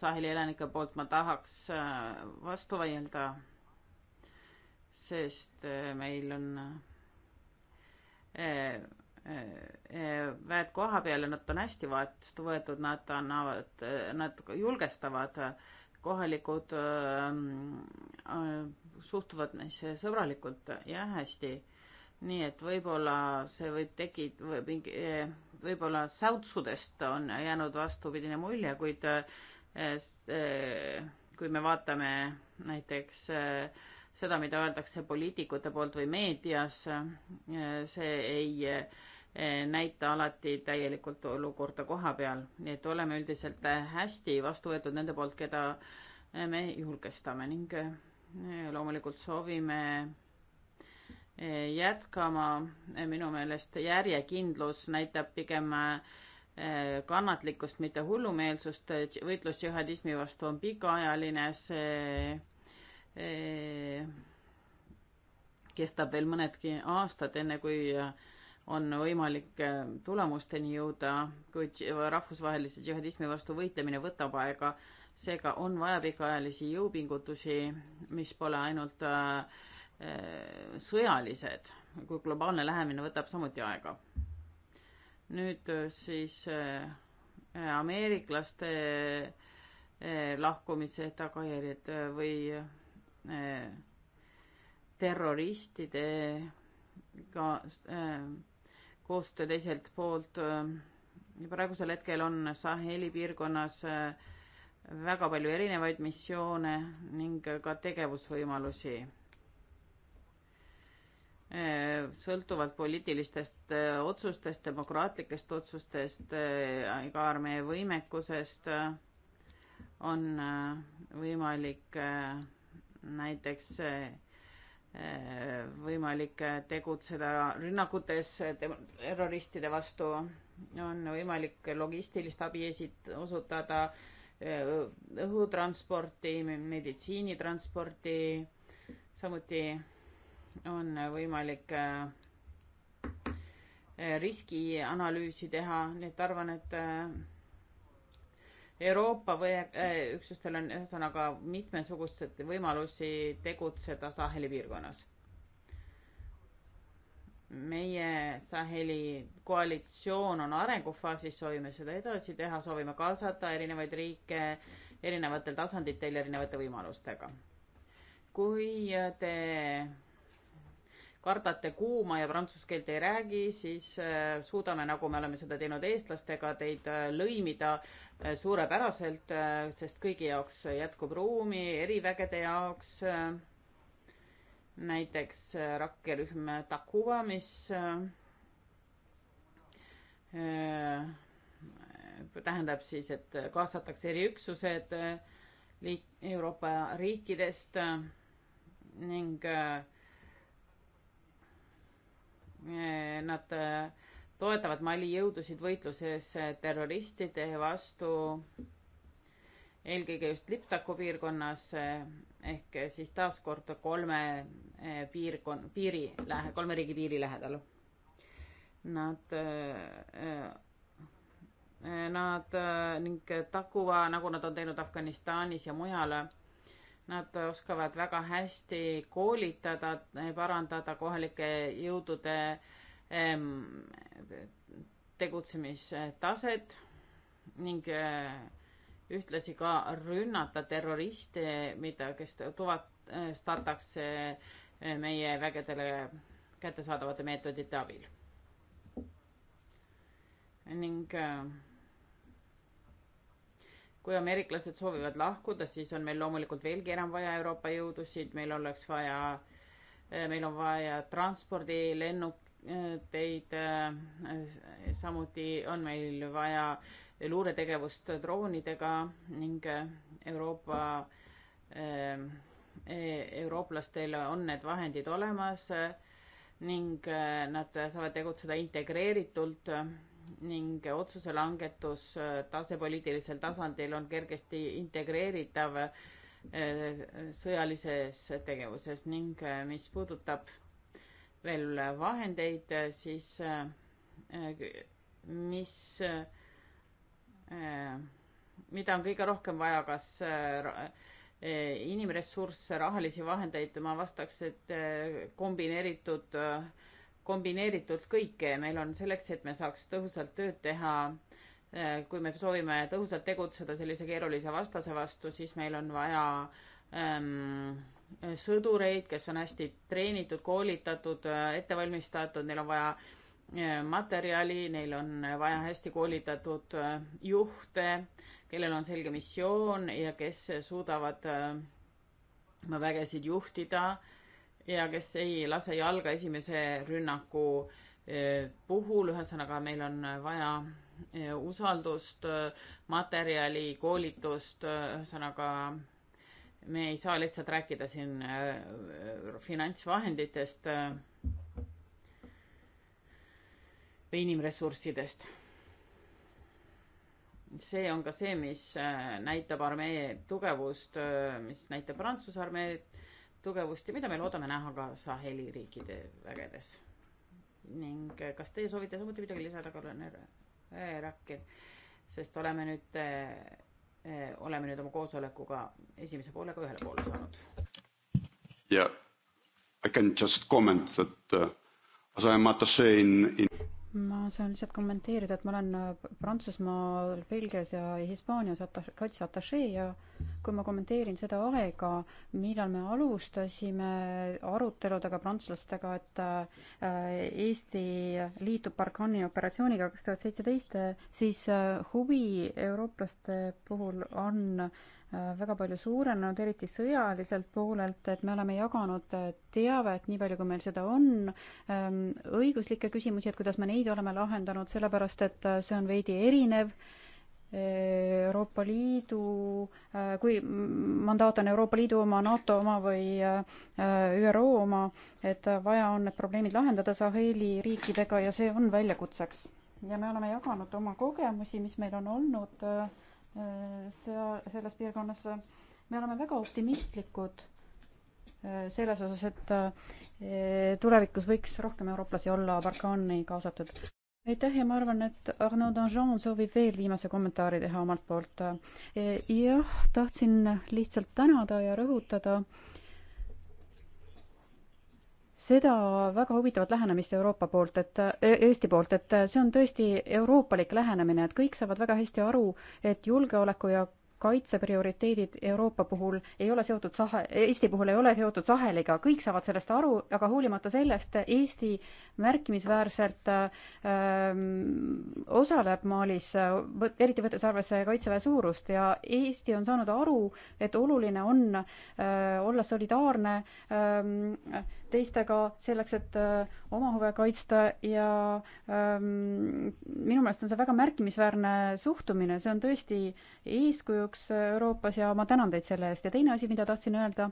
Saheli elanike poolt, ma tahaks vastu vaielda, sest meil on Äh, äh, väed koha peal ja nad on hästi vastu võetud, nad annavad, äh, nad julgestavad, kohalikud suhtuvad neisse sõbralikult ja hästi. nii et võib-olla see võib tekit- või mingi, võib-olla säutsudest on jäänud vastupidine mulje, kuid kui me vaatame näiteks seda, mida öeldakse poliitikute poolt või meedias, see ei Eh, näita alati täielikult olukorda koha peal, nii et oleme üldiselt eh, hästi vastu võetud nende poolt, keda eh, me julgestame ning loomulikult soovime jätkama, minu meelest järjekindlus näitab pigem kannatlikkust, mitte hullumeelsust, võitlus džihadismi vastu on pikaajaline, see kestab veel mõnedki aastad, enne kui on võimalik äh, tulemusteni jõuda, kuid rahvusvahelise džihadismi vastu võitlemine võtab aega. seega on vaja pikaajalisi jõupingutusi, mis pole ainult äh, äh sõjalised, kui globaalne lähemine võtab samuti aega. nüüd äh, siis äh, ameeriklaste äh, lahkumise tagajärjed või terroristidega koostöö teiselt poolt. Äh, praegusel hetkel on Saheli piirkonnas äh, väga palju erinevaid missioone ning ka tegevusvõimalusi. Äh, sõltuvalt poliitilistest otsustest, demokraatlikest otsustest, iga armee võimekusest on võimalik näiteks võimalik tegutseda rünnakutes terroristide vastu, on võimalik logistilist abi esit-, osutada, õhutransporti, meditsiinitransporti, samuti on võimalik riskianalüüsi teha, nii et arvan, et Euroopa või äh, üksustel on ühesõnaga mitmesuguseid võimalusi tegutseda Saheli piirkonnas. meie Saheli koalitsioon on arengufaasis, soovime seda edasi teha, soovime kaasata erinevaid riike erinevatel tasanditel erinevate võimalustega. kui te kardate kuuma ja prantsuse keelt ei räägi, siis äh, suudame, nagu me oleme seda teinud eestlastega, teid äh, lõimida äh, suurepäraselt, sest kõigi jaoks jätkub ruumi, erivägede jaoks. näiteks rakkerühm Takuba, mis tähendab siis, et kaasatakse eriüksused liik-, Euroopa riikidest ning äh, Eh, nad eh, toetavad Mali jõudusid võitluses eh, terroristide vastu, eelkõige just Liptaku piirkonnas ehk siis taaskord kolme piirkon-, piiri lähe-, kolme riigi piiri lähedal. Nad, nad ning Takuva, nagu nad on teinud Afganistanis ja mujal Nad oskavad väga hästi koolitada, parandada kohalike jõudude ehm, tegutsemistaset ning eh, ühtlasi ka rünnata terroriste, mida, kes tuvastatakse eh, meie vägedele kättesaadavate meetodite abil. ning eh, kui ameeriklased soovivad lahkuda, siis on meil loomulikult veelgi enam vaja Euroopa jõudusid, meil oleks vaja, eh, meil on vaja transpordi, lennuteid, eh, samuti on meil vaja luuretegevust droonidega ning Euroopa, eh, e-, eurooplastel on need vahendid olemas ning nad saavad tegutseda integreeritult ning otsuse langetus äh, tase poliitilisel tasandil on kergesti integreeritav äh, sõjalises tegevuses ning äh, mis puudutab veel vahendeid, siis mis, mida on kõige rohkem vaja, kas inimressursse, rahalisi vahendeid, ma vastaks, et kombineeritud äh, kombineeritult kõike ja meil on selleks, et me saaks tõhusalt tööd teha, äh, kui me soovime tõhusalt tegutseda sellise keerulise vastase vastu, siis meil on vaja ähm, sõdureid, kes on hästi treenitud, koolitatud, äh, ettevalmistatud, neil on vaja äh, materjali, neil on vaja hästi koolitatud äh, juhte, kellel on selge missioon ja kes suudavad oma äh, vägesid juhtida äh, ja kes ei lase jalga esimese rünnaku eh, puhul, ühesõnaga meil on vaja eh, usaldust, eh, materjali, koolitust, ühesõnaga me ei saa lihtsalt rääkida siin finantsvahenditest või inimressurssidest. see on ka see, mis näitab armee tugevust, mis näitab Prantsuse armeed tugevust ja mida me loodame näha ka Saheli riikide vägedes. ning eh, kas teie soovite samuti midagi lisada, kolonel eh, Rakker, sest oleme nüüd eh, oleme nüüd oma koosolekuga esimese poolega ühele poole saanud. Yeah, I can just comment that uh, as I am attaché in, in ma saan lihtsalt kommenteerida, et ma olen äh, Prantsusmaal, Belgias ja Hispaanias atas-, kaitseatašee ja kui ma kommenteerin seda aega, millal me alustasime aruteludega prantslastega, et äh, Eesti liitub Barkhani operatsiooniga kaks tuhat seitseteist, siis äh, huvi eurooplaste puhul on äh, Äh, väga palju suurenenud, eriti sõjaliselt poolelt, et me oleme jaganud äh, teavet nii palju, kui meil seda on, ähm, õiguslikke küsimusi, et kuidas me neid oleme lahendanud, sellepärast et äh, see on veidi erinev Euroopa Liidu, kui mandaat on Euroopa Liidu oma, NATO oma või ÜRO oma, et vaja on need probleemid lahendada Saheli riikidega ja see on väljakutseks. ja me oleme jaganud oma kogemusi, mis meil on olnud äh, Äh, seal, selles piirkonnas. me oleme väga optimistlikud äh, selles osas, et äh, tulevikus võiks rohkem eurooplasi olla Barkhani kaasatud. aitäh ja ma arvan, et Arnaud Danjon soovib veel viimase kommentaari teha omalt poolt. jah, tahtsin lihtsalt tänada ja rõhutada äh, seda väga huvitavat lähenemist Euroopa poolt, et e, Eesti poolt, et see on tõesti euroopalik lähenemine, et kõik saavad väga hästi aru, et julgeoleku ja kaitseprioriteedid Euroopa puhul ei ole seotud sahe, Eesti puhul ei ole seotud saheliga, kõik saavad sellest aru, aga hoolimata sellest Eesti märkimisväärselt öö, ähm, osaleb Malis, eriti võttes arvesse Kaitseväe suurust ja Eesti on saanud aru, et oluline on öö, äh, olla solidaarne öö, ähm, teistega selleks, et öö, äh, oma huve kaitsta ja öö, ähm, minu meelest on see väga märkimisväärne suhtumine, see on tõesti eeskuju jaoks Euroopas ja ma tänan teid selle eest. ja teine asi, mida tahtsin öelda,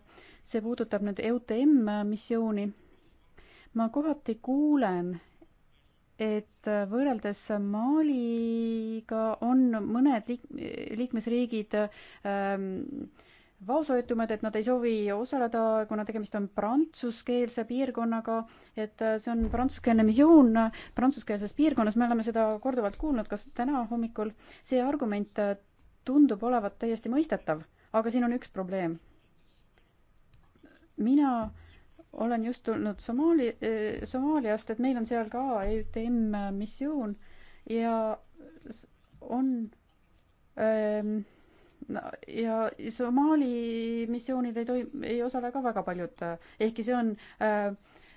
see puudutab nüüd EUTM missiooni. ma kohati kuulen, et võrreldes Maliga on mõned liik-, liikmesriigid ähm, vaoshoitumad, et nad ei soovi osaleda, kuna tegemist on prantsuskeelse piirkonnaga, et äh, see on prantsuskeelne missioon prantsuskeelses piirkonnas, me oleme seda korduvalt kuulnud, kas täna hommikul see argument äh, tundub olevat täiesti mõistetav, aga siin on üks probleem. mina olen just tulnud Somaali, eh, Somaaliast, et meil on seal ka EÜTM missioon ja on ähm, ja Somaali missioonil ei toim-, ei osale ka väga paljud, ehkki see on äh,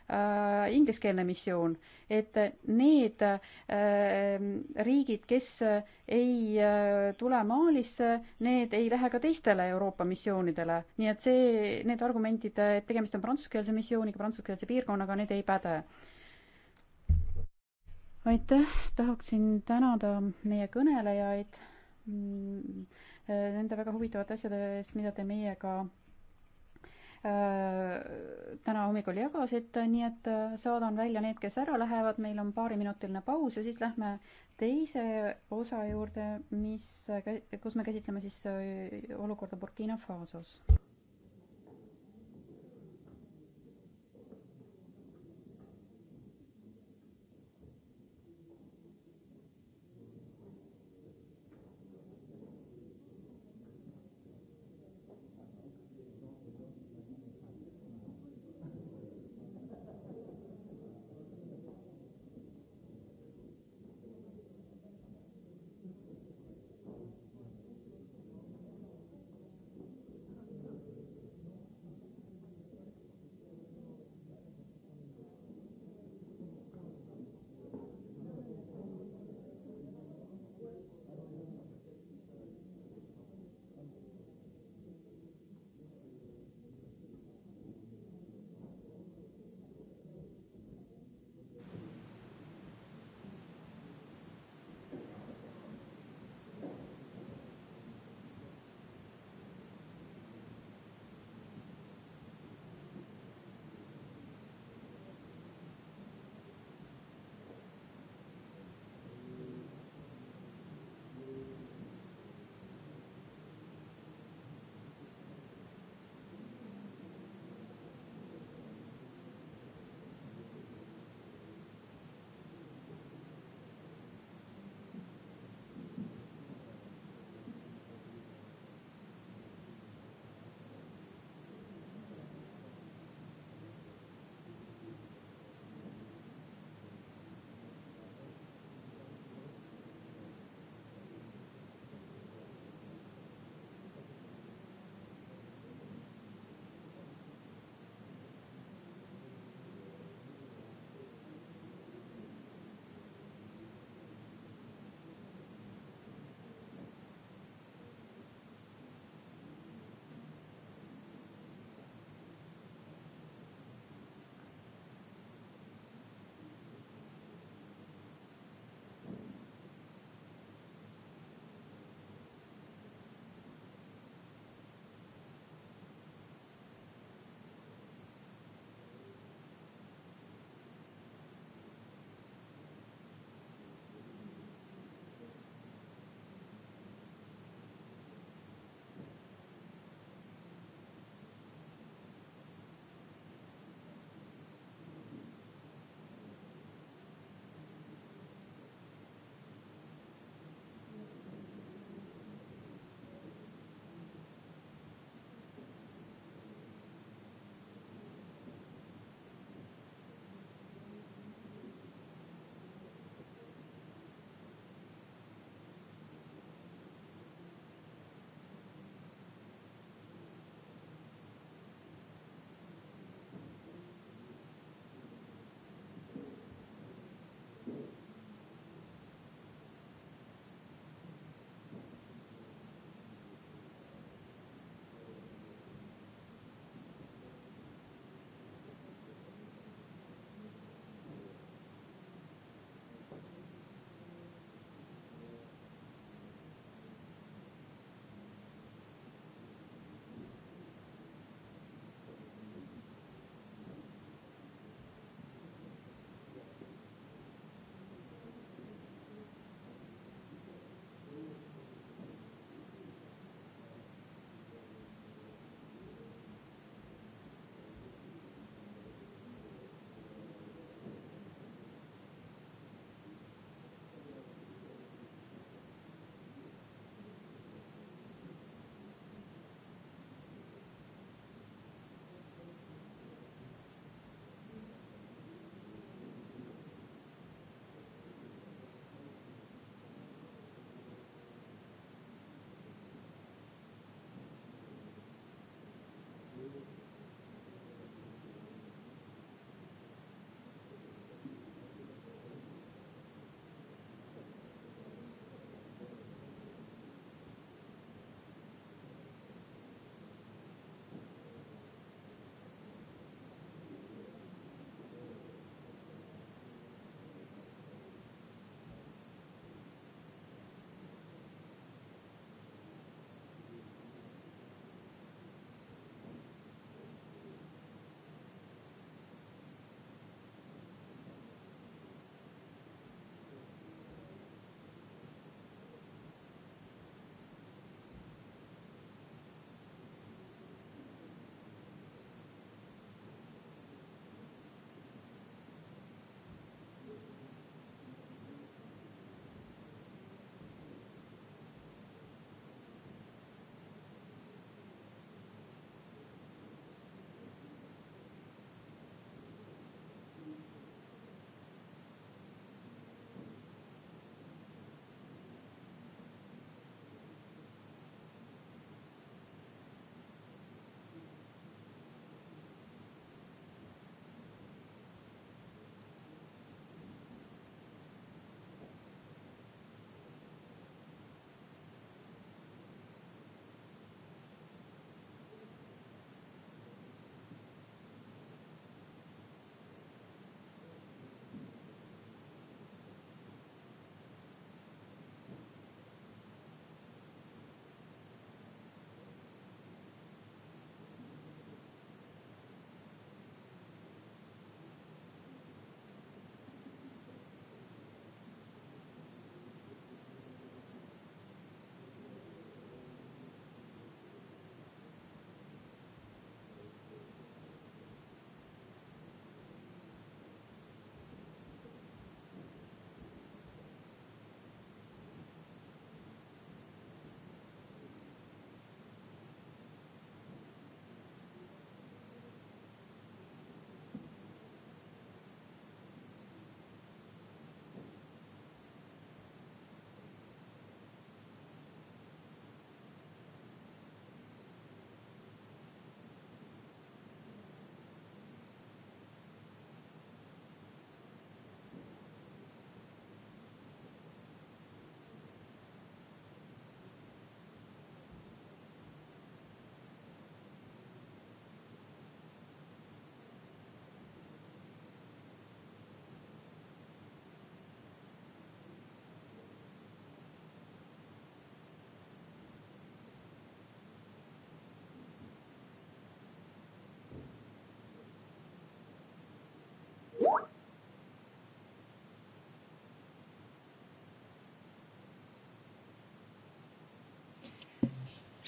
äh, ingliskeelne missioon, et need äh, riigid, kes ei äh, tule Malisse, need ei lähe ka teistele Euroopa missioonidele. nii et see, need argumendid, et tegemist on prantsuskeelse missiooniga, prantsuskeelse piirkonnaga, need ei päde. aitäh, tahaksin tänada meie kõnelejaid mm, nende väga huvitavate asjade eest, mida te meiega Äh, täna hommikul jagasite, äh, nii et äh, saadan välja need, kes ära lähevad, meil on paariminutiline paus ja siis lähme teise osa juurde, mis, kus me käsitleme siis olukorda Burkina Fasos.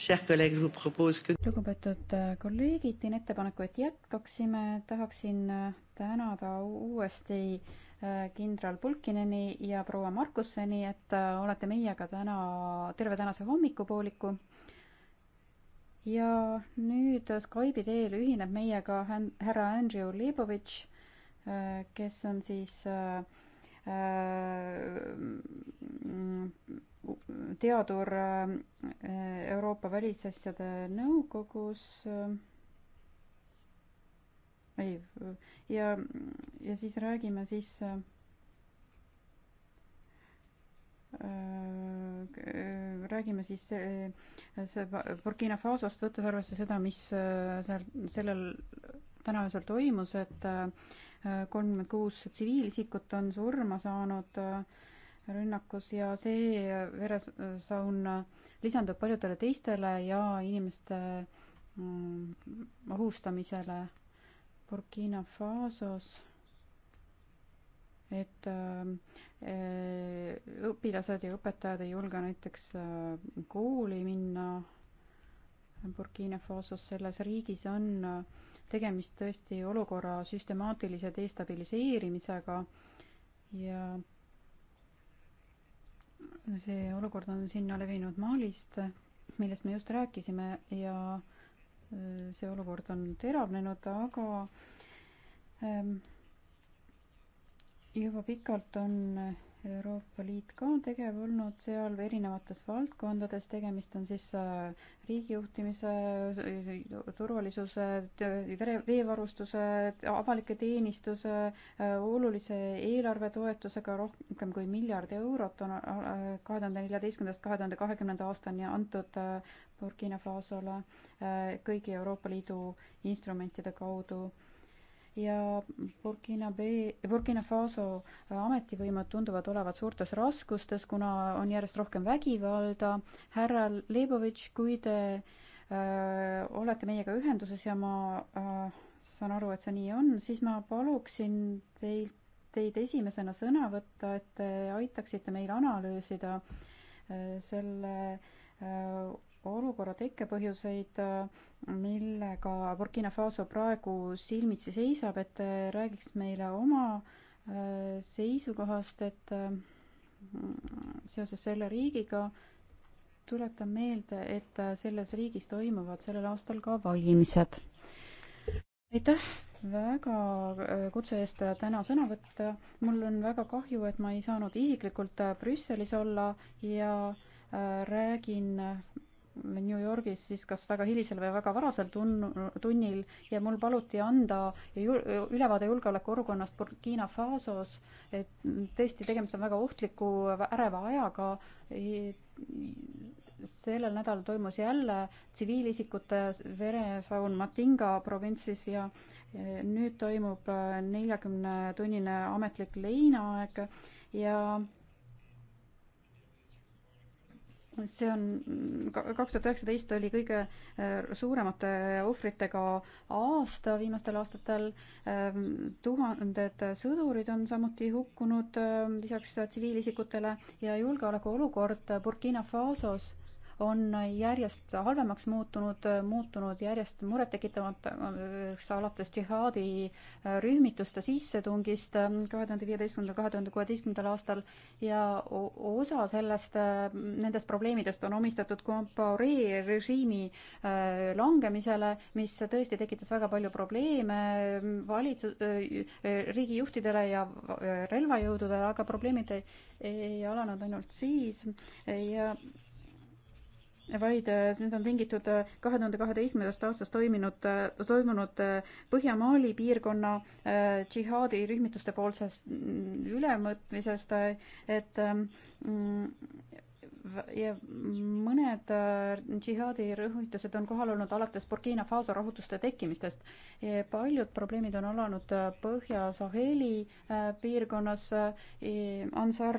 lugupeetud äh, kolleegid, teen ettepaneku, et jätkaksime, tahaksin äh, tänada uuesti äh, kindral Pulkineni ja proua Markusseni, et olete meiega täna, terve tänase hommikupooliku. ja nüüd Skype'i teel ühineb meiega härra Andrew Leibovitš, kes on siis äh, teadur äh, Euroopa Välisasjade Nõukogus. Äh, ei, ja, ja siis räägime siis äh, räägime siis see, see Burkina Fasost, võttes arvesse seda, mis seal sellel täna öösel toimus, et kolmkümmend kuus tsiviilisikut on surma saanud äh, rünnakus ja see äh, veresaun äh, lisandub paljudele teistele ja inimeste mm, ohustamisele Burkina Fasos, et äh, õpilased ja õpetajad ei julge näiteks kooli minna Burkina Fasos, selles riigis on tegemist tõesti olukorra süstemaatilise destabiliseerimisega ja see olukord on sinna levinud Malist, millest me just rääkisime ja äh, see olukord on teravnenud, aga ähm, juba pikalt on Euroopa Liit ka on tegev olnud seal erinevates valdkondades, tegemist on siis äh, riigijuhtimise, äh, turvalisuse, veevarustuse, avalike teenistuse äh, olulise eelarvetoetusega, rohkem kui miljard eurot on kahe tuhande neljateistkümnendast kahe tuhande kahekümnenda aastani antud Burkina Fasole kõigi Euroopa Liidu instrumentide kaudu ja Burkina Bee, Burkina Faso ametivõimud tunduvad olevat suurtes raskustes, kuna on järjest rohkem vägivalda. härra Leibovitš, kui te öö, äh, olete meiega ühenduses ja ma öö, äh, saan aru, et see nii on, siis ma paluksin teilt, teid esimesena sõna võtta, et te aitaksite meil analüüsida öö, äh, selle öö, olukorra tekkepõhjuseid, millega Burkina Faso praegu silmitsi seisab, et te räägiks meile oma äh, seisukohast, et äh, seoses selle riigiga tuletan meelde, et äh, selles riigis toimuvad sellel aastal ka valimised. aitäh väga kutse eest täna sõna võtta. mul on väga kahju, et ma ei saanud isiklikult Brüsselis olla ja räägin New Yorgis siis kas väga hilisel või väga varasel tunn-, tunnil ja mul paluti anda jul-, ülevaade julgeolekuolukonnast Burkina Fasos, et tõesti, tegemist on väga ohtliku äreva ajaga, sellel nädalal toimus jälle tsiviilisikute veresaun Matinga provintsis ja e, nüüd toimub e, neljakümnetunnine ametlik leinaaeg ja see on, kaks tuhat üheksateist oli kõige äh, suuremate ohvritega aasta viimastel aastatel. Ähm, tuhanded sõdurid on samuti hukkunud ähm, lisaks tsiviilisikutele ja julgeolekuolukord Burkina Fasos on järjest halvemaks muutunud, muutunud järjest murettekitavaks alates džihaadi rühmituste sissetungist kahe tuhande viieteistkümnendal, kahe tuhande kuueteistkümnendal aastal ja osa sellest, nendest probleemidest on omistatud Compaoree režiimi äh, langemisele, mis tõesti tekitas väga palju probleeme äh, valitsus, äh, riigijuhtidele ja relvajõududele, aga probleemid ei, ei alanud ainult siis ja vaid äh, need on tingitud äh, kahe tuhande kaheteistkümnendast aastast toiminud, äh, toimunud Põhja-Mali piirkonna džihaadi rühmituste poolsest mm, ülevõtmisest, et ähm, mm, ja mõned äh, džihaadi rõhutused on kohal olnud alates Burkina Faso rahutuste tekkimistest. paljud probleemid on alanud äh, Põhja-Saheli äh, piirkonnas. Ansar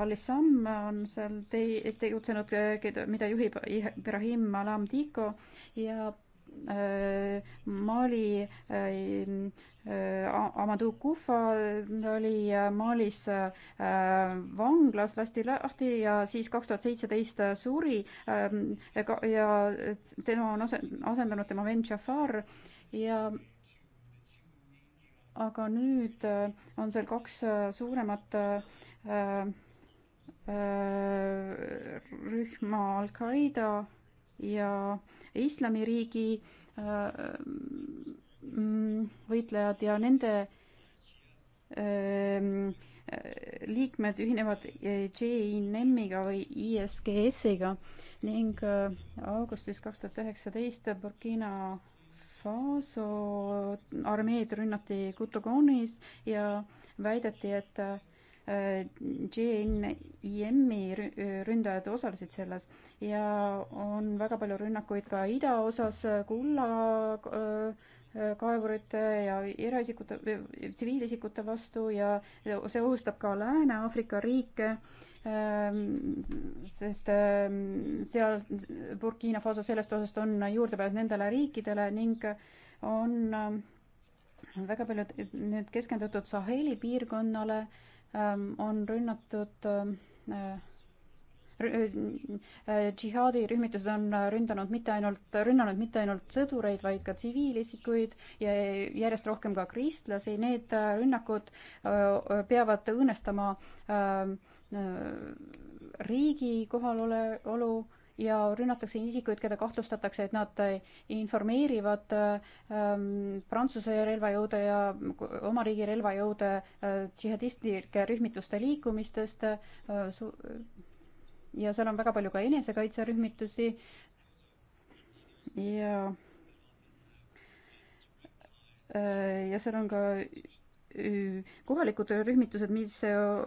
al-Issam on seal te-, tegutsenud, mida juhib Ibrahim Alam Diko ja Mali Äh, Amadou Kufa äh, oli äh, Malis vanglas, lasti lahti ja siis kaks tuhat seitseteist suri ähm, ja tema on asendanud tema vend Jafar ja aga nüüd on seal kaks suuremat rühma Al-Qaeda ja Islamiriigi Mm, võitlejad ja nende ehm, liikmed ühinevad JNM-iga või ISGS-iga ning äh, augustis kaks tuhat üheksateist Burkina Faso armeed rünnati Kutukonis ja väideti, et äh, JNIM-i ründajad osalesid selles ja on väga palju rünnakuid ka idaosas, Kulla äh, kaevurite ja eraisikute, tsiviilisikute vastu ja see ohustab ka Lääne-Aafrika riike, ähm, sest ähm, seal Burkina Faso sellest osast on juurdepääs nendele riikidele ning on ähm, väga palju nüüd keskendutud Saheli piirkonnale, on rünnatud Äh, äh, džihaadi rühmitused on ründanud mitte ainult, rünnanud mitte ainult sõdureid, vaid ka tsiviilisikuid ja järjest rohkem ka kristlasi. Need äh, rünnakud peavad õõnestama riigi kohalolu ja rünnatakse isikuid, keda kahtlustatakse, et nad informeerivad ähm, Prantsuse relvajõude ja oma riigi relvajõude äh, džihadistlike rühmituste liikumistest äh, ja seal on väga palju ka enesekaitserühmitusi ja äh, ja seal on ka äh, kohalikud rühmitused, mis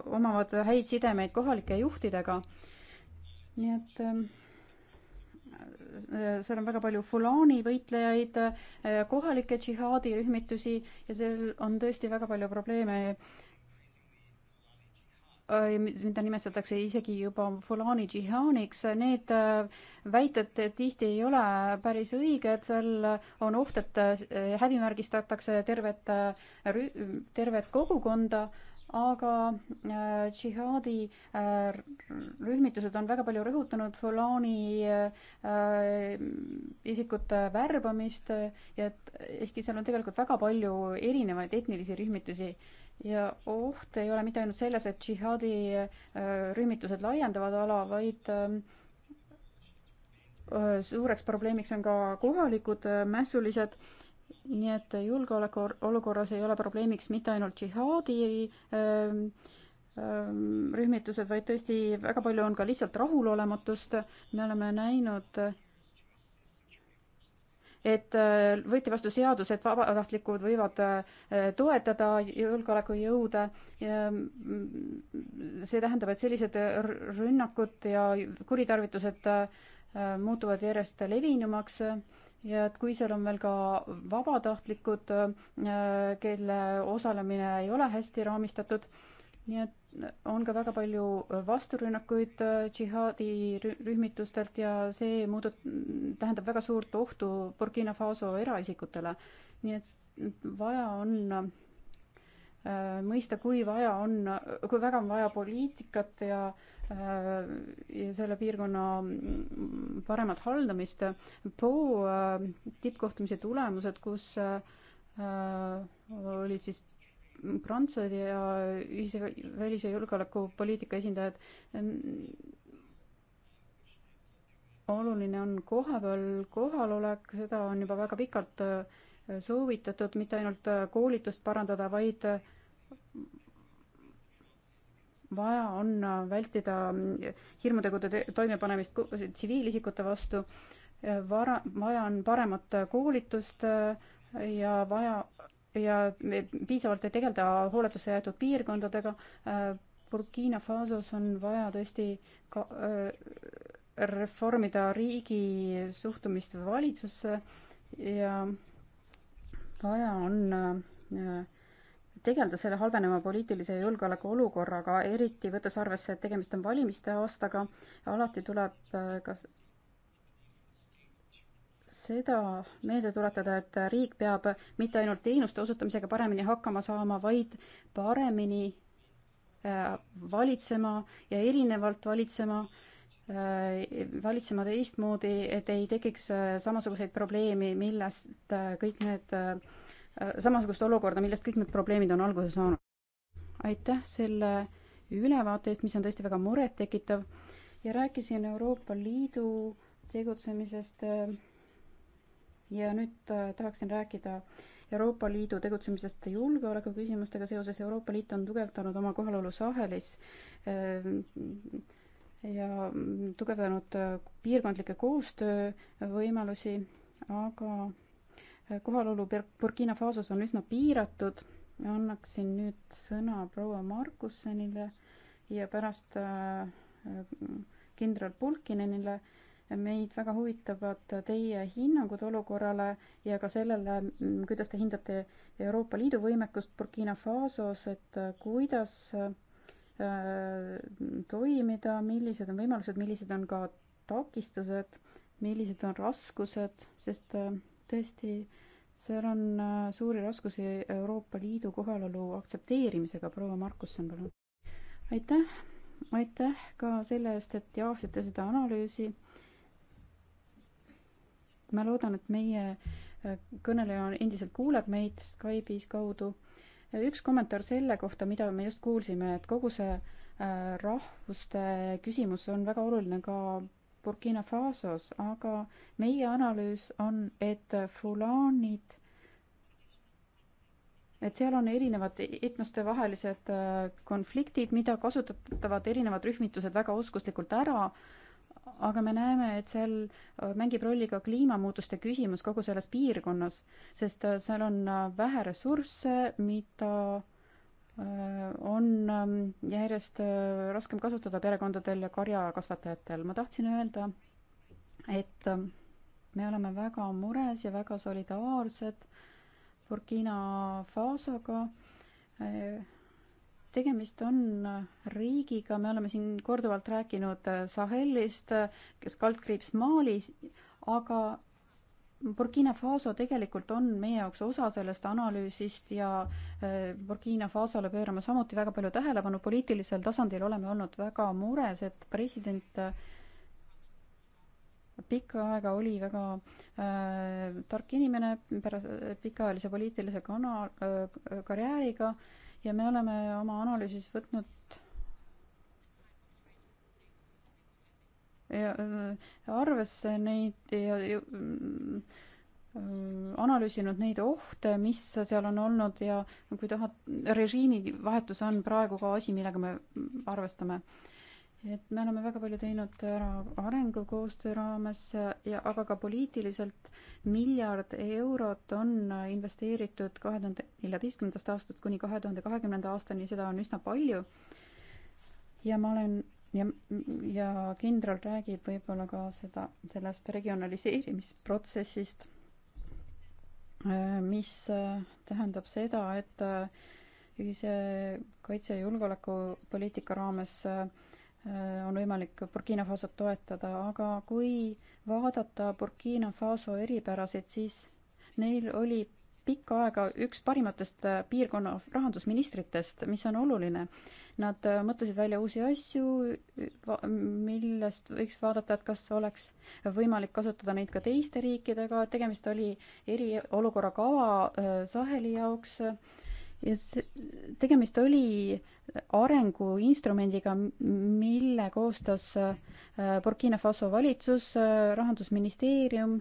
omavad häid sidemeid kohalike juhtidega. nii et ähm, äh, seal on väga palju fulaani võitlejaid, kohalikke džihaadi rühmitusi ja seal on tõesti väga palju probleeme Äh, mida nimetatakse isegi juba Fulani džihaaniks, need äh, väited tihti ei ole päris õiged, seal on oht, et äh, häbimärgistatakse tervet, tervet kogukonda, aga džihaadi rühmitused on väga palju rõhutanud Fulani isikute värbamist ja et ehkki seal on tegelikult väga palju erinevaid etnilisi rühmitusi ja oht ei ole mitte ainult selles, et džihaadi äh, rühmitused laiendavad ala, vaid äh, äh, suureks probleemiks on ka kohalikud mässulised, nii et julgeoleku olukorras ei ole probleemiks mitte ainult džihaadi ähm, ähm, rühmitused, vaid tõesti väga palju on ka lihtsalt rahulolematust. me oleme näinud et äh, võeti vastu seadus, et vabatahtlikud võivad äh, toetada julgeolekujõude. Mm, mm, see tähendab, et sellised rünnakud ja kuritarvitused äh, muutuvad järjest levinumaks ja et kui seal on veel ka vabatahtlikud, kelle osalemine ei ole hästi raamistatud, nii et on ka väga palju vasturünnakuid äh, džihaadi rühmitustelt ja see muudat-, tähendab väga suurt ohtu Burkina Faso eraisikutele. nii et vaja on äh, mõista, kui vaja on, kui väga on vaja poliitikat ja, äh, ja selle piirkonna mm, paremat haldamist. Poo tippkohtumise tulemused, kus olid siis prantslased ja ühise välis- ja julgeolekupoliitika esindajad. Ähm, oluline on kohapeal kohalolek, seda on juba väga pikalt äh, soovitatud, mitte ainult äh, koolitust parandada, vaid äh, vaja on vältida mm, hirmutegude toimepanemist tsiviilisikute vastu, vara, vaja on paremat koolitust ja vaja ja piisavalt ei tegeleda hooletusse jäetud piirkondadega. Äh, Burkina Fasos on vaja tõesti ka, äh, reformida riigi suhtumist valitsusse ja vaja on äh, tegeleda selle halveneva poliitilise ja julgeoleku olukorraga, eriti võttes arvesse, et tegemist on valimiste aastaga. alati tuleb kas seda meelde tuletada, et riik peab mitte ainult teenuste osutamisega paremini hakkama saama, vaid paremini äh, valitsema ja erinevalt valitsema, äh, valitsema teistmoodi, et ei tekiks äh, samasuguseid probleemi, millest kõik need, samasugust olukorda, millest kõik need probleemid on alguse saanud. aitäh selle ülevaate eest, mis on tõesti väga murettekitav ja rääkisin Euroopa Liidu tegutsemisest äh, ja nüüd äh, tahaksin rääkida Euroopa Liidu tegutsemisest julgeoleku küsimustega seoses. Euroopa Liit on tugevdanud oma kohalolu Sahelis äh, ja tugevdanud äh, piirkondlikke koostöövõimalusi, aga kohalolu Burkina Fasos on üsna piiratud. annaksin nüüd sõna proua Markussenile ja pärast kindral Pulkinenile meid väga huvitavad teie hinnangud olukorrale ja ka sellele, mm, kuidas te hindate Euroopa Liidu võimekust Burkina Fasos, et äh, kuidas äh, toimida, millised on võimalused, millised on ka takistused, millised on raskused, sest äh, tõesti, seal on suuri raskusi Euroopa Liidu kohalolu aktsepteerimisega. proua Markusson, palun. aitäh, aitäh ka selle eest, et jagasite seda analüüsi ma loodan, et meie äh, kõneleja endiselt kuuleb meid Skype'is kaudu. üks kommentaar selle kohta, mida me just kuulsime, et kogu see äh, rahvuste küsimus on väga oluline ka Burkina Fasos, aga meie analüüs on, et fulaanid, et seal on erinevad e-, etnoste vahelised äh, konfliktid, mida kasutatavad erinevad rühmitused väga oskuslikult ära aga me näeme, et seal äh, mängib rolli ka kliimamuutuste küsimus kogu selles piirkonnas, sest äh, seal on äh, vähe ressursse, mida on ähm, järjest raskem kasutada perekondadel ja karjakasvatajatel. ma tahtsin öelda, et ähm, me oleme väga mures ja väga solidaarsed Burkina Fasoga tegemist on äh, riigiga, me oleme siin korduvalt rääkinud äh, Sahelist, äh, kes kaldkriips Malis, aga Burkina Faso tegelikult on meie jaoks osa sellest analüüsist ja Burkina Fasole pöörame samuti väga palju tähelepanu. poliitilisel tasandil oleme olnud väga mures, et president pikka aega oli väga äh, tark inimene pärast pikaajalise poliitilise kana- äh,, karjääriga äh,, ja me oleme oma analüüsis võtnud ja, äh, arvesse neid ja, ja mm, analüüsinud neid ohte, mis seal on olnud ja kui tahad, režiimi vahetus on praegu ka asi, millega me arvestame et me oleme väga palju teinud ära arengukoostöö raames ja aga ka poliitiliselt miljard eurot on investeeritud kahe tuhande neljateistkümnendast aastast kuni kahe tuhande kahekümnenda aastani, seda on üsna palju. ja ma olen ja, ja kindral räägib võib-olla ka seda, sellest regionaliseerimisprotsessist, mis tähendab seda, et ühise kaitse- ja julgeolekupoliitika raames äh, Äh, on võimalik Burkina Fasot toetada, aga kui vaadata Burkina Faso eripärasid, siis neil oli pikka aega üks parimatest äh, piirkonna rahandusministritest, mis on oluline. Nad äh, mõtlesid välja uusi asju, millest võiks vaadata, et kas oleks võimalik kasutada neid ka teiste riikidega, tegemist oli eriolukorra kava Saheli jaoks äh, ja see, tegemist oli arenguinstrumendiga, mille koostas äh, Burkina Faso valitsus, äh, rahandusministeerium,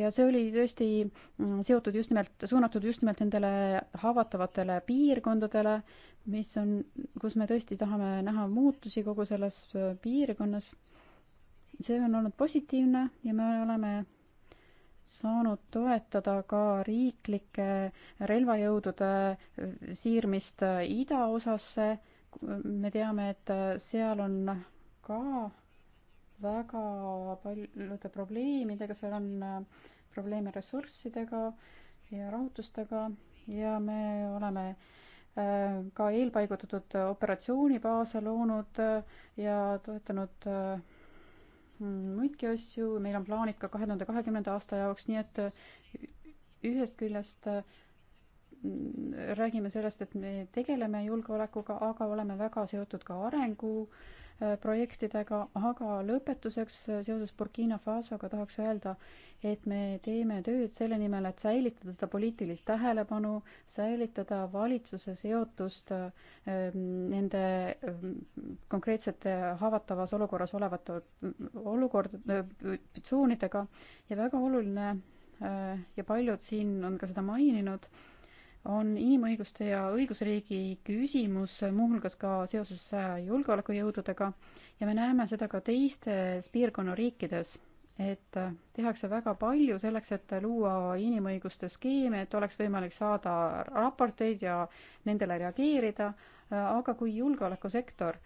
ja see oli tõesti mm, seotud just nimelt, suunatud just nimelt nendele haavatavatele piirkondadele, mis on, kus me tõesti tahame näha muutusi kogu selles äh, piirkonnas. see on olnud positiivne ja me oleme saanud toetada ka riiklike relvajõudude siirmist idaosasse. me teame, et seal on ka väga paljude probleemidega, seal on probleeme ressurssidega ja rahutustega ja me oleme äh, ka eelpaigutatud operatsioonibaase loonud äh, ja toetanud äh, Hmm, muidki asju, meil on plaanid ka kahe tuhande kahekümnenda aasta jaoks, nii et äh, ühest küljest äh, räägime sellest, et me tegeleme julgeolekuga, aga oleme väga seotud ka arengu äh, Äh, projektidega, aga lõpetuseks äh, seoses Burkina Fasoga tahaks öelda, et me teeme tööd selle nimel, et säilitada seda poliitilist tähelepanu, säilitada valitsuse seotust äh, nende konkreetsete haavatavas olukorras olevate olukord, tsoonidega ja väga oluline ja paljud siin on ka seda maininud on inimõiguste ja õigusriigi küsimus muuhulgas ka seoses äh, julgeolekujõududega ja me näeme seda ka teistes piirkonna riikides, et äh, tehakse väga palju selleks, et luua inimõiguste skeeme, et oleks võimalik saada raporteid ja nendele reageerida, äh, aga kui julgeolekusektor,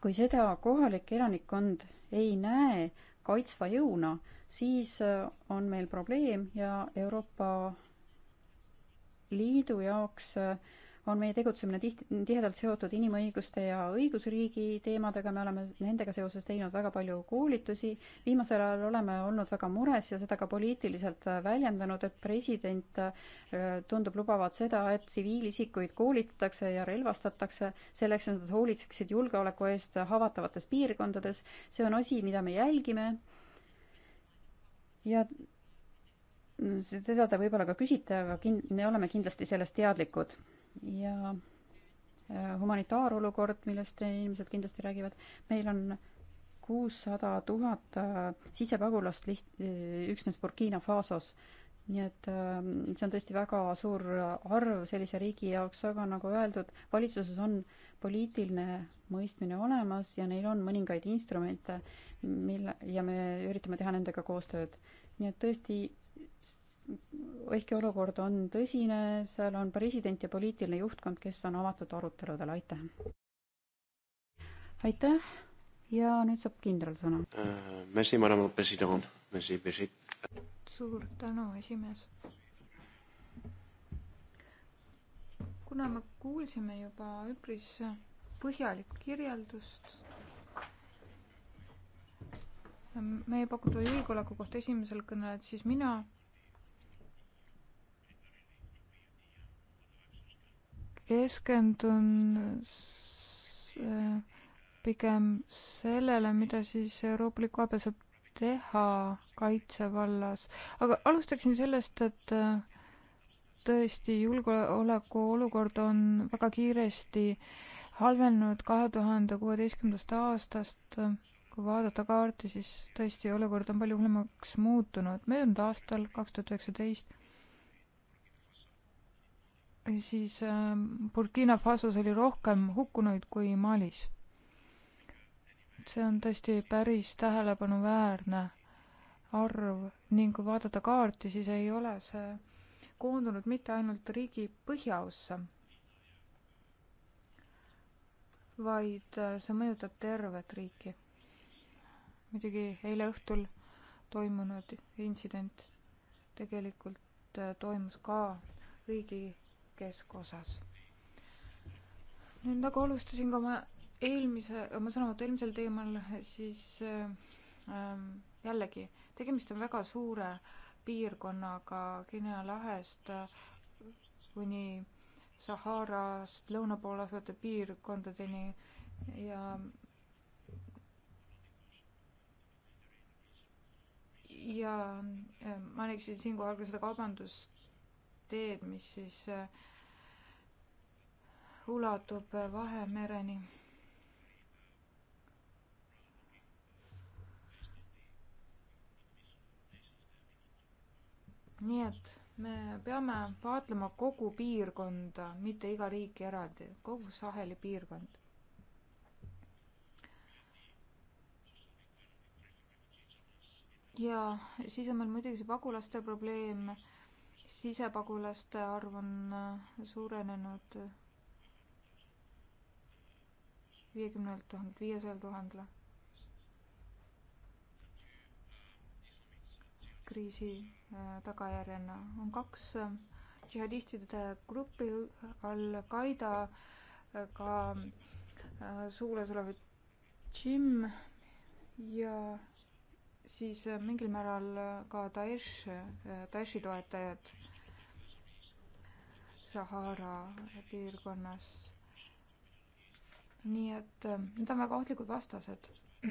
kui seda kohalik elanikkond ei näe kaitsva jõuna, siis on meil probleem ja Euroopa Liidu jaoks äh, on meie tegutsemine tihti, tihedalt seotud inimõiguste ja õigusriigi teemadega, me oleme nendega seoses teinud väga palju koolitusi, viimasel ajal oleme olnud väga mures ja seda ka poliitiliselt äh, väljendanud, et president äh, tundub lubavat seda, et tsiviilisikuid koolitatakse ja relvastatakse selleks, et nad hoolitseksid julgeoleku eest haavatavates piirkondades, see on asi, mida me jälgime ja seda te võib-olla ka küsite, aga kin-, me oleme kindlasti sellest teadlikud. ja äh, humanitaarolukord, millest inimesed kindlasti räägivad, meil on kuussada tuhat äh, sisepagulast liht-, äh, üksnes Burkina Fasos. nii et ähm, see on tõesti väga suur arv sellise riigi jaoks, aga nagu öeldud, valitsuses on poliitiline mõistmine olemas ja neil on mõningaid instrumente, mille, ja me üritame teha nendega koostööd. nii et tõesti ehkki olukord on tõsine, seal on president ja poliitiline juhtkond, kes on avatud aruteludele, aitäh. aitäh ja nüüd saab kindral sõna uh,. suur tänu, esimees. kuna me kuulsime juba üpris põhjalikku kirjeldust meie pakutava julgeoleku kohta esimesel kõnel, et siis mina keskendun äh, pigem sellele, mida siis Euroopa Liidu abi saab teha kaitsevallas. aga alustaksin sellest, et äh, tõesti julgeoleku olukord on väga kiiresti halvenenud kahe tuhande kuueteistkümnendast aastast. Äh, kui vaadata kaarti, siis tõesti olukord on palju hullemaks muutunud. möödunud aastal, kaks tuhat üheksateist, siis ähm, Burkina Fasos oli rohkem hukkunuid kui Malis. see on tõesti päris tähelepanuväärne arv ning kui vaadata kaarti, siis ei ole see koondunud mitte ainult riigi põhjaossa, vaid äh, see mõjutab tervet riiki. muidugi eile õhtul toimunud intsident tegelikult äh, toimus ka riigi keskosas. nüüd nagu alustasin ka oma eelmise, oma sõnavõtu eelmisel teemal, siis ähm, jällegi, tegemist on väga suure piirkonnaga Guinea lahest äh, kuni Saharast lõuna poole asuvate piirkondadeni ja ja äh, mainiksin siinkohal ka seda kaubandusteed, mis siis äh, ulatub Vahemereni. nii et me peame vaatlema kogu piirkonda, mitte iga riiki eraldi, kogu Saheli piirkond. ja siis on meil muidugi see pagulaste probleem sisepagulaste arv on suurenenud viiekümnelt tuhandelt viiesajale tuhandele. kriisi äh, tagajärjena on kaks äh, džihadistide gruppi Al-Qaeda äh, ka suulas olev džimm ja siis mingil määral ka Daesh, Daeshi toetajad Sahara piirkonnas nii et äh, need on väga ohtlikud vastased.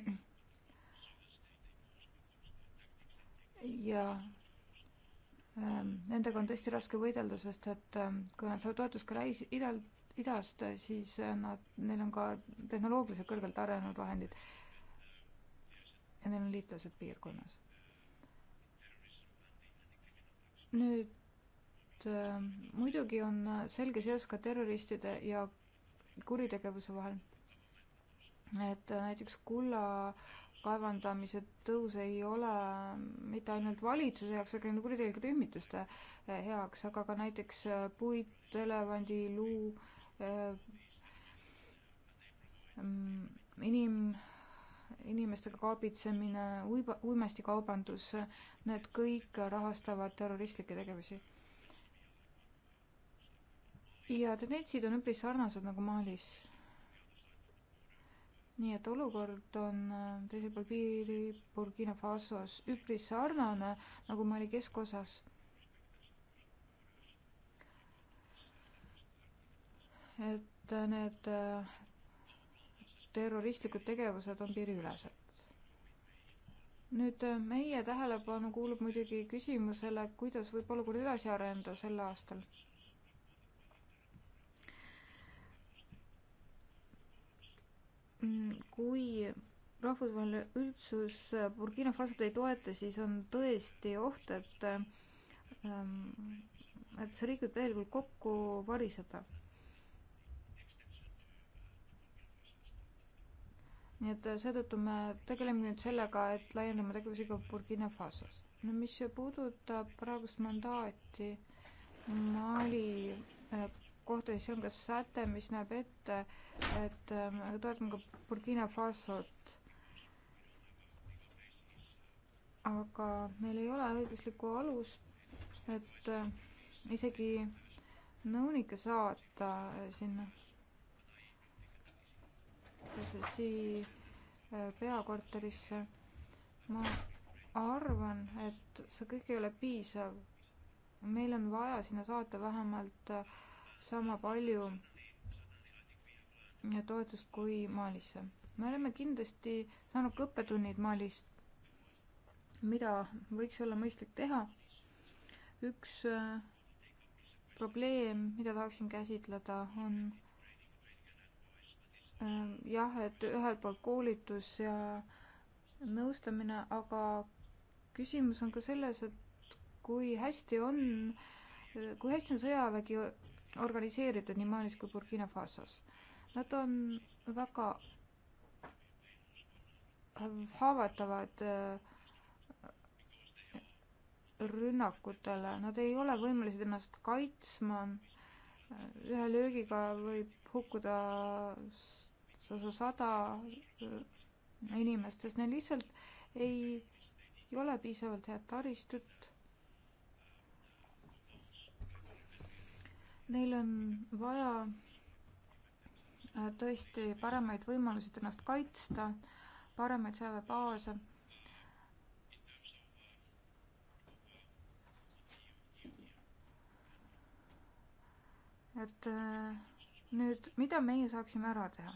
ja ähm, nendega on tõesti raske võidelda, sest et ähm, kui nad saavad toetust ka lähis-, idal, idast, siis äh, nad, neil on ka tehnoloogiliselt kõrgelt arenenud vahendid. ja neil on liitlased piirkonnas. nüüd äh, muidugi on selge seos ka terroristide ja kuritegevuse vahel. et näiteks kulla kaevandamise tõus ei ole mitte ainult valitsuse jaoks, aga nende kuritegelike rühmituste eh, heaks, aga ka näiteks eh, puit, elevandi, luu ähm,, inim, inimestega kaabitsemine, uiba, uimastikaubandus, need kõik rahastavad terroristlikke tegevusi ja tendentsid on üpris sarnased nagu Malis. nii et olukord on äh, teisel pool piiri Burkina Fasos üpris sarnane nagu Mali keskosas. et äh, need äh, terroristlikud tegevused on piiriülesed. nüüd meie tähelepanu kuulub muidugi küsimusele, kuidas võib olukord edasi arendada sel aastal Mm, kui rahvusvaheline üldsus Burkina Fasot ei toeta, siis on tõesti oht, et ähm, et see riik võib täielikult kokku variseda. nii et seetõttu me tegeleme nüüd sellega, et laiendame tegevusi ka Burkina Fasos. no mis puudutab praegust mandaati Mali äh, kohta, siis see on ka säte, mis näeb ette, et me ähm, toetame ka Burkina Fasot. aga meil ei ole õiguslikku alust, et äh, isegi nõunikke saata äh, sinna. siia äh, peakorterisse. ma arvan, et see kõik ei ole piisav. meil on vaja sinna saata vähemalt äh, sama palju toetust kui Malisse. me oleme kindlasti saanud ka õppetunnid Malist, mida võiks olla mõistlik teha. üks äh, probleem, mida tahaksin käsitleda, on äh, jah, et ühelt poolt koolitus ja nõustamine, aga küsimus on ka selles, et kui hästi on, äh, kui hästi on sõjavägi organiseeritud nii Malis kui Burkina Fasos. Nad on väga haavatavad äh, rünnakutele, nad ei ole võimelised ennast kaitsma. ühe löögiga võib hukkuda sada inimest, sest neil lihtsalt ei, ei ole piisavalt head taristut Neil on vaja äh, tõesti paremaid võimalusi ennast kaitsta, paremaid sõjaväebaase et äh, nüüd, mida meie saaksime ära teha?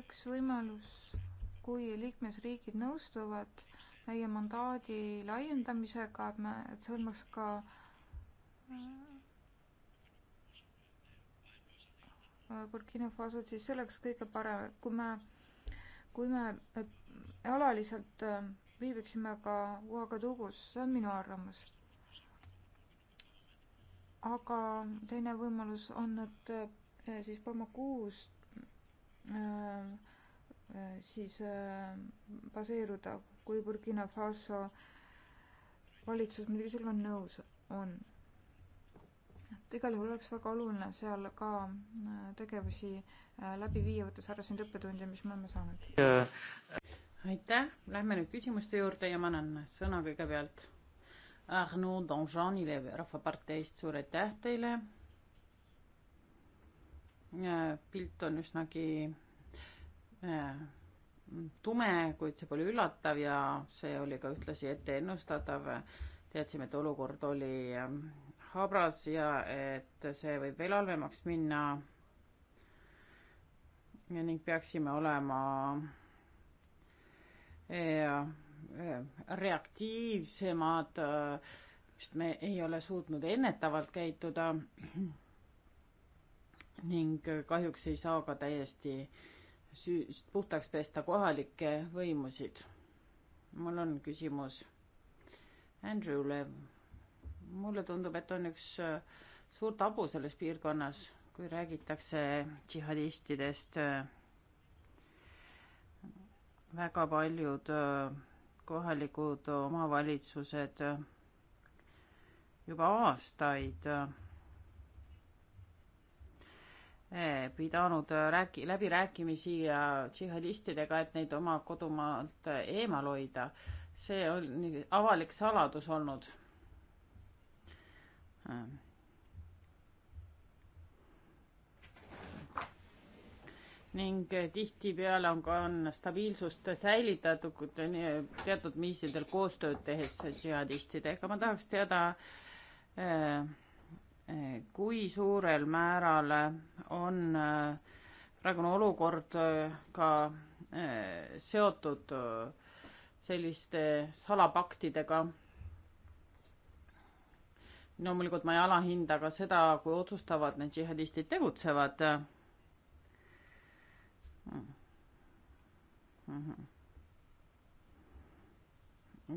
üks võimalus, kui liikmesriigid nõustuvad meie mandaadi laiendamisega, et me, et see hõlmaks ka Burkina Fasot, siis see oleks kõige parem, et kui me, kui me alaliselt äh, viibiksime ka Ouagadougous, see on minu arvamus. aga teine võimalus on, et äh, siis Bamakoust äh, siis baseeruda kui Burkina Faso valitsus muidugi sellega nõus on. et igal juhul oleks väga oluline seal ka äh, tegevusi äh, läbi viia, võttes arvesse neid õppetunde, mis me oleme saanud. aitäh, lähme nüüd küsimuste juurde ja ma annan sõna kõigepealt Arnaud Danjeanile Rahvaparteist, suur aitäh teile. pilt on üsnagi äh, tume, kuid see pole üllatav ja see oli ka ühtlasi ette ennustatav. teadsime, et olukord oli ähm, habras ja et see võib veel halvemaks minna. ning peaksime olema äh, äh, reaktiivsemad, äh, sest me ei ole suutnud ennetavalt käituda. ning kahjuks ei saa ka täiesti äh, süüst puhtaks pesta kohalikke võimusid. mul on küsimus Andrewle. mulle tundub, et on üks äh, suur tabu selles piirkonnas, kui räägitakse džihadistidest. Äh, väga paljud äh, kohalikud omavalitsused juba aastaid pidanud rääki-, läbirääkimisi džihadistidega, et neid oma kodumaalt eemal hoida. see on avalik saladus olnud. ning tihtipeale on ka, on stabiilsust säilitatud teatud viisidel koostööd tehes džihadistidega. ma tahaks teada äh, kui suurel määral on äh, praegune olukord äh, ka äh, seotud selliste salapaktidega. loomulikult ma ei alahinda ka seda, kui otsustavalt need džihadistid tegutsevad mm. -hmm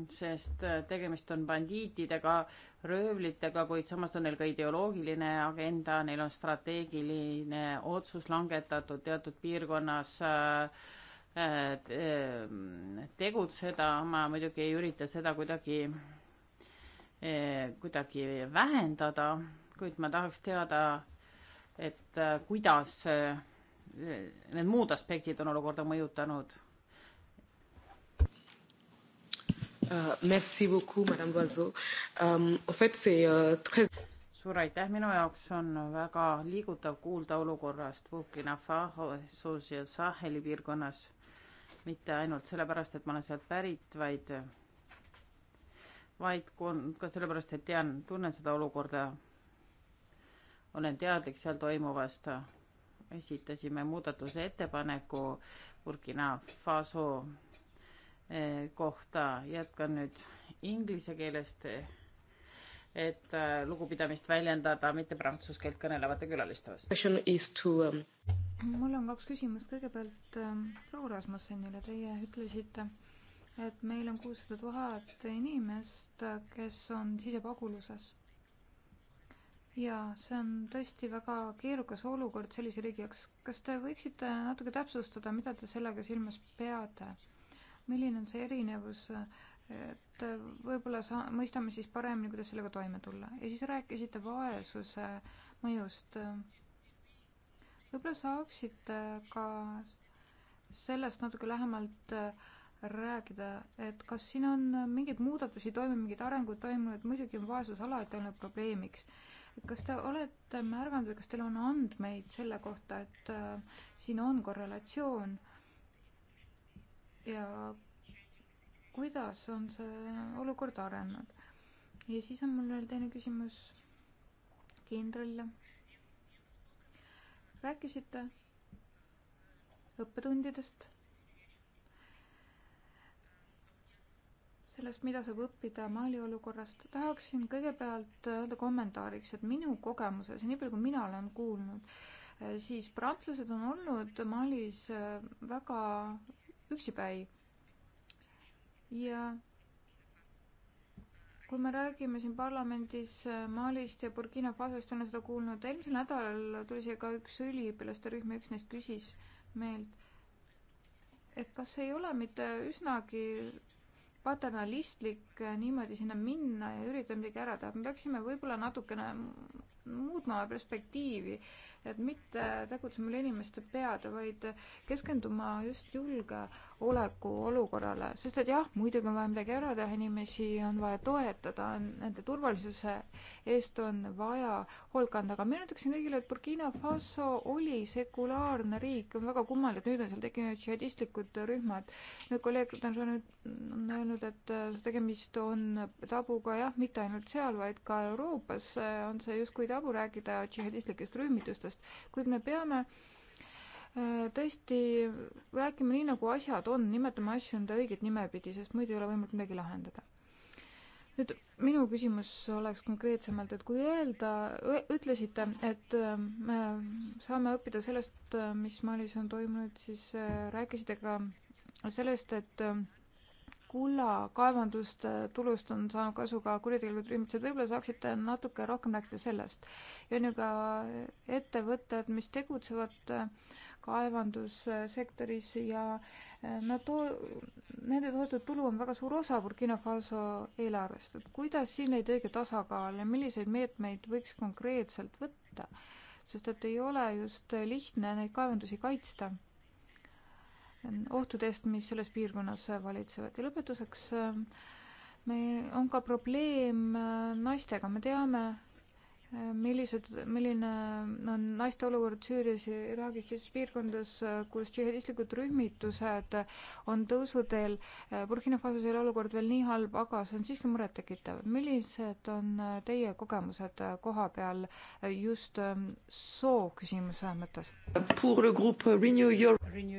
sest äh, tegemist on bandiitidega, röövlitega, kuid samas on neil ka ideoloogiline agenda, neil on strateegiline otsus langetatud teatud piirkonnas äh, äh, tegutseda, ma muidugi ei ürita seda kuidagi, kuidagi vähendada, kuid ma tahaks teada, et kuidas need muud aspektid on olukorda mõjutanud Uh, merci beaucoup, madame Loiseau um,. Euh, en fait, c'est uh, très. suur aitäh, minu jaoks on väga liigutav kuulda olukorrast Burkina Fasos ja Saheli piirkonnas. mitte ainult sellepärast, et ma olen sealt pärit, vaid, vaid ka sellepärast, et tean, tunnen seda olukorda. olen teadlik seal toimuvast. esitasime muudatuse ettepaneku Burkina Faso Eh, kohta, jätkan nüüd inglise keelest, et eh, lugupidamist väljendada mitte prantsuse keelt kõnelevate külaliste vastu. Um, mul on kaks küsimust, kõigepealt ähm, proua Rasmussenile, teie ütlesite, et meil on kuussada tuhat inimest, kes on sisepaguluses. ja see on tõesti väga keerukas olukord sellise riigi jaoks. kas te võiksite natuke täpsustada, mida te sellega silmas peate? milline on see erinevus, et võib-olla sa, mõistame siis paremini, kuidas sellega toime tulla. ja siis rääkisite vaesuse mõjust. võib-olla saaksite ka sellest natuke lähemalt rääkida, et kas siin on mingeid muudatusi toimunud, mingeid arenguid toimunud, muidugi on vaesus alati olnud probleemiks. kas te olete märganud või kas teil on andmeid selle kohta, et äh, siin on korrelatsioon ja kuidas on see olukord arenenud. ja siis on mul veel teine küsimus kindralile. rääkisite õppetundidest, sellest, mida saab õppida Mali olukorrast. tahaksin kõigepealt öelda kommentaariks, et minu kogemuses, nii palju kui mina olen kuulnud, eh, siis prantslased on olnud Malis eh, väga üksipäi. ja kui me räägime siin parlamendis äh, Malist ja Burkina Fasost, olen seda kuulnud, eelmisel nädalal tuli siia ka üks üliõpilaste rühm ja üks neist küsis meilt, et kas ei ole mitte üsnagi paternalistlik äh, niimoodi sinna minna ja üritada midagi ära teha, me peaksime võib-olla natukene muutma perspektiivi et mitte tegutsema üle inimeste peade, vaid keskenduma just julgeoleku olukorrale, sest et jah, muidugi on vaja midagi ära teha, inimesi on vaja toetada, nende turvalisuse eest on vaja hoolt kanda, aga meenutaksin kõigile, et Burkina Faso oli sekulaarne riik, on väga kummaline, et nüüd on seal tekkinud džihadistlikud rühmad. nüüd kolleeg Tansanil on öelnud, et äh, tegemist on tabuga jah, mitte ainult seal, vaid ka Euroopas äh, on see justkui tabu rääkida džihadistlikest rühmitustest, õigusest, kuid me peame äh, tõesti rääkima nii, nagu asjad on, nimetama asju enda õiget nimepidi, sest muidu ei ole võimalik midagi lahendada. nüüd minu küsimus oleks konkreetsemalt, et kui öelda, ütlesite, et äh, me saame õppida sellest, äh, mis Malis on toimunud, siis rääkisite ka sellest, et kullakaevanduste äh, tulust on saanud kasu ka kuritegelikud rühmitused, võib-olla saaksite natuke rohkem rääkida sellest. ja on ju ka ettevõtted, mis tegutsevad äh, kaevandussektoris ja äh, nad too-, nende toodetud tulu on väga suur osa Burkina Faso eelarvest, et kuidas siin leida õige tasakaal ja milliseid meetmeid võiks konkreetselt võtta, sest et ei ole just lihtne neid kaevandusi kaitsta ohtudest, mis selles piirkonnas valitsevad ja lõpetuseks äh, me, on ka probleem äh, naistega, me teame, millised, milline on naiste olukord Süürias ja Iraagis, teises piirkondades, kus džihadistlikud rühmitused on tõusuteel. Burkina Fasos ei ole olukord veel nii halb, aga see on siiski murettekitav. millised on teie kogemused koha peal just soo küsimuse mõttes? Renew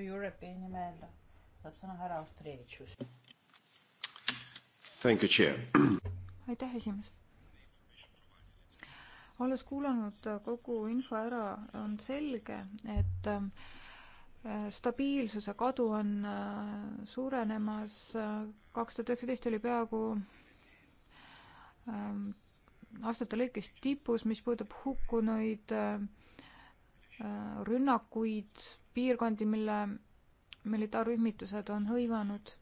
Europe'i nimel saab sõna härra Austrevitšus. aitäh, esimees olles kuulanud äh, kogu info ära, on selge, et äh, stabiilsuse kadu on äh, suurenemas, kaks tuhat üheksateist oli peaaegu ähm, aastate lõikes tipus, mis puudutab hukkunuid, rünnakuid, piirkondi, mille militaarrühmitused on hõivanud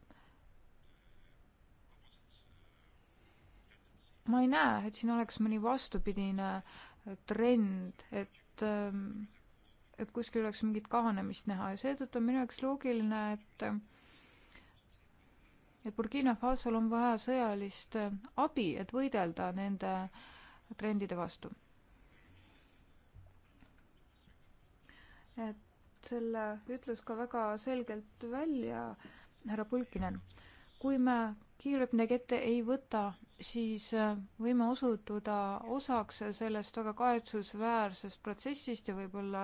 ma ei näe, et siin oleks mõni vastupidine trend, et ähm, et kuskil oleks mingit kahanemist näha ja seetõttu on minu jaoks loogiline, et et Burkina Fasol on vaja sõjalist äh, abi, et võidelda nende trendide vastu. et selle ütles ka väga selgelt välja härra Pulkinen. kui me kiirelt midagi ette ei võta, siis äh, võime osutuda osaks sellest väga kahetsusväärsest protsessist ja võib-olla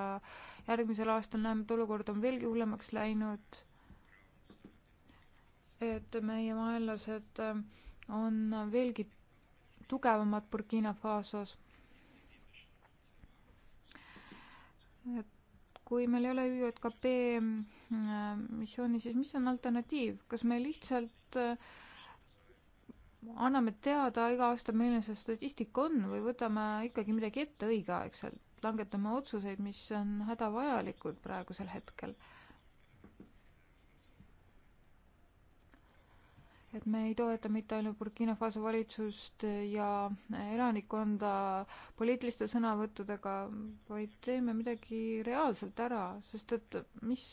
järgmisel aastal näeme, et olukord on veelgi hullemaks läinud. et meie vaenlased äh, on veelgi tugevamad Burkina Fasos. et kui meil ei ole ÜJKP äh, missiooni, siis mis on alternatiiv, kas me lihtsalt äh, anname teada iga aasta, milline see statistika on või võtame ikkagi midagi ette õigeaegselt, langetame otsuseid, mis on hädavajalikud praegusel hetkel. et me ei toeta mitte ainult Burkina Faso valitsust ja elanikkonda poliitiliste sõnavõttudega, vaid teeme midagi reaalselt ära, sest et mis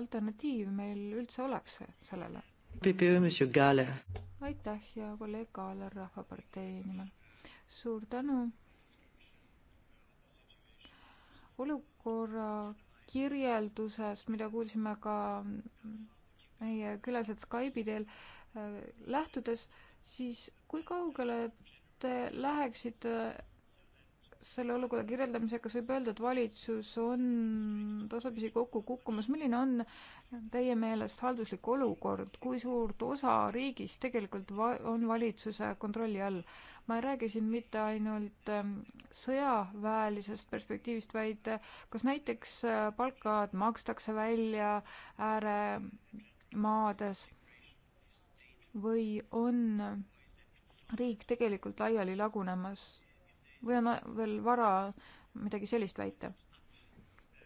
alternatiiv meil üldse oleks sellele aitäh, hea kolleeg Kaaler Rahvapartei nimel. suur tänu. olukorra kirjeldusest, mida kuulsime ka meie külalised Skype'i teel äh, lähtudes, siis kui kaugele te läheksite selle olukorra kirjeldamisega, kas võib öelda, et valitsus on tasapisi kokku kukkumas, milline on teie meelest halduslik olukord, kui suurt osa riigist tegelikult va-, on valitsuse kontrolli all? ma ei räägi siin mitte ainult ähm, sõjaväelisest perspektiivist, vaid äh, kas näiteks äh, palkad makstakse välja ääremaades või on riik tegelikult laiali lagunemas või on veel vara midagi sellist väita?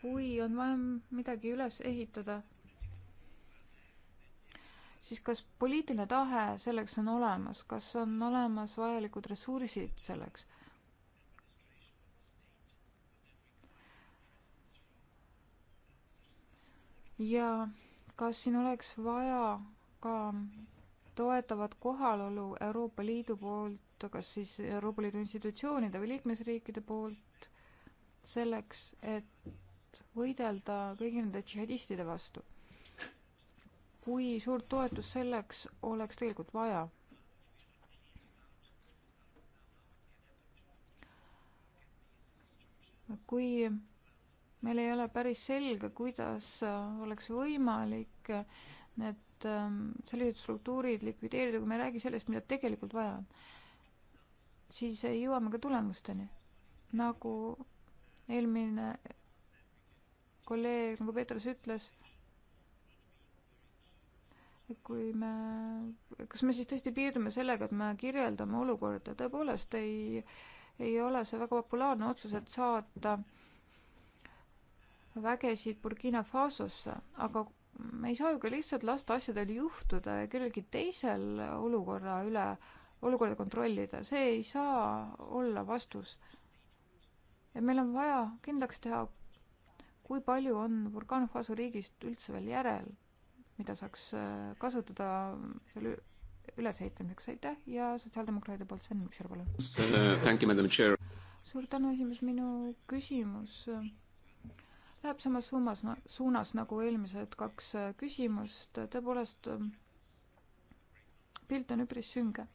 kui on vaja midagi üles ehitada siis kas poliitiline tahe selleks on olemas, kas on olemas vajalikud ressursid selleks? ja kas siin oleks vaja ka toetavat kohalolu Euroopa Liidu poolt, kas siis Euroopa Liidu institutsioonide või liikmesriikide poolt selleks, et võidelda kõigi nende džihadistide vastu? kui suurt toetust selleks oleks tegelikult vaja. kui meil ei ole päris selge, kuidas oleks võimalik need ähm, sellised struktuurid likvideerida, kui me ei räägi sellest, mida tegelikult vaja on, siis jõuame ka tulemusteni. nagu eelmine kolleeg, nagu Peetrus ütles kui me, kas me siis tõesti piirdume sellega, et me kirjeldame olukorda, tõepoolest ei, ei ole see väga populaarne otsus, et saata vägesid Burkina Fasosse, aga me ei saa ju ka lihtsalt lasta asjadel juhtuda ja kellelgi teisel olukorra üle, olukorda kontrollida, see ei saa olla vastus. ja meil on vaja kindlaks teha, kui palju on Burkina Faso riigist üldse veel järel mida saaks äh, kasutada selle ülesehitamiseks, aitäh ja sotsiaaldemokraadide poolt Sven Mikser, palun. Uh, suur tänu, esimees, minu küsimus äh, läheb samas summas, suunas nagu eelmised kaks äh, küsimust, tõepoolest pilt on üpris sünge.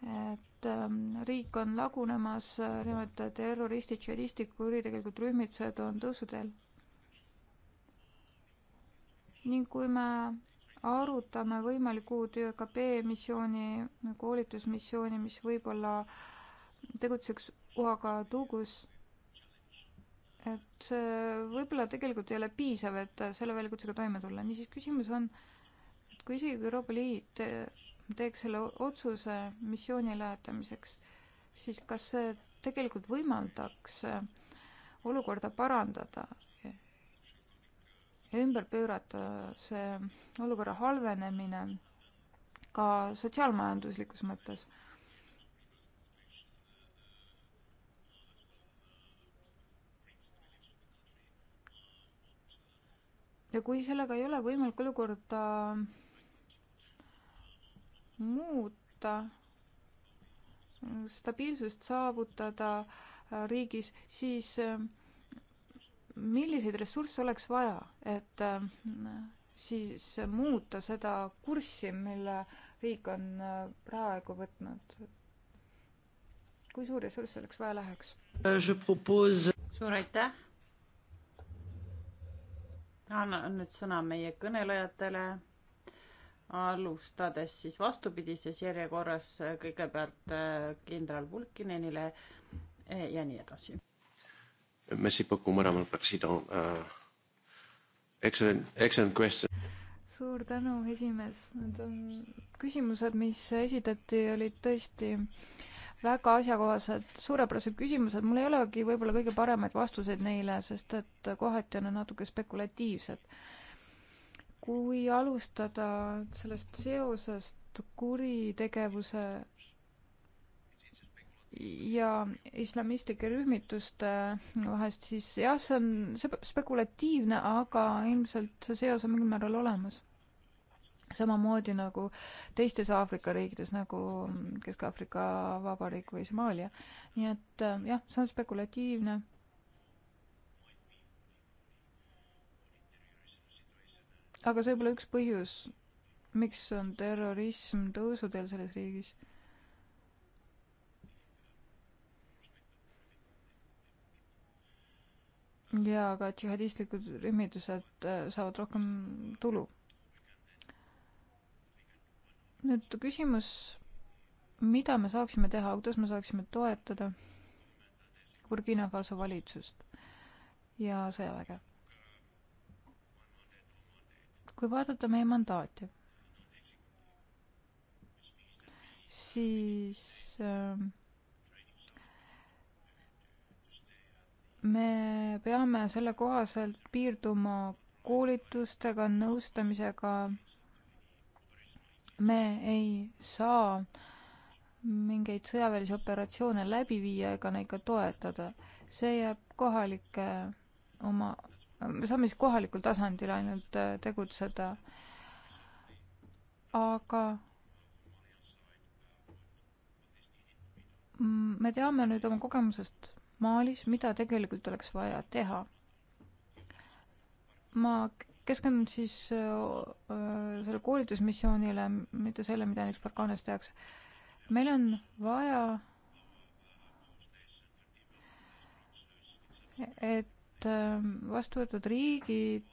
et ähm, riik on lagunemas, erinevad terroristid, džihadistid, kuritegelikud rühmitused on tõusuteel ning kui me arutame võimaliku ÜKP missiooni, koolitusmissiooni, mis võib-olla tegutseks Ouagadougous, et see võib-olla tegelikult ei ole piisav, et selle väljakutsega toime tulla. niisiis küsimus on, et kui isegi Euroopa Liit teeks selle otsuse missiooni lähetamiseks, siis kas see tegelikult võimaldaks olukorda parandada ja ümber pöörata see olukorra halvenemine ka sotsiaalmajanduslikus mõttes. ja kui sellega ei ole võimalik olukorda muuta, stabiilsust saavutada riigis, siis äh, milliseid ressursse oleks vaja, et äh, siis muuta seda kurssi, mille riik on äh, praegu võtnud? kui suur ressurss selleks vaja läheks? Euh, suur aitäh! annan nüüd sõna meie kõnelejatele, alustades siis vastupidises järjekorras kõigepealt äh, kindral Vulkinenile e, ja nii edasi Merci beaucoup, madame president uh,. Excellent, excellent question. suur tänu, esimees. Need on küsimused, mis esitati, olid tõesti väga asjakohased, suurepärased küsimused. mul ei olegi võib-olla kõige paremaid vastuseid neile, sest et kohati on nad natuke spekulatiivsed. kui alustada sellest seosest kuritegevuse ja islamistlike rühmituste vahest, siis jah, see on spekulatiivne, aga ilmselt see seos on mingil määral olemas. samamoodi nagu teistes Aafrika riikides nagu Kesk-Aafrika Vabariik või Somaalia. nii et äh, jah, see on spekulatiivne aga see pole üks põhjus, miks on terrorism tõusuteel selles riigis. ja ka džihadistlikud rühmitused äh, saavad rohkem tulu. nüüd küsimus, mida me saaksime teha, kuidas me saaksime toetada Burkina Faso valitsust ja sõjaväge? kui vaadata meie mandaati, siis äh, me peame selle kohaselt piirduma koolitustega, nõustamisega. me ei saa mingeid sõjaväelisi operatsioone läbi viia ega neid ka toetada. see jääb kohalike oma, me saame siis kohalikul tasandil ainult äh, tegutseda. aga me teame nüüd oma kogemusest Maalis, mida tegelikult oleks vaja teha. ma keskendun siis äh, äh, selle koolitusmissioonile, mitte selle, mida näiteks Barkanes tehakse. meil on vaja, et äh, vastu võetud riigid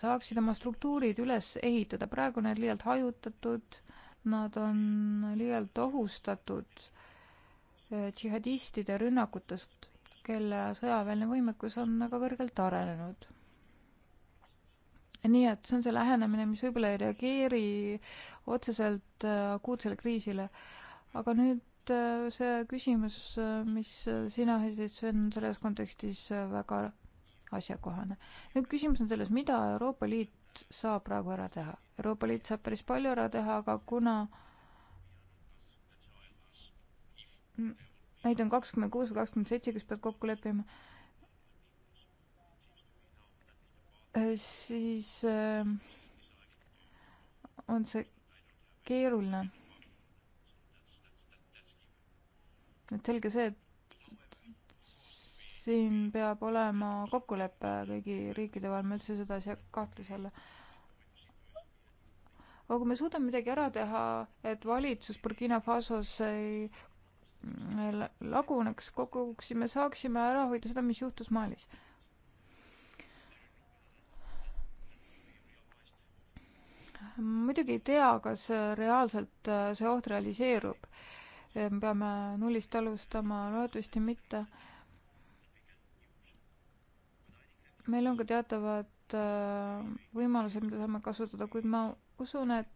saaksid oma struktuurid üles ehitada, praegu on need liialt hajutatud, nad on liialt ohustatud Äh, džihadistide rünnakutest, kelle sõjaväeline võimekus on väga kõrgelt arenenud. nii et see on see lähenemine, mis võib-olla ei reageeri otseselt äh, akuutsele kriisile. aga nüüd äh, see küsimus, mis sina esitasid, Sven, selles kontekstis väga asjakohane. nüüd küsimus on selles, mida Euroopa Liit saab praegu ära teha. Euroopa Liit saab päris palju ära teha, aga kuna äh, neid on kakskümmend kuus või kakskümmend seitse, kes peavad kokku leppima, äh, siis äh, on see keeruline. et selge see, et siin peab olema kokkulepe kõigi riikide vahel, ma üldse seda ei sea kahtluse alla aga kui me suudame midagi ära teha, et valitsus Burkina Fasos ei laguneks, koguksime, saaksime ära hoida seda, mis juhtus Malis. muidugi ei tea, kas reaalselt äh, see oht realiseerub. me peame nullist alustama, loodetavasti mitte. meil on ka teatavad äh, võimalused, mida saame kasutada, kuid ma usun, et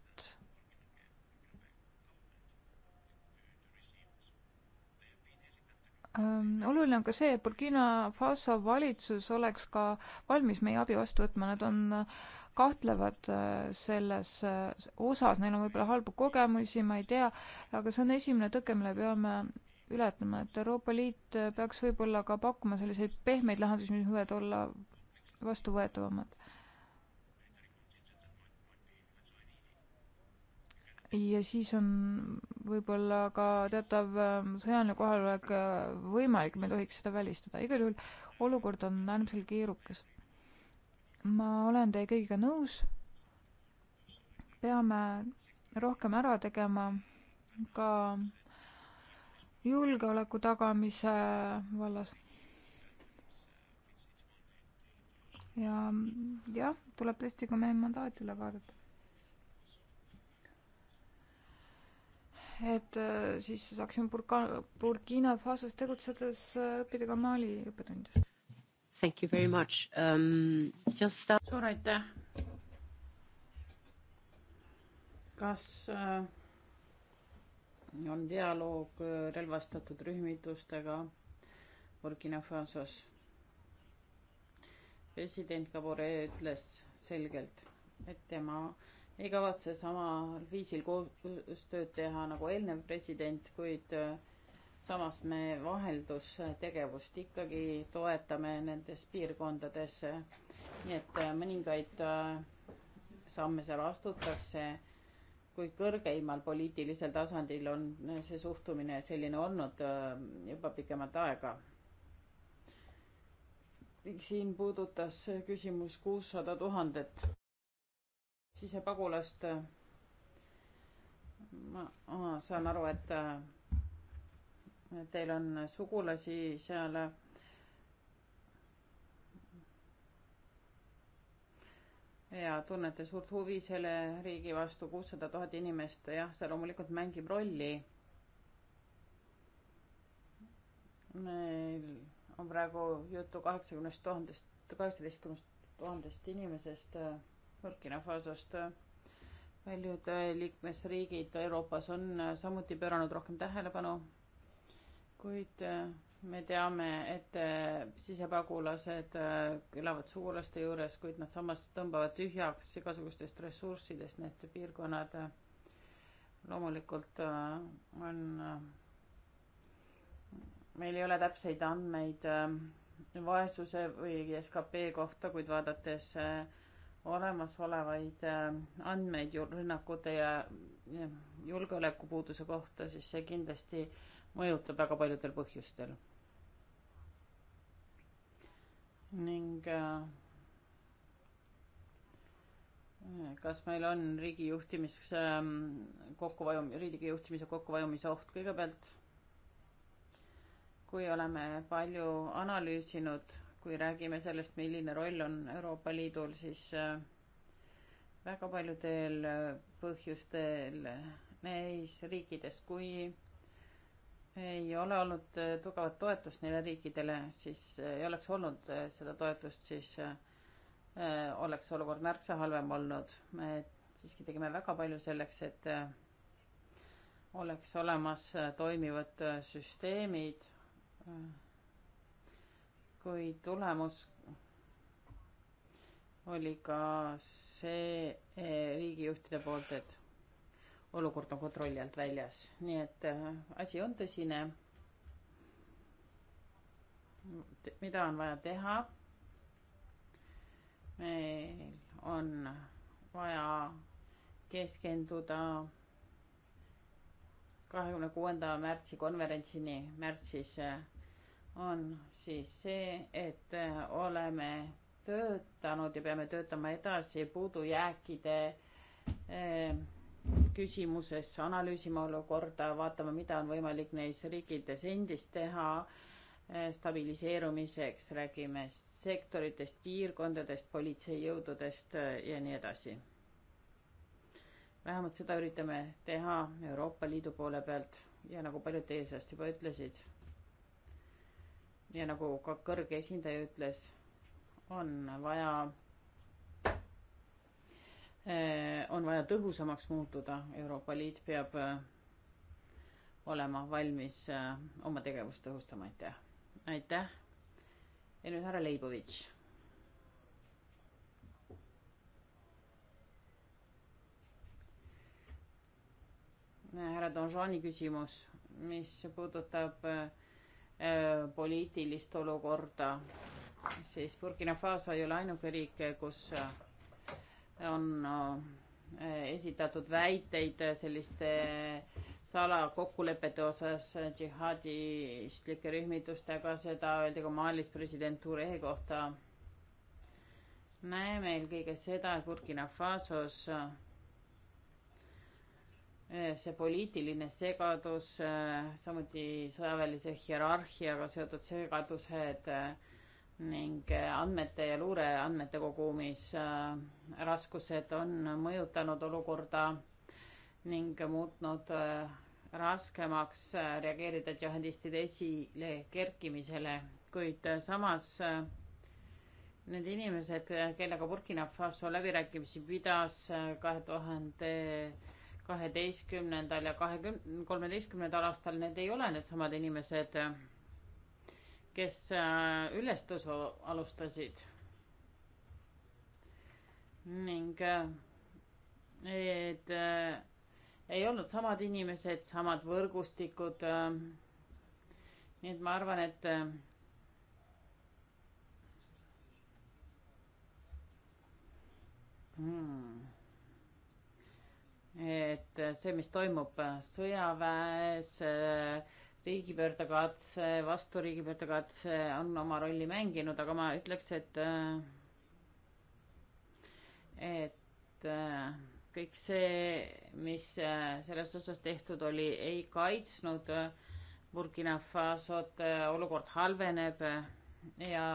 Ähm, oluline on ka see, et Burkina Faso valitsus oleks ka valmis meie abi vastu võtma, nad on, äh, kahtlevad äh, selles äh, osas, neil on võib-olla halbu kogemusi, ma ei tea, aga see on esimene tõke, mille peame ületama, et Euroopa Liit peaks võib-olla ka pakkuma selliseid pehmeid lahendusi, mis võivad olla vastuvõetavamad. ja siis on võib-olla ka teatav ähm, sõjaline kohalolek äh, võimalik, me ei tohiks seda välistada. igal juhul olukord on äärmiselt keerukas. ma olen teie kõigiga nõus. peame rohkem ära tegema ka julgeoleku tagamise vallas. ja jah, tuleb tõesti ka meie mandaat üle vaadata et äh, siis saaksime Burka-, Burkina Fasos tegutsedes äh, õppida ka Mali õppetundidest. Thank you very much um,. Just start... suur aitäh. kas äh, on dialoog äh, relvastatud rühmitustega Burkina Fasos? president Kabore ütles selgelt, et tema äh, ei kavatse samal viisil koostööd teha nagu eelnev president, kuid äh, samas me vaheldustegevust ikkagi toetame nendes piirkondades. nii et äh, mõningaid äh, samme seal astutakse, kuid kõrgeimal poliitilisel tasandil on see suhtumine selline olnud juba pikemat aega. siin puudutas küsimus kuussada tuhandet sisepagulast. ma saan aru, et teil on sugulasi seal. ja tunnete suurt huvi selle riigi vastu, kuussada tuhat inimest, jah, see loomulikult mängib rolli. meil on praegu juttu kaheksakümnest tuhandest, kaheksateistkümnest tuhandest inimesest Burkina Fasost paljud äh, liikmesriigid Euroopas on äh, samuti pööranud rohkem tähelepanu, kuid äh, me teame, et sisepagulased elavad sugulaste juures, kuid nad samas tõmbavad tühjaks igasugustest ressurssidest, need piirkonnad loomulikult on, meil ei ole täpseid andmeid vaesuse või skp kohta, kuid vaadates äh, olemasolevaid äh, andmeid rünnakute ja julgeolekupuuduse kohta, siis see kindlasti mõjutab väga paljudel põhjustel. ning äh, kas meil on riigi juhtimise ähm, kokkuvajum-, riigi juhtimise kokkuvajumise oht kõigepealt? kui oleme palju analüüsinud kui räägime sellest, milline roll on Euroopa Liidul, siis äh, väga paljudel äh, põhjustel neis riikides, kui ei ole olnud äh, tugevat toetust neile riikidele, siis ei oleks olnud seda toetust, siis oleks olukord märksa halvem olnud. me siiski tegime väga palju selleks, et oleks olemas toimivad süsteemid kui tulemus oli ka see eh, riigijuhtide poolt, et olukord on kontrolli alt väljas, nii et eh, asi on tõsine. mida on vaja teha? meil on vaja keskenduda kahekümne kuuenda märtsi konverentsini märtsis eh, on siis see, et äh, oleme töötanud ja peame töötama edasi puudujääkide äh, küsimuses, analüüsima olukorda, vaatama, mida on võimalik neis riikides endis teha äh, stabiliseerumiseks, räägime sektoritest, piirkondadest, politseijõududest ja nii edasi. vähemalt seda üritame teha Euroopa Liidu poole pealt ja nagu paljud teie seast juba ütlesid ja nagu ka kõrge esindaja ütles, on vaja, eh, on vaja tõhusamaks muutuda, Euroopa Liit peab eh, olema valmis eh, oma tegevust tõhustama, aitäh. aitäh. ja nüüd härra Leibovitš. härra Donjoni küsimus, mis puudutab äh, Äh, poliitilist olukorda, siis Burkina Faso ei ole ainuke riik, kus äh, on äh, esitatud väiteid selliste salakokkulepete osas džihadistlike rühmitustega, seda öeldi ka Malis president Toure kohta. näeme eelkõige seda, et Burkina Fasos Eh, see poliitiline segadus, eh, samuti sõjaväelise hierarhiaga seotud segadused eh, ning andmete ja luureandmete kogumis raskused on mõjutanud olukorda ning muutnud raskemaks reageerida džihadistide esile kerkimisele, kuid samas need inimesed, kellega Burkina Faso läbirääkimisi pidas kahe tuhande kaheteistkümnendal ja kahekümne, kolmeteistkümnendal aastal need ei ole needsamad inimesed, kes äh, ülestõusu alustasid. ning äh, need äh, ei olnud samad inimesed, samad võrgustikud. nii et ma arvan, et hmm et see, mis toimub sõjaväes, riigipöördekatse, vastu riigipöördekatse on oma rolli mänginud, aga ma ütleks, et et kõik see, mis selles osas tehtud oli, ei kaitsnud Burkina Fasot, olukord halveneb ja,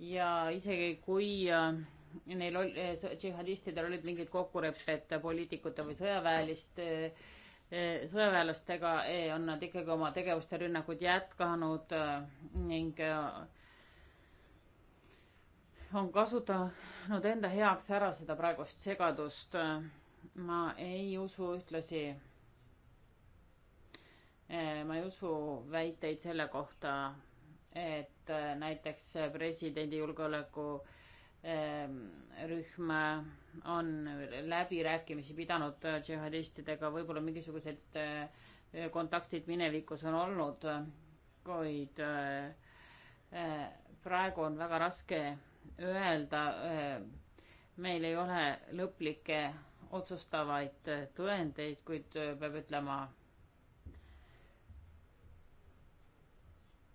ja isegi kui neil oli, eh, džihadistidel olid mingid kokkulepped poliitikute või sõjaväeliste, eh, sõjaväelastega, eh, on nad ikkagi oma tegevust ja rünnakuid jätkanud ning on kasutanud enda heaks ära seda praegust segadust. ma ei usu ühtlasi, ma ei usu väiteid selle kohta, et näiteks presidendi julgeoleku äh, Ehm, rühm on läbirääkimisi pidanud džihadistidega, võib-olla mingisugused eh, kontaktid minevikus on olnud, kuid eh, eh, praegu on väga raske öelda. meil ei ole lõplikke otsustavaid tõendeid, kuid peab ütlema,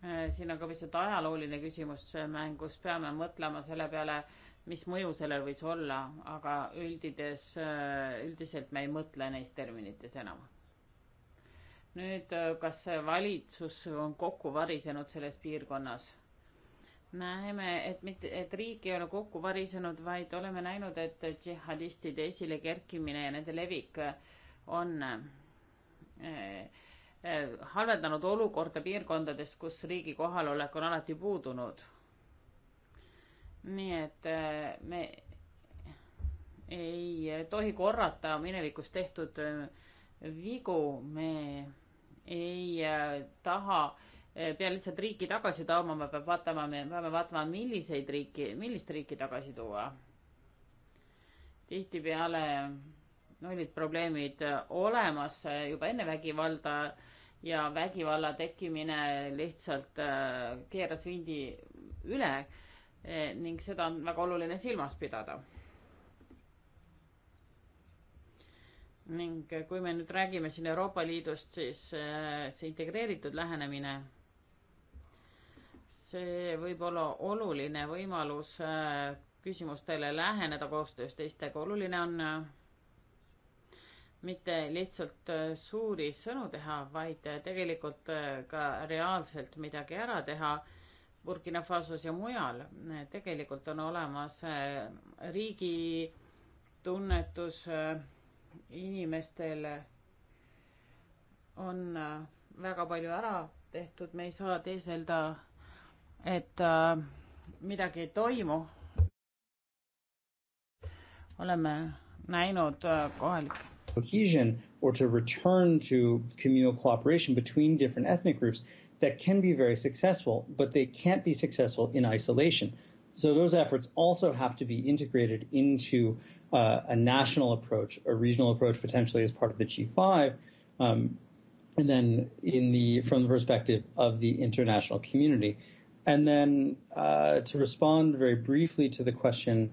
Äh, siin on ka pisut ajalooline küsimus mängus, peame mõtlema selle peale, mis mõju sellel võis olla, aga üldides, äh, üldiselt me ei mõtle neis terminites enam. nüüd, äh, kas valitsus on kokku varisenud selles piirkonnas? näeme, et mitte, et riik ei ole kokku varisenud, vaid oleme näinud, et džihadistide esilekerkimine ja nende levik on äh, Eh, halvendanud olukorda piirkondades, kus riigi kohalolek on alati puudunud. nii et eh, me ei tohi korrata minevikus tehtud eh, vigu, me ei taha pea lihtsalt riiki tagasi tooma, me peame vaatama, me peame vaatama, milliseid riiki, millist riiki tagasi tuua. tihtipeale olid probleemid olemas juba enne vägivalda ja vägivalla tekkimine lihtsalt äh, keeras vindi üle e, ning seda on väga oluline silmas pidada. ning kui me nüüd räägime siin Euroopa Liidust, siis e, see integreeritud lähenemine, see võib olla oluline võimalus e, küsimustele läheneda koostöös teistega, oluline on mitte lihtsalt äh, suuri sõnu teha, vaid äh, tegelikult äh, ka reaalselt midagi ära teha Burkina Fasos ja mujal. tegelikult on olemas riigi tunnetus inimestel on väga palju ära tehtud, me ei saa teeselda, et midagi ei toimu. oleme näinud kohalikke cohesion or to return to communal cooperation between different ethnic groups that can be very successful, but they can't be successful in isolation. So those efforts also have to be integrated into uh, a national approach, a regional approach, potentially as part of the G5, um, and then in the from the perspective of the international community. And then uh, to respond very briefly to the question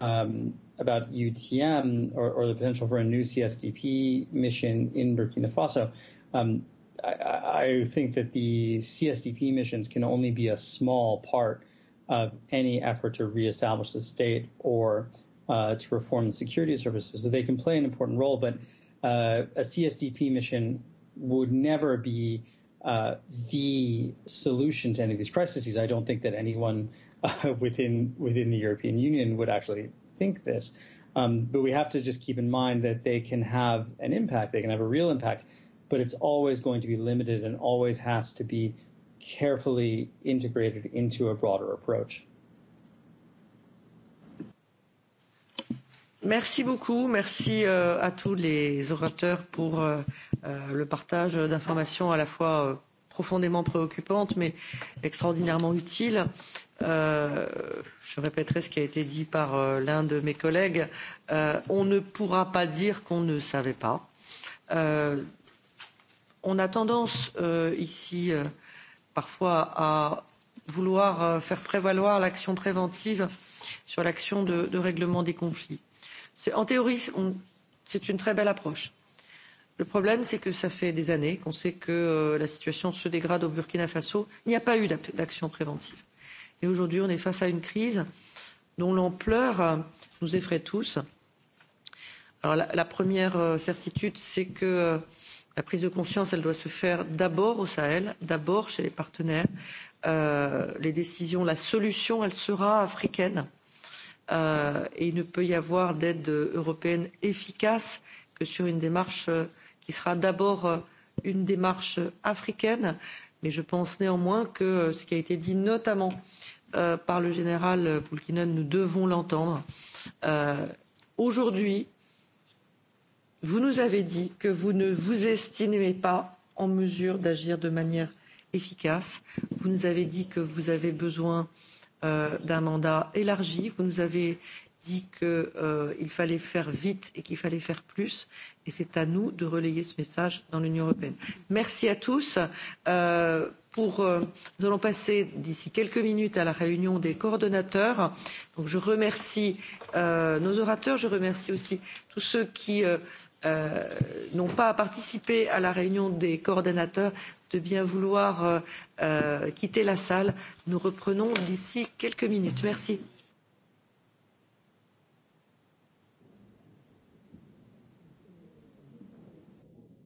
um, about UTM or, or the potential for a new CSDP mission in Burkina Faso, um, I, I, think that the CSDP missions can only be a small part of any effort to reestablish the state or uh, to reform the security services. So they can play an important role, but uh, a CSDP mission would never be uh, the solution to any of these crises. I don't think that anyone uh, within within the European Union would actually think this. Um, but we have to just keep in mind that they can have an impact, they can have a real impact, but it's always going to be limited and always has to be carefully integrated into a broader approach. Merci beaucoup. Merci euh, à tous les orateurs pour euh, euh le partage d'informations à la fois euh, profondément préoccupantes mais extraordinairement utiles. Euh, je répéterai ce qui a été dit par euh, l'un de mes collègues. Euh, on ne pourra pas dire qu'on ne savait pas. Euh, on a tendance euh, ici euh, parfois à vouloir euh, faire prévaloir l'action préventive sur l'action de, de règlement des conflits. En théorie, c'est une très belle approche. Le problème, c'est que ça fait des années qu'on sait que euh, la situation se dégrade au Burkina Faso. Il n'y a pas eu d'action préventive. Et aujourd'hui, on est face à une crise dont l'ampleur nous effraie tous. Alors la, la première euh, certitude, c'est que euh, la prise de conscience, elle doit se faire d'abord au Sahel, d'abord chez les partenaires. Euh, les décisions, la solution, elle sera africaine. Euh, et il ne peut y avoir d'aide européenne efficace que sur une démarche euh, qui sera d'abord une démarche africaine. Mais je pense néanmoins que ce qui a été dit notamment euh, euh, par le général Poulkinen, nous devons l'entendre. Euh, Aujourd'hui, vous nous avez dit que vous ne vous estimez pas en mesure d'agir de manière efficace. Vous nous avez dit que vous avez besoin euh, d'un mandat élargi. Vous nous avez dit qu'il euh, fallait faire vite et qu'il fallait faire plus. Et c'est à nous de relayer ce message dans l'Union européenne. Merci à tous. Euh, pour, euh, nous allons passer d'ici quelques minutes à la réunion des coordonnateurs. Donc, je remercie euh, nos orateurs. Je remercie aussi tous ceux qui euh, euh, n'ont pas participé à la réunion des coordonnateurs de bien vouloir euh, euh, quitter la salle. Nous reprenons d'ici quelques minutes. Merci.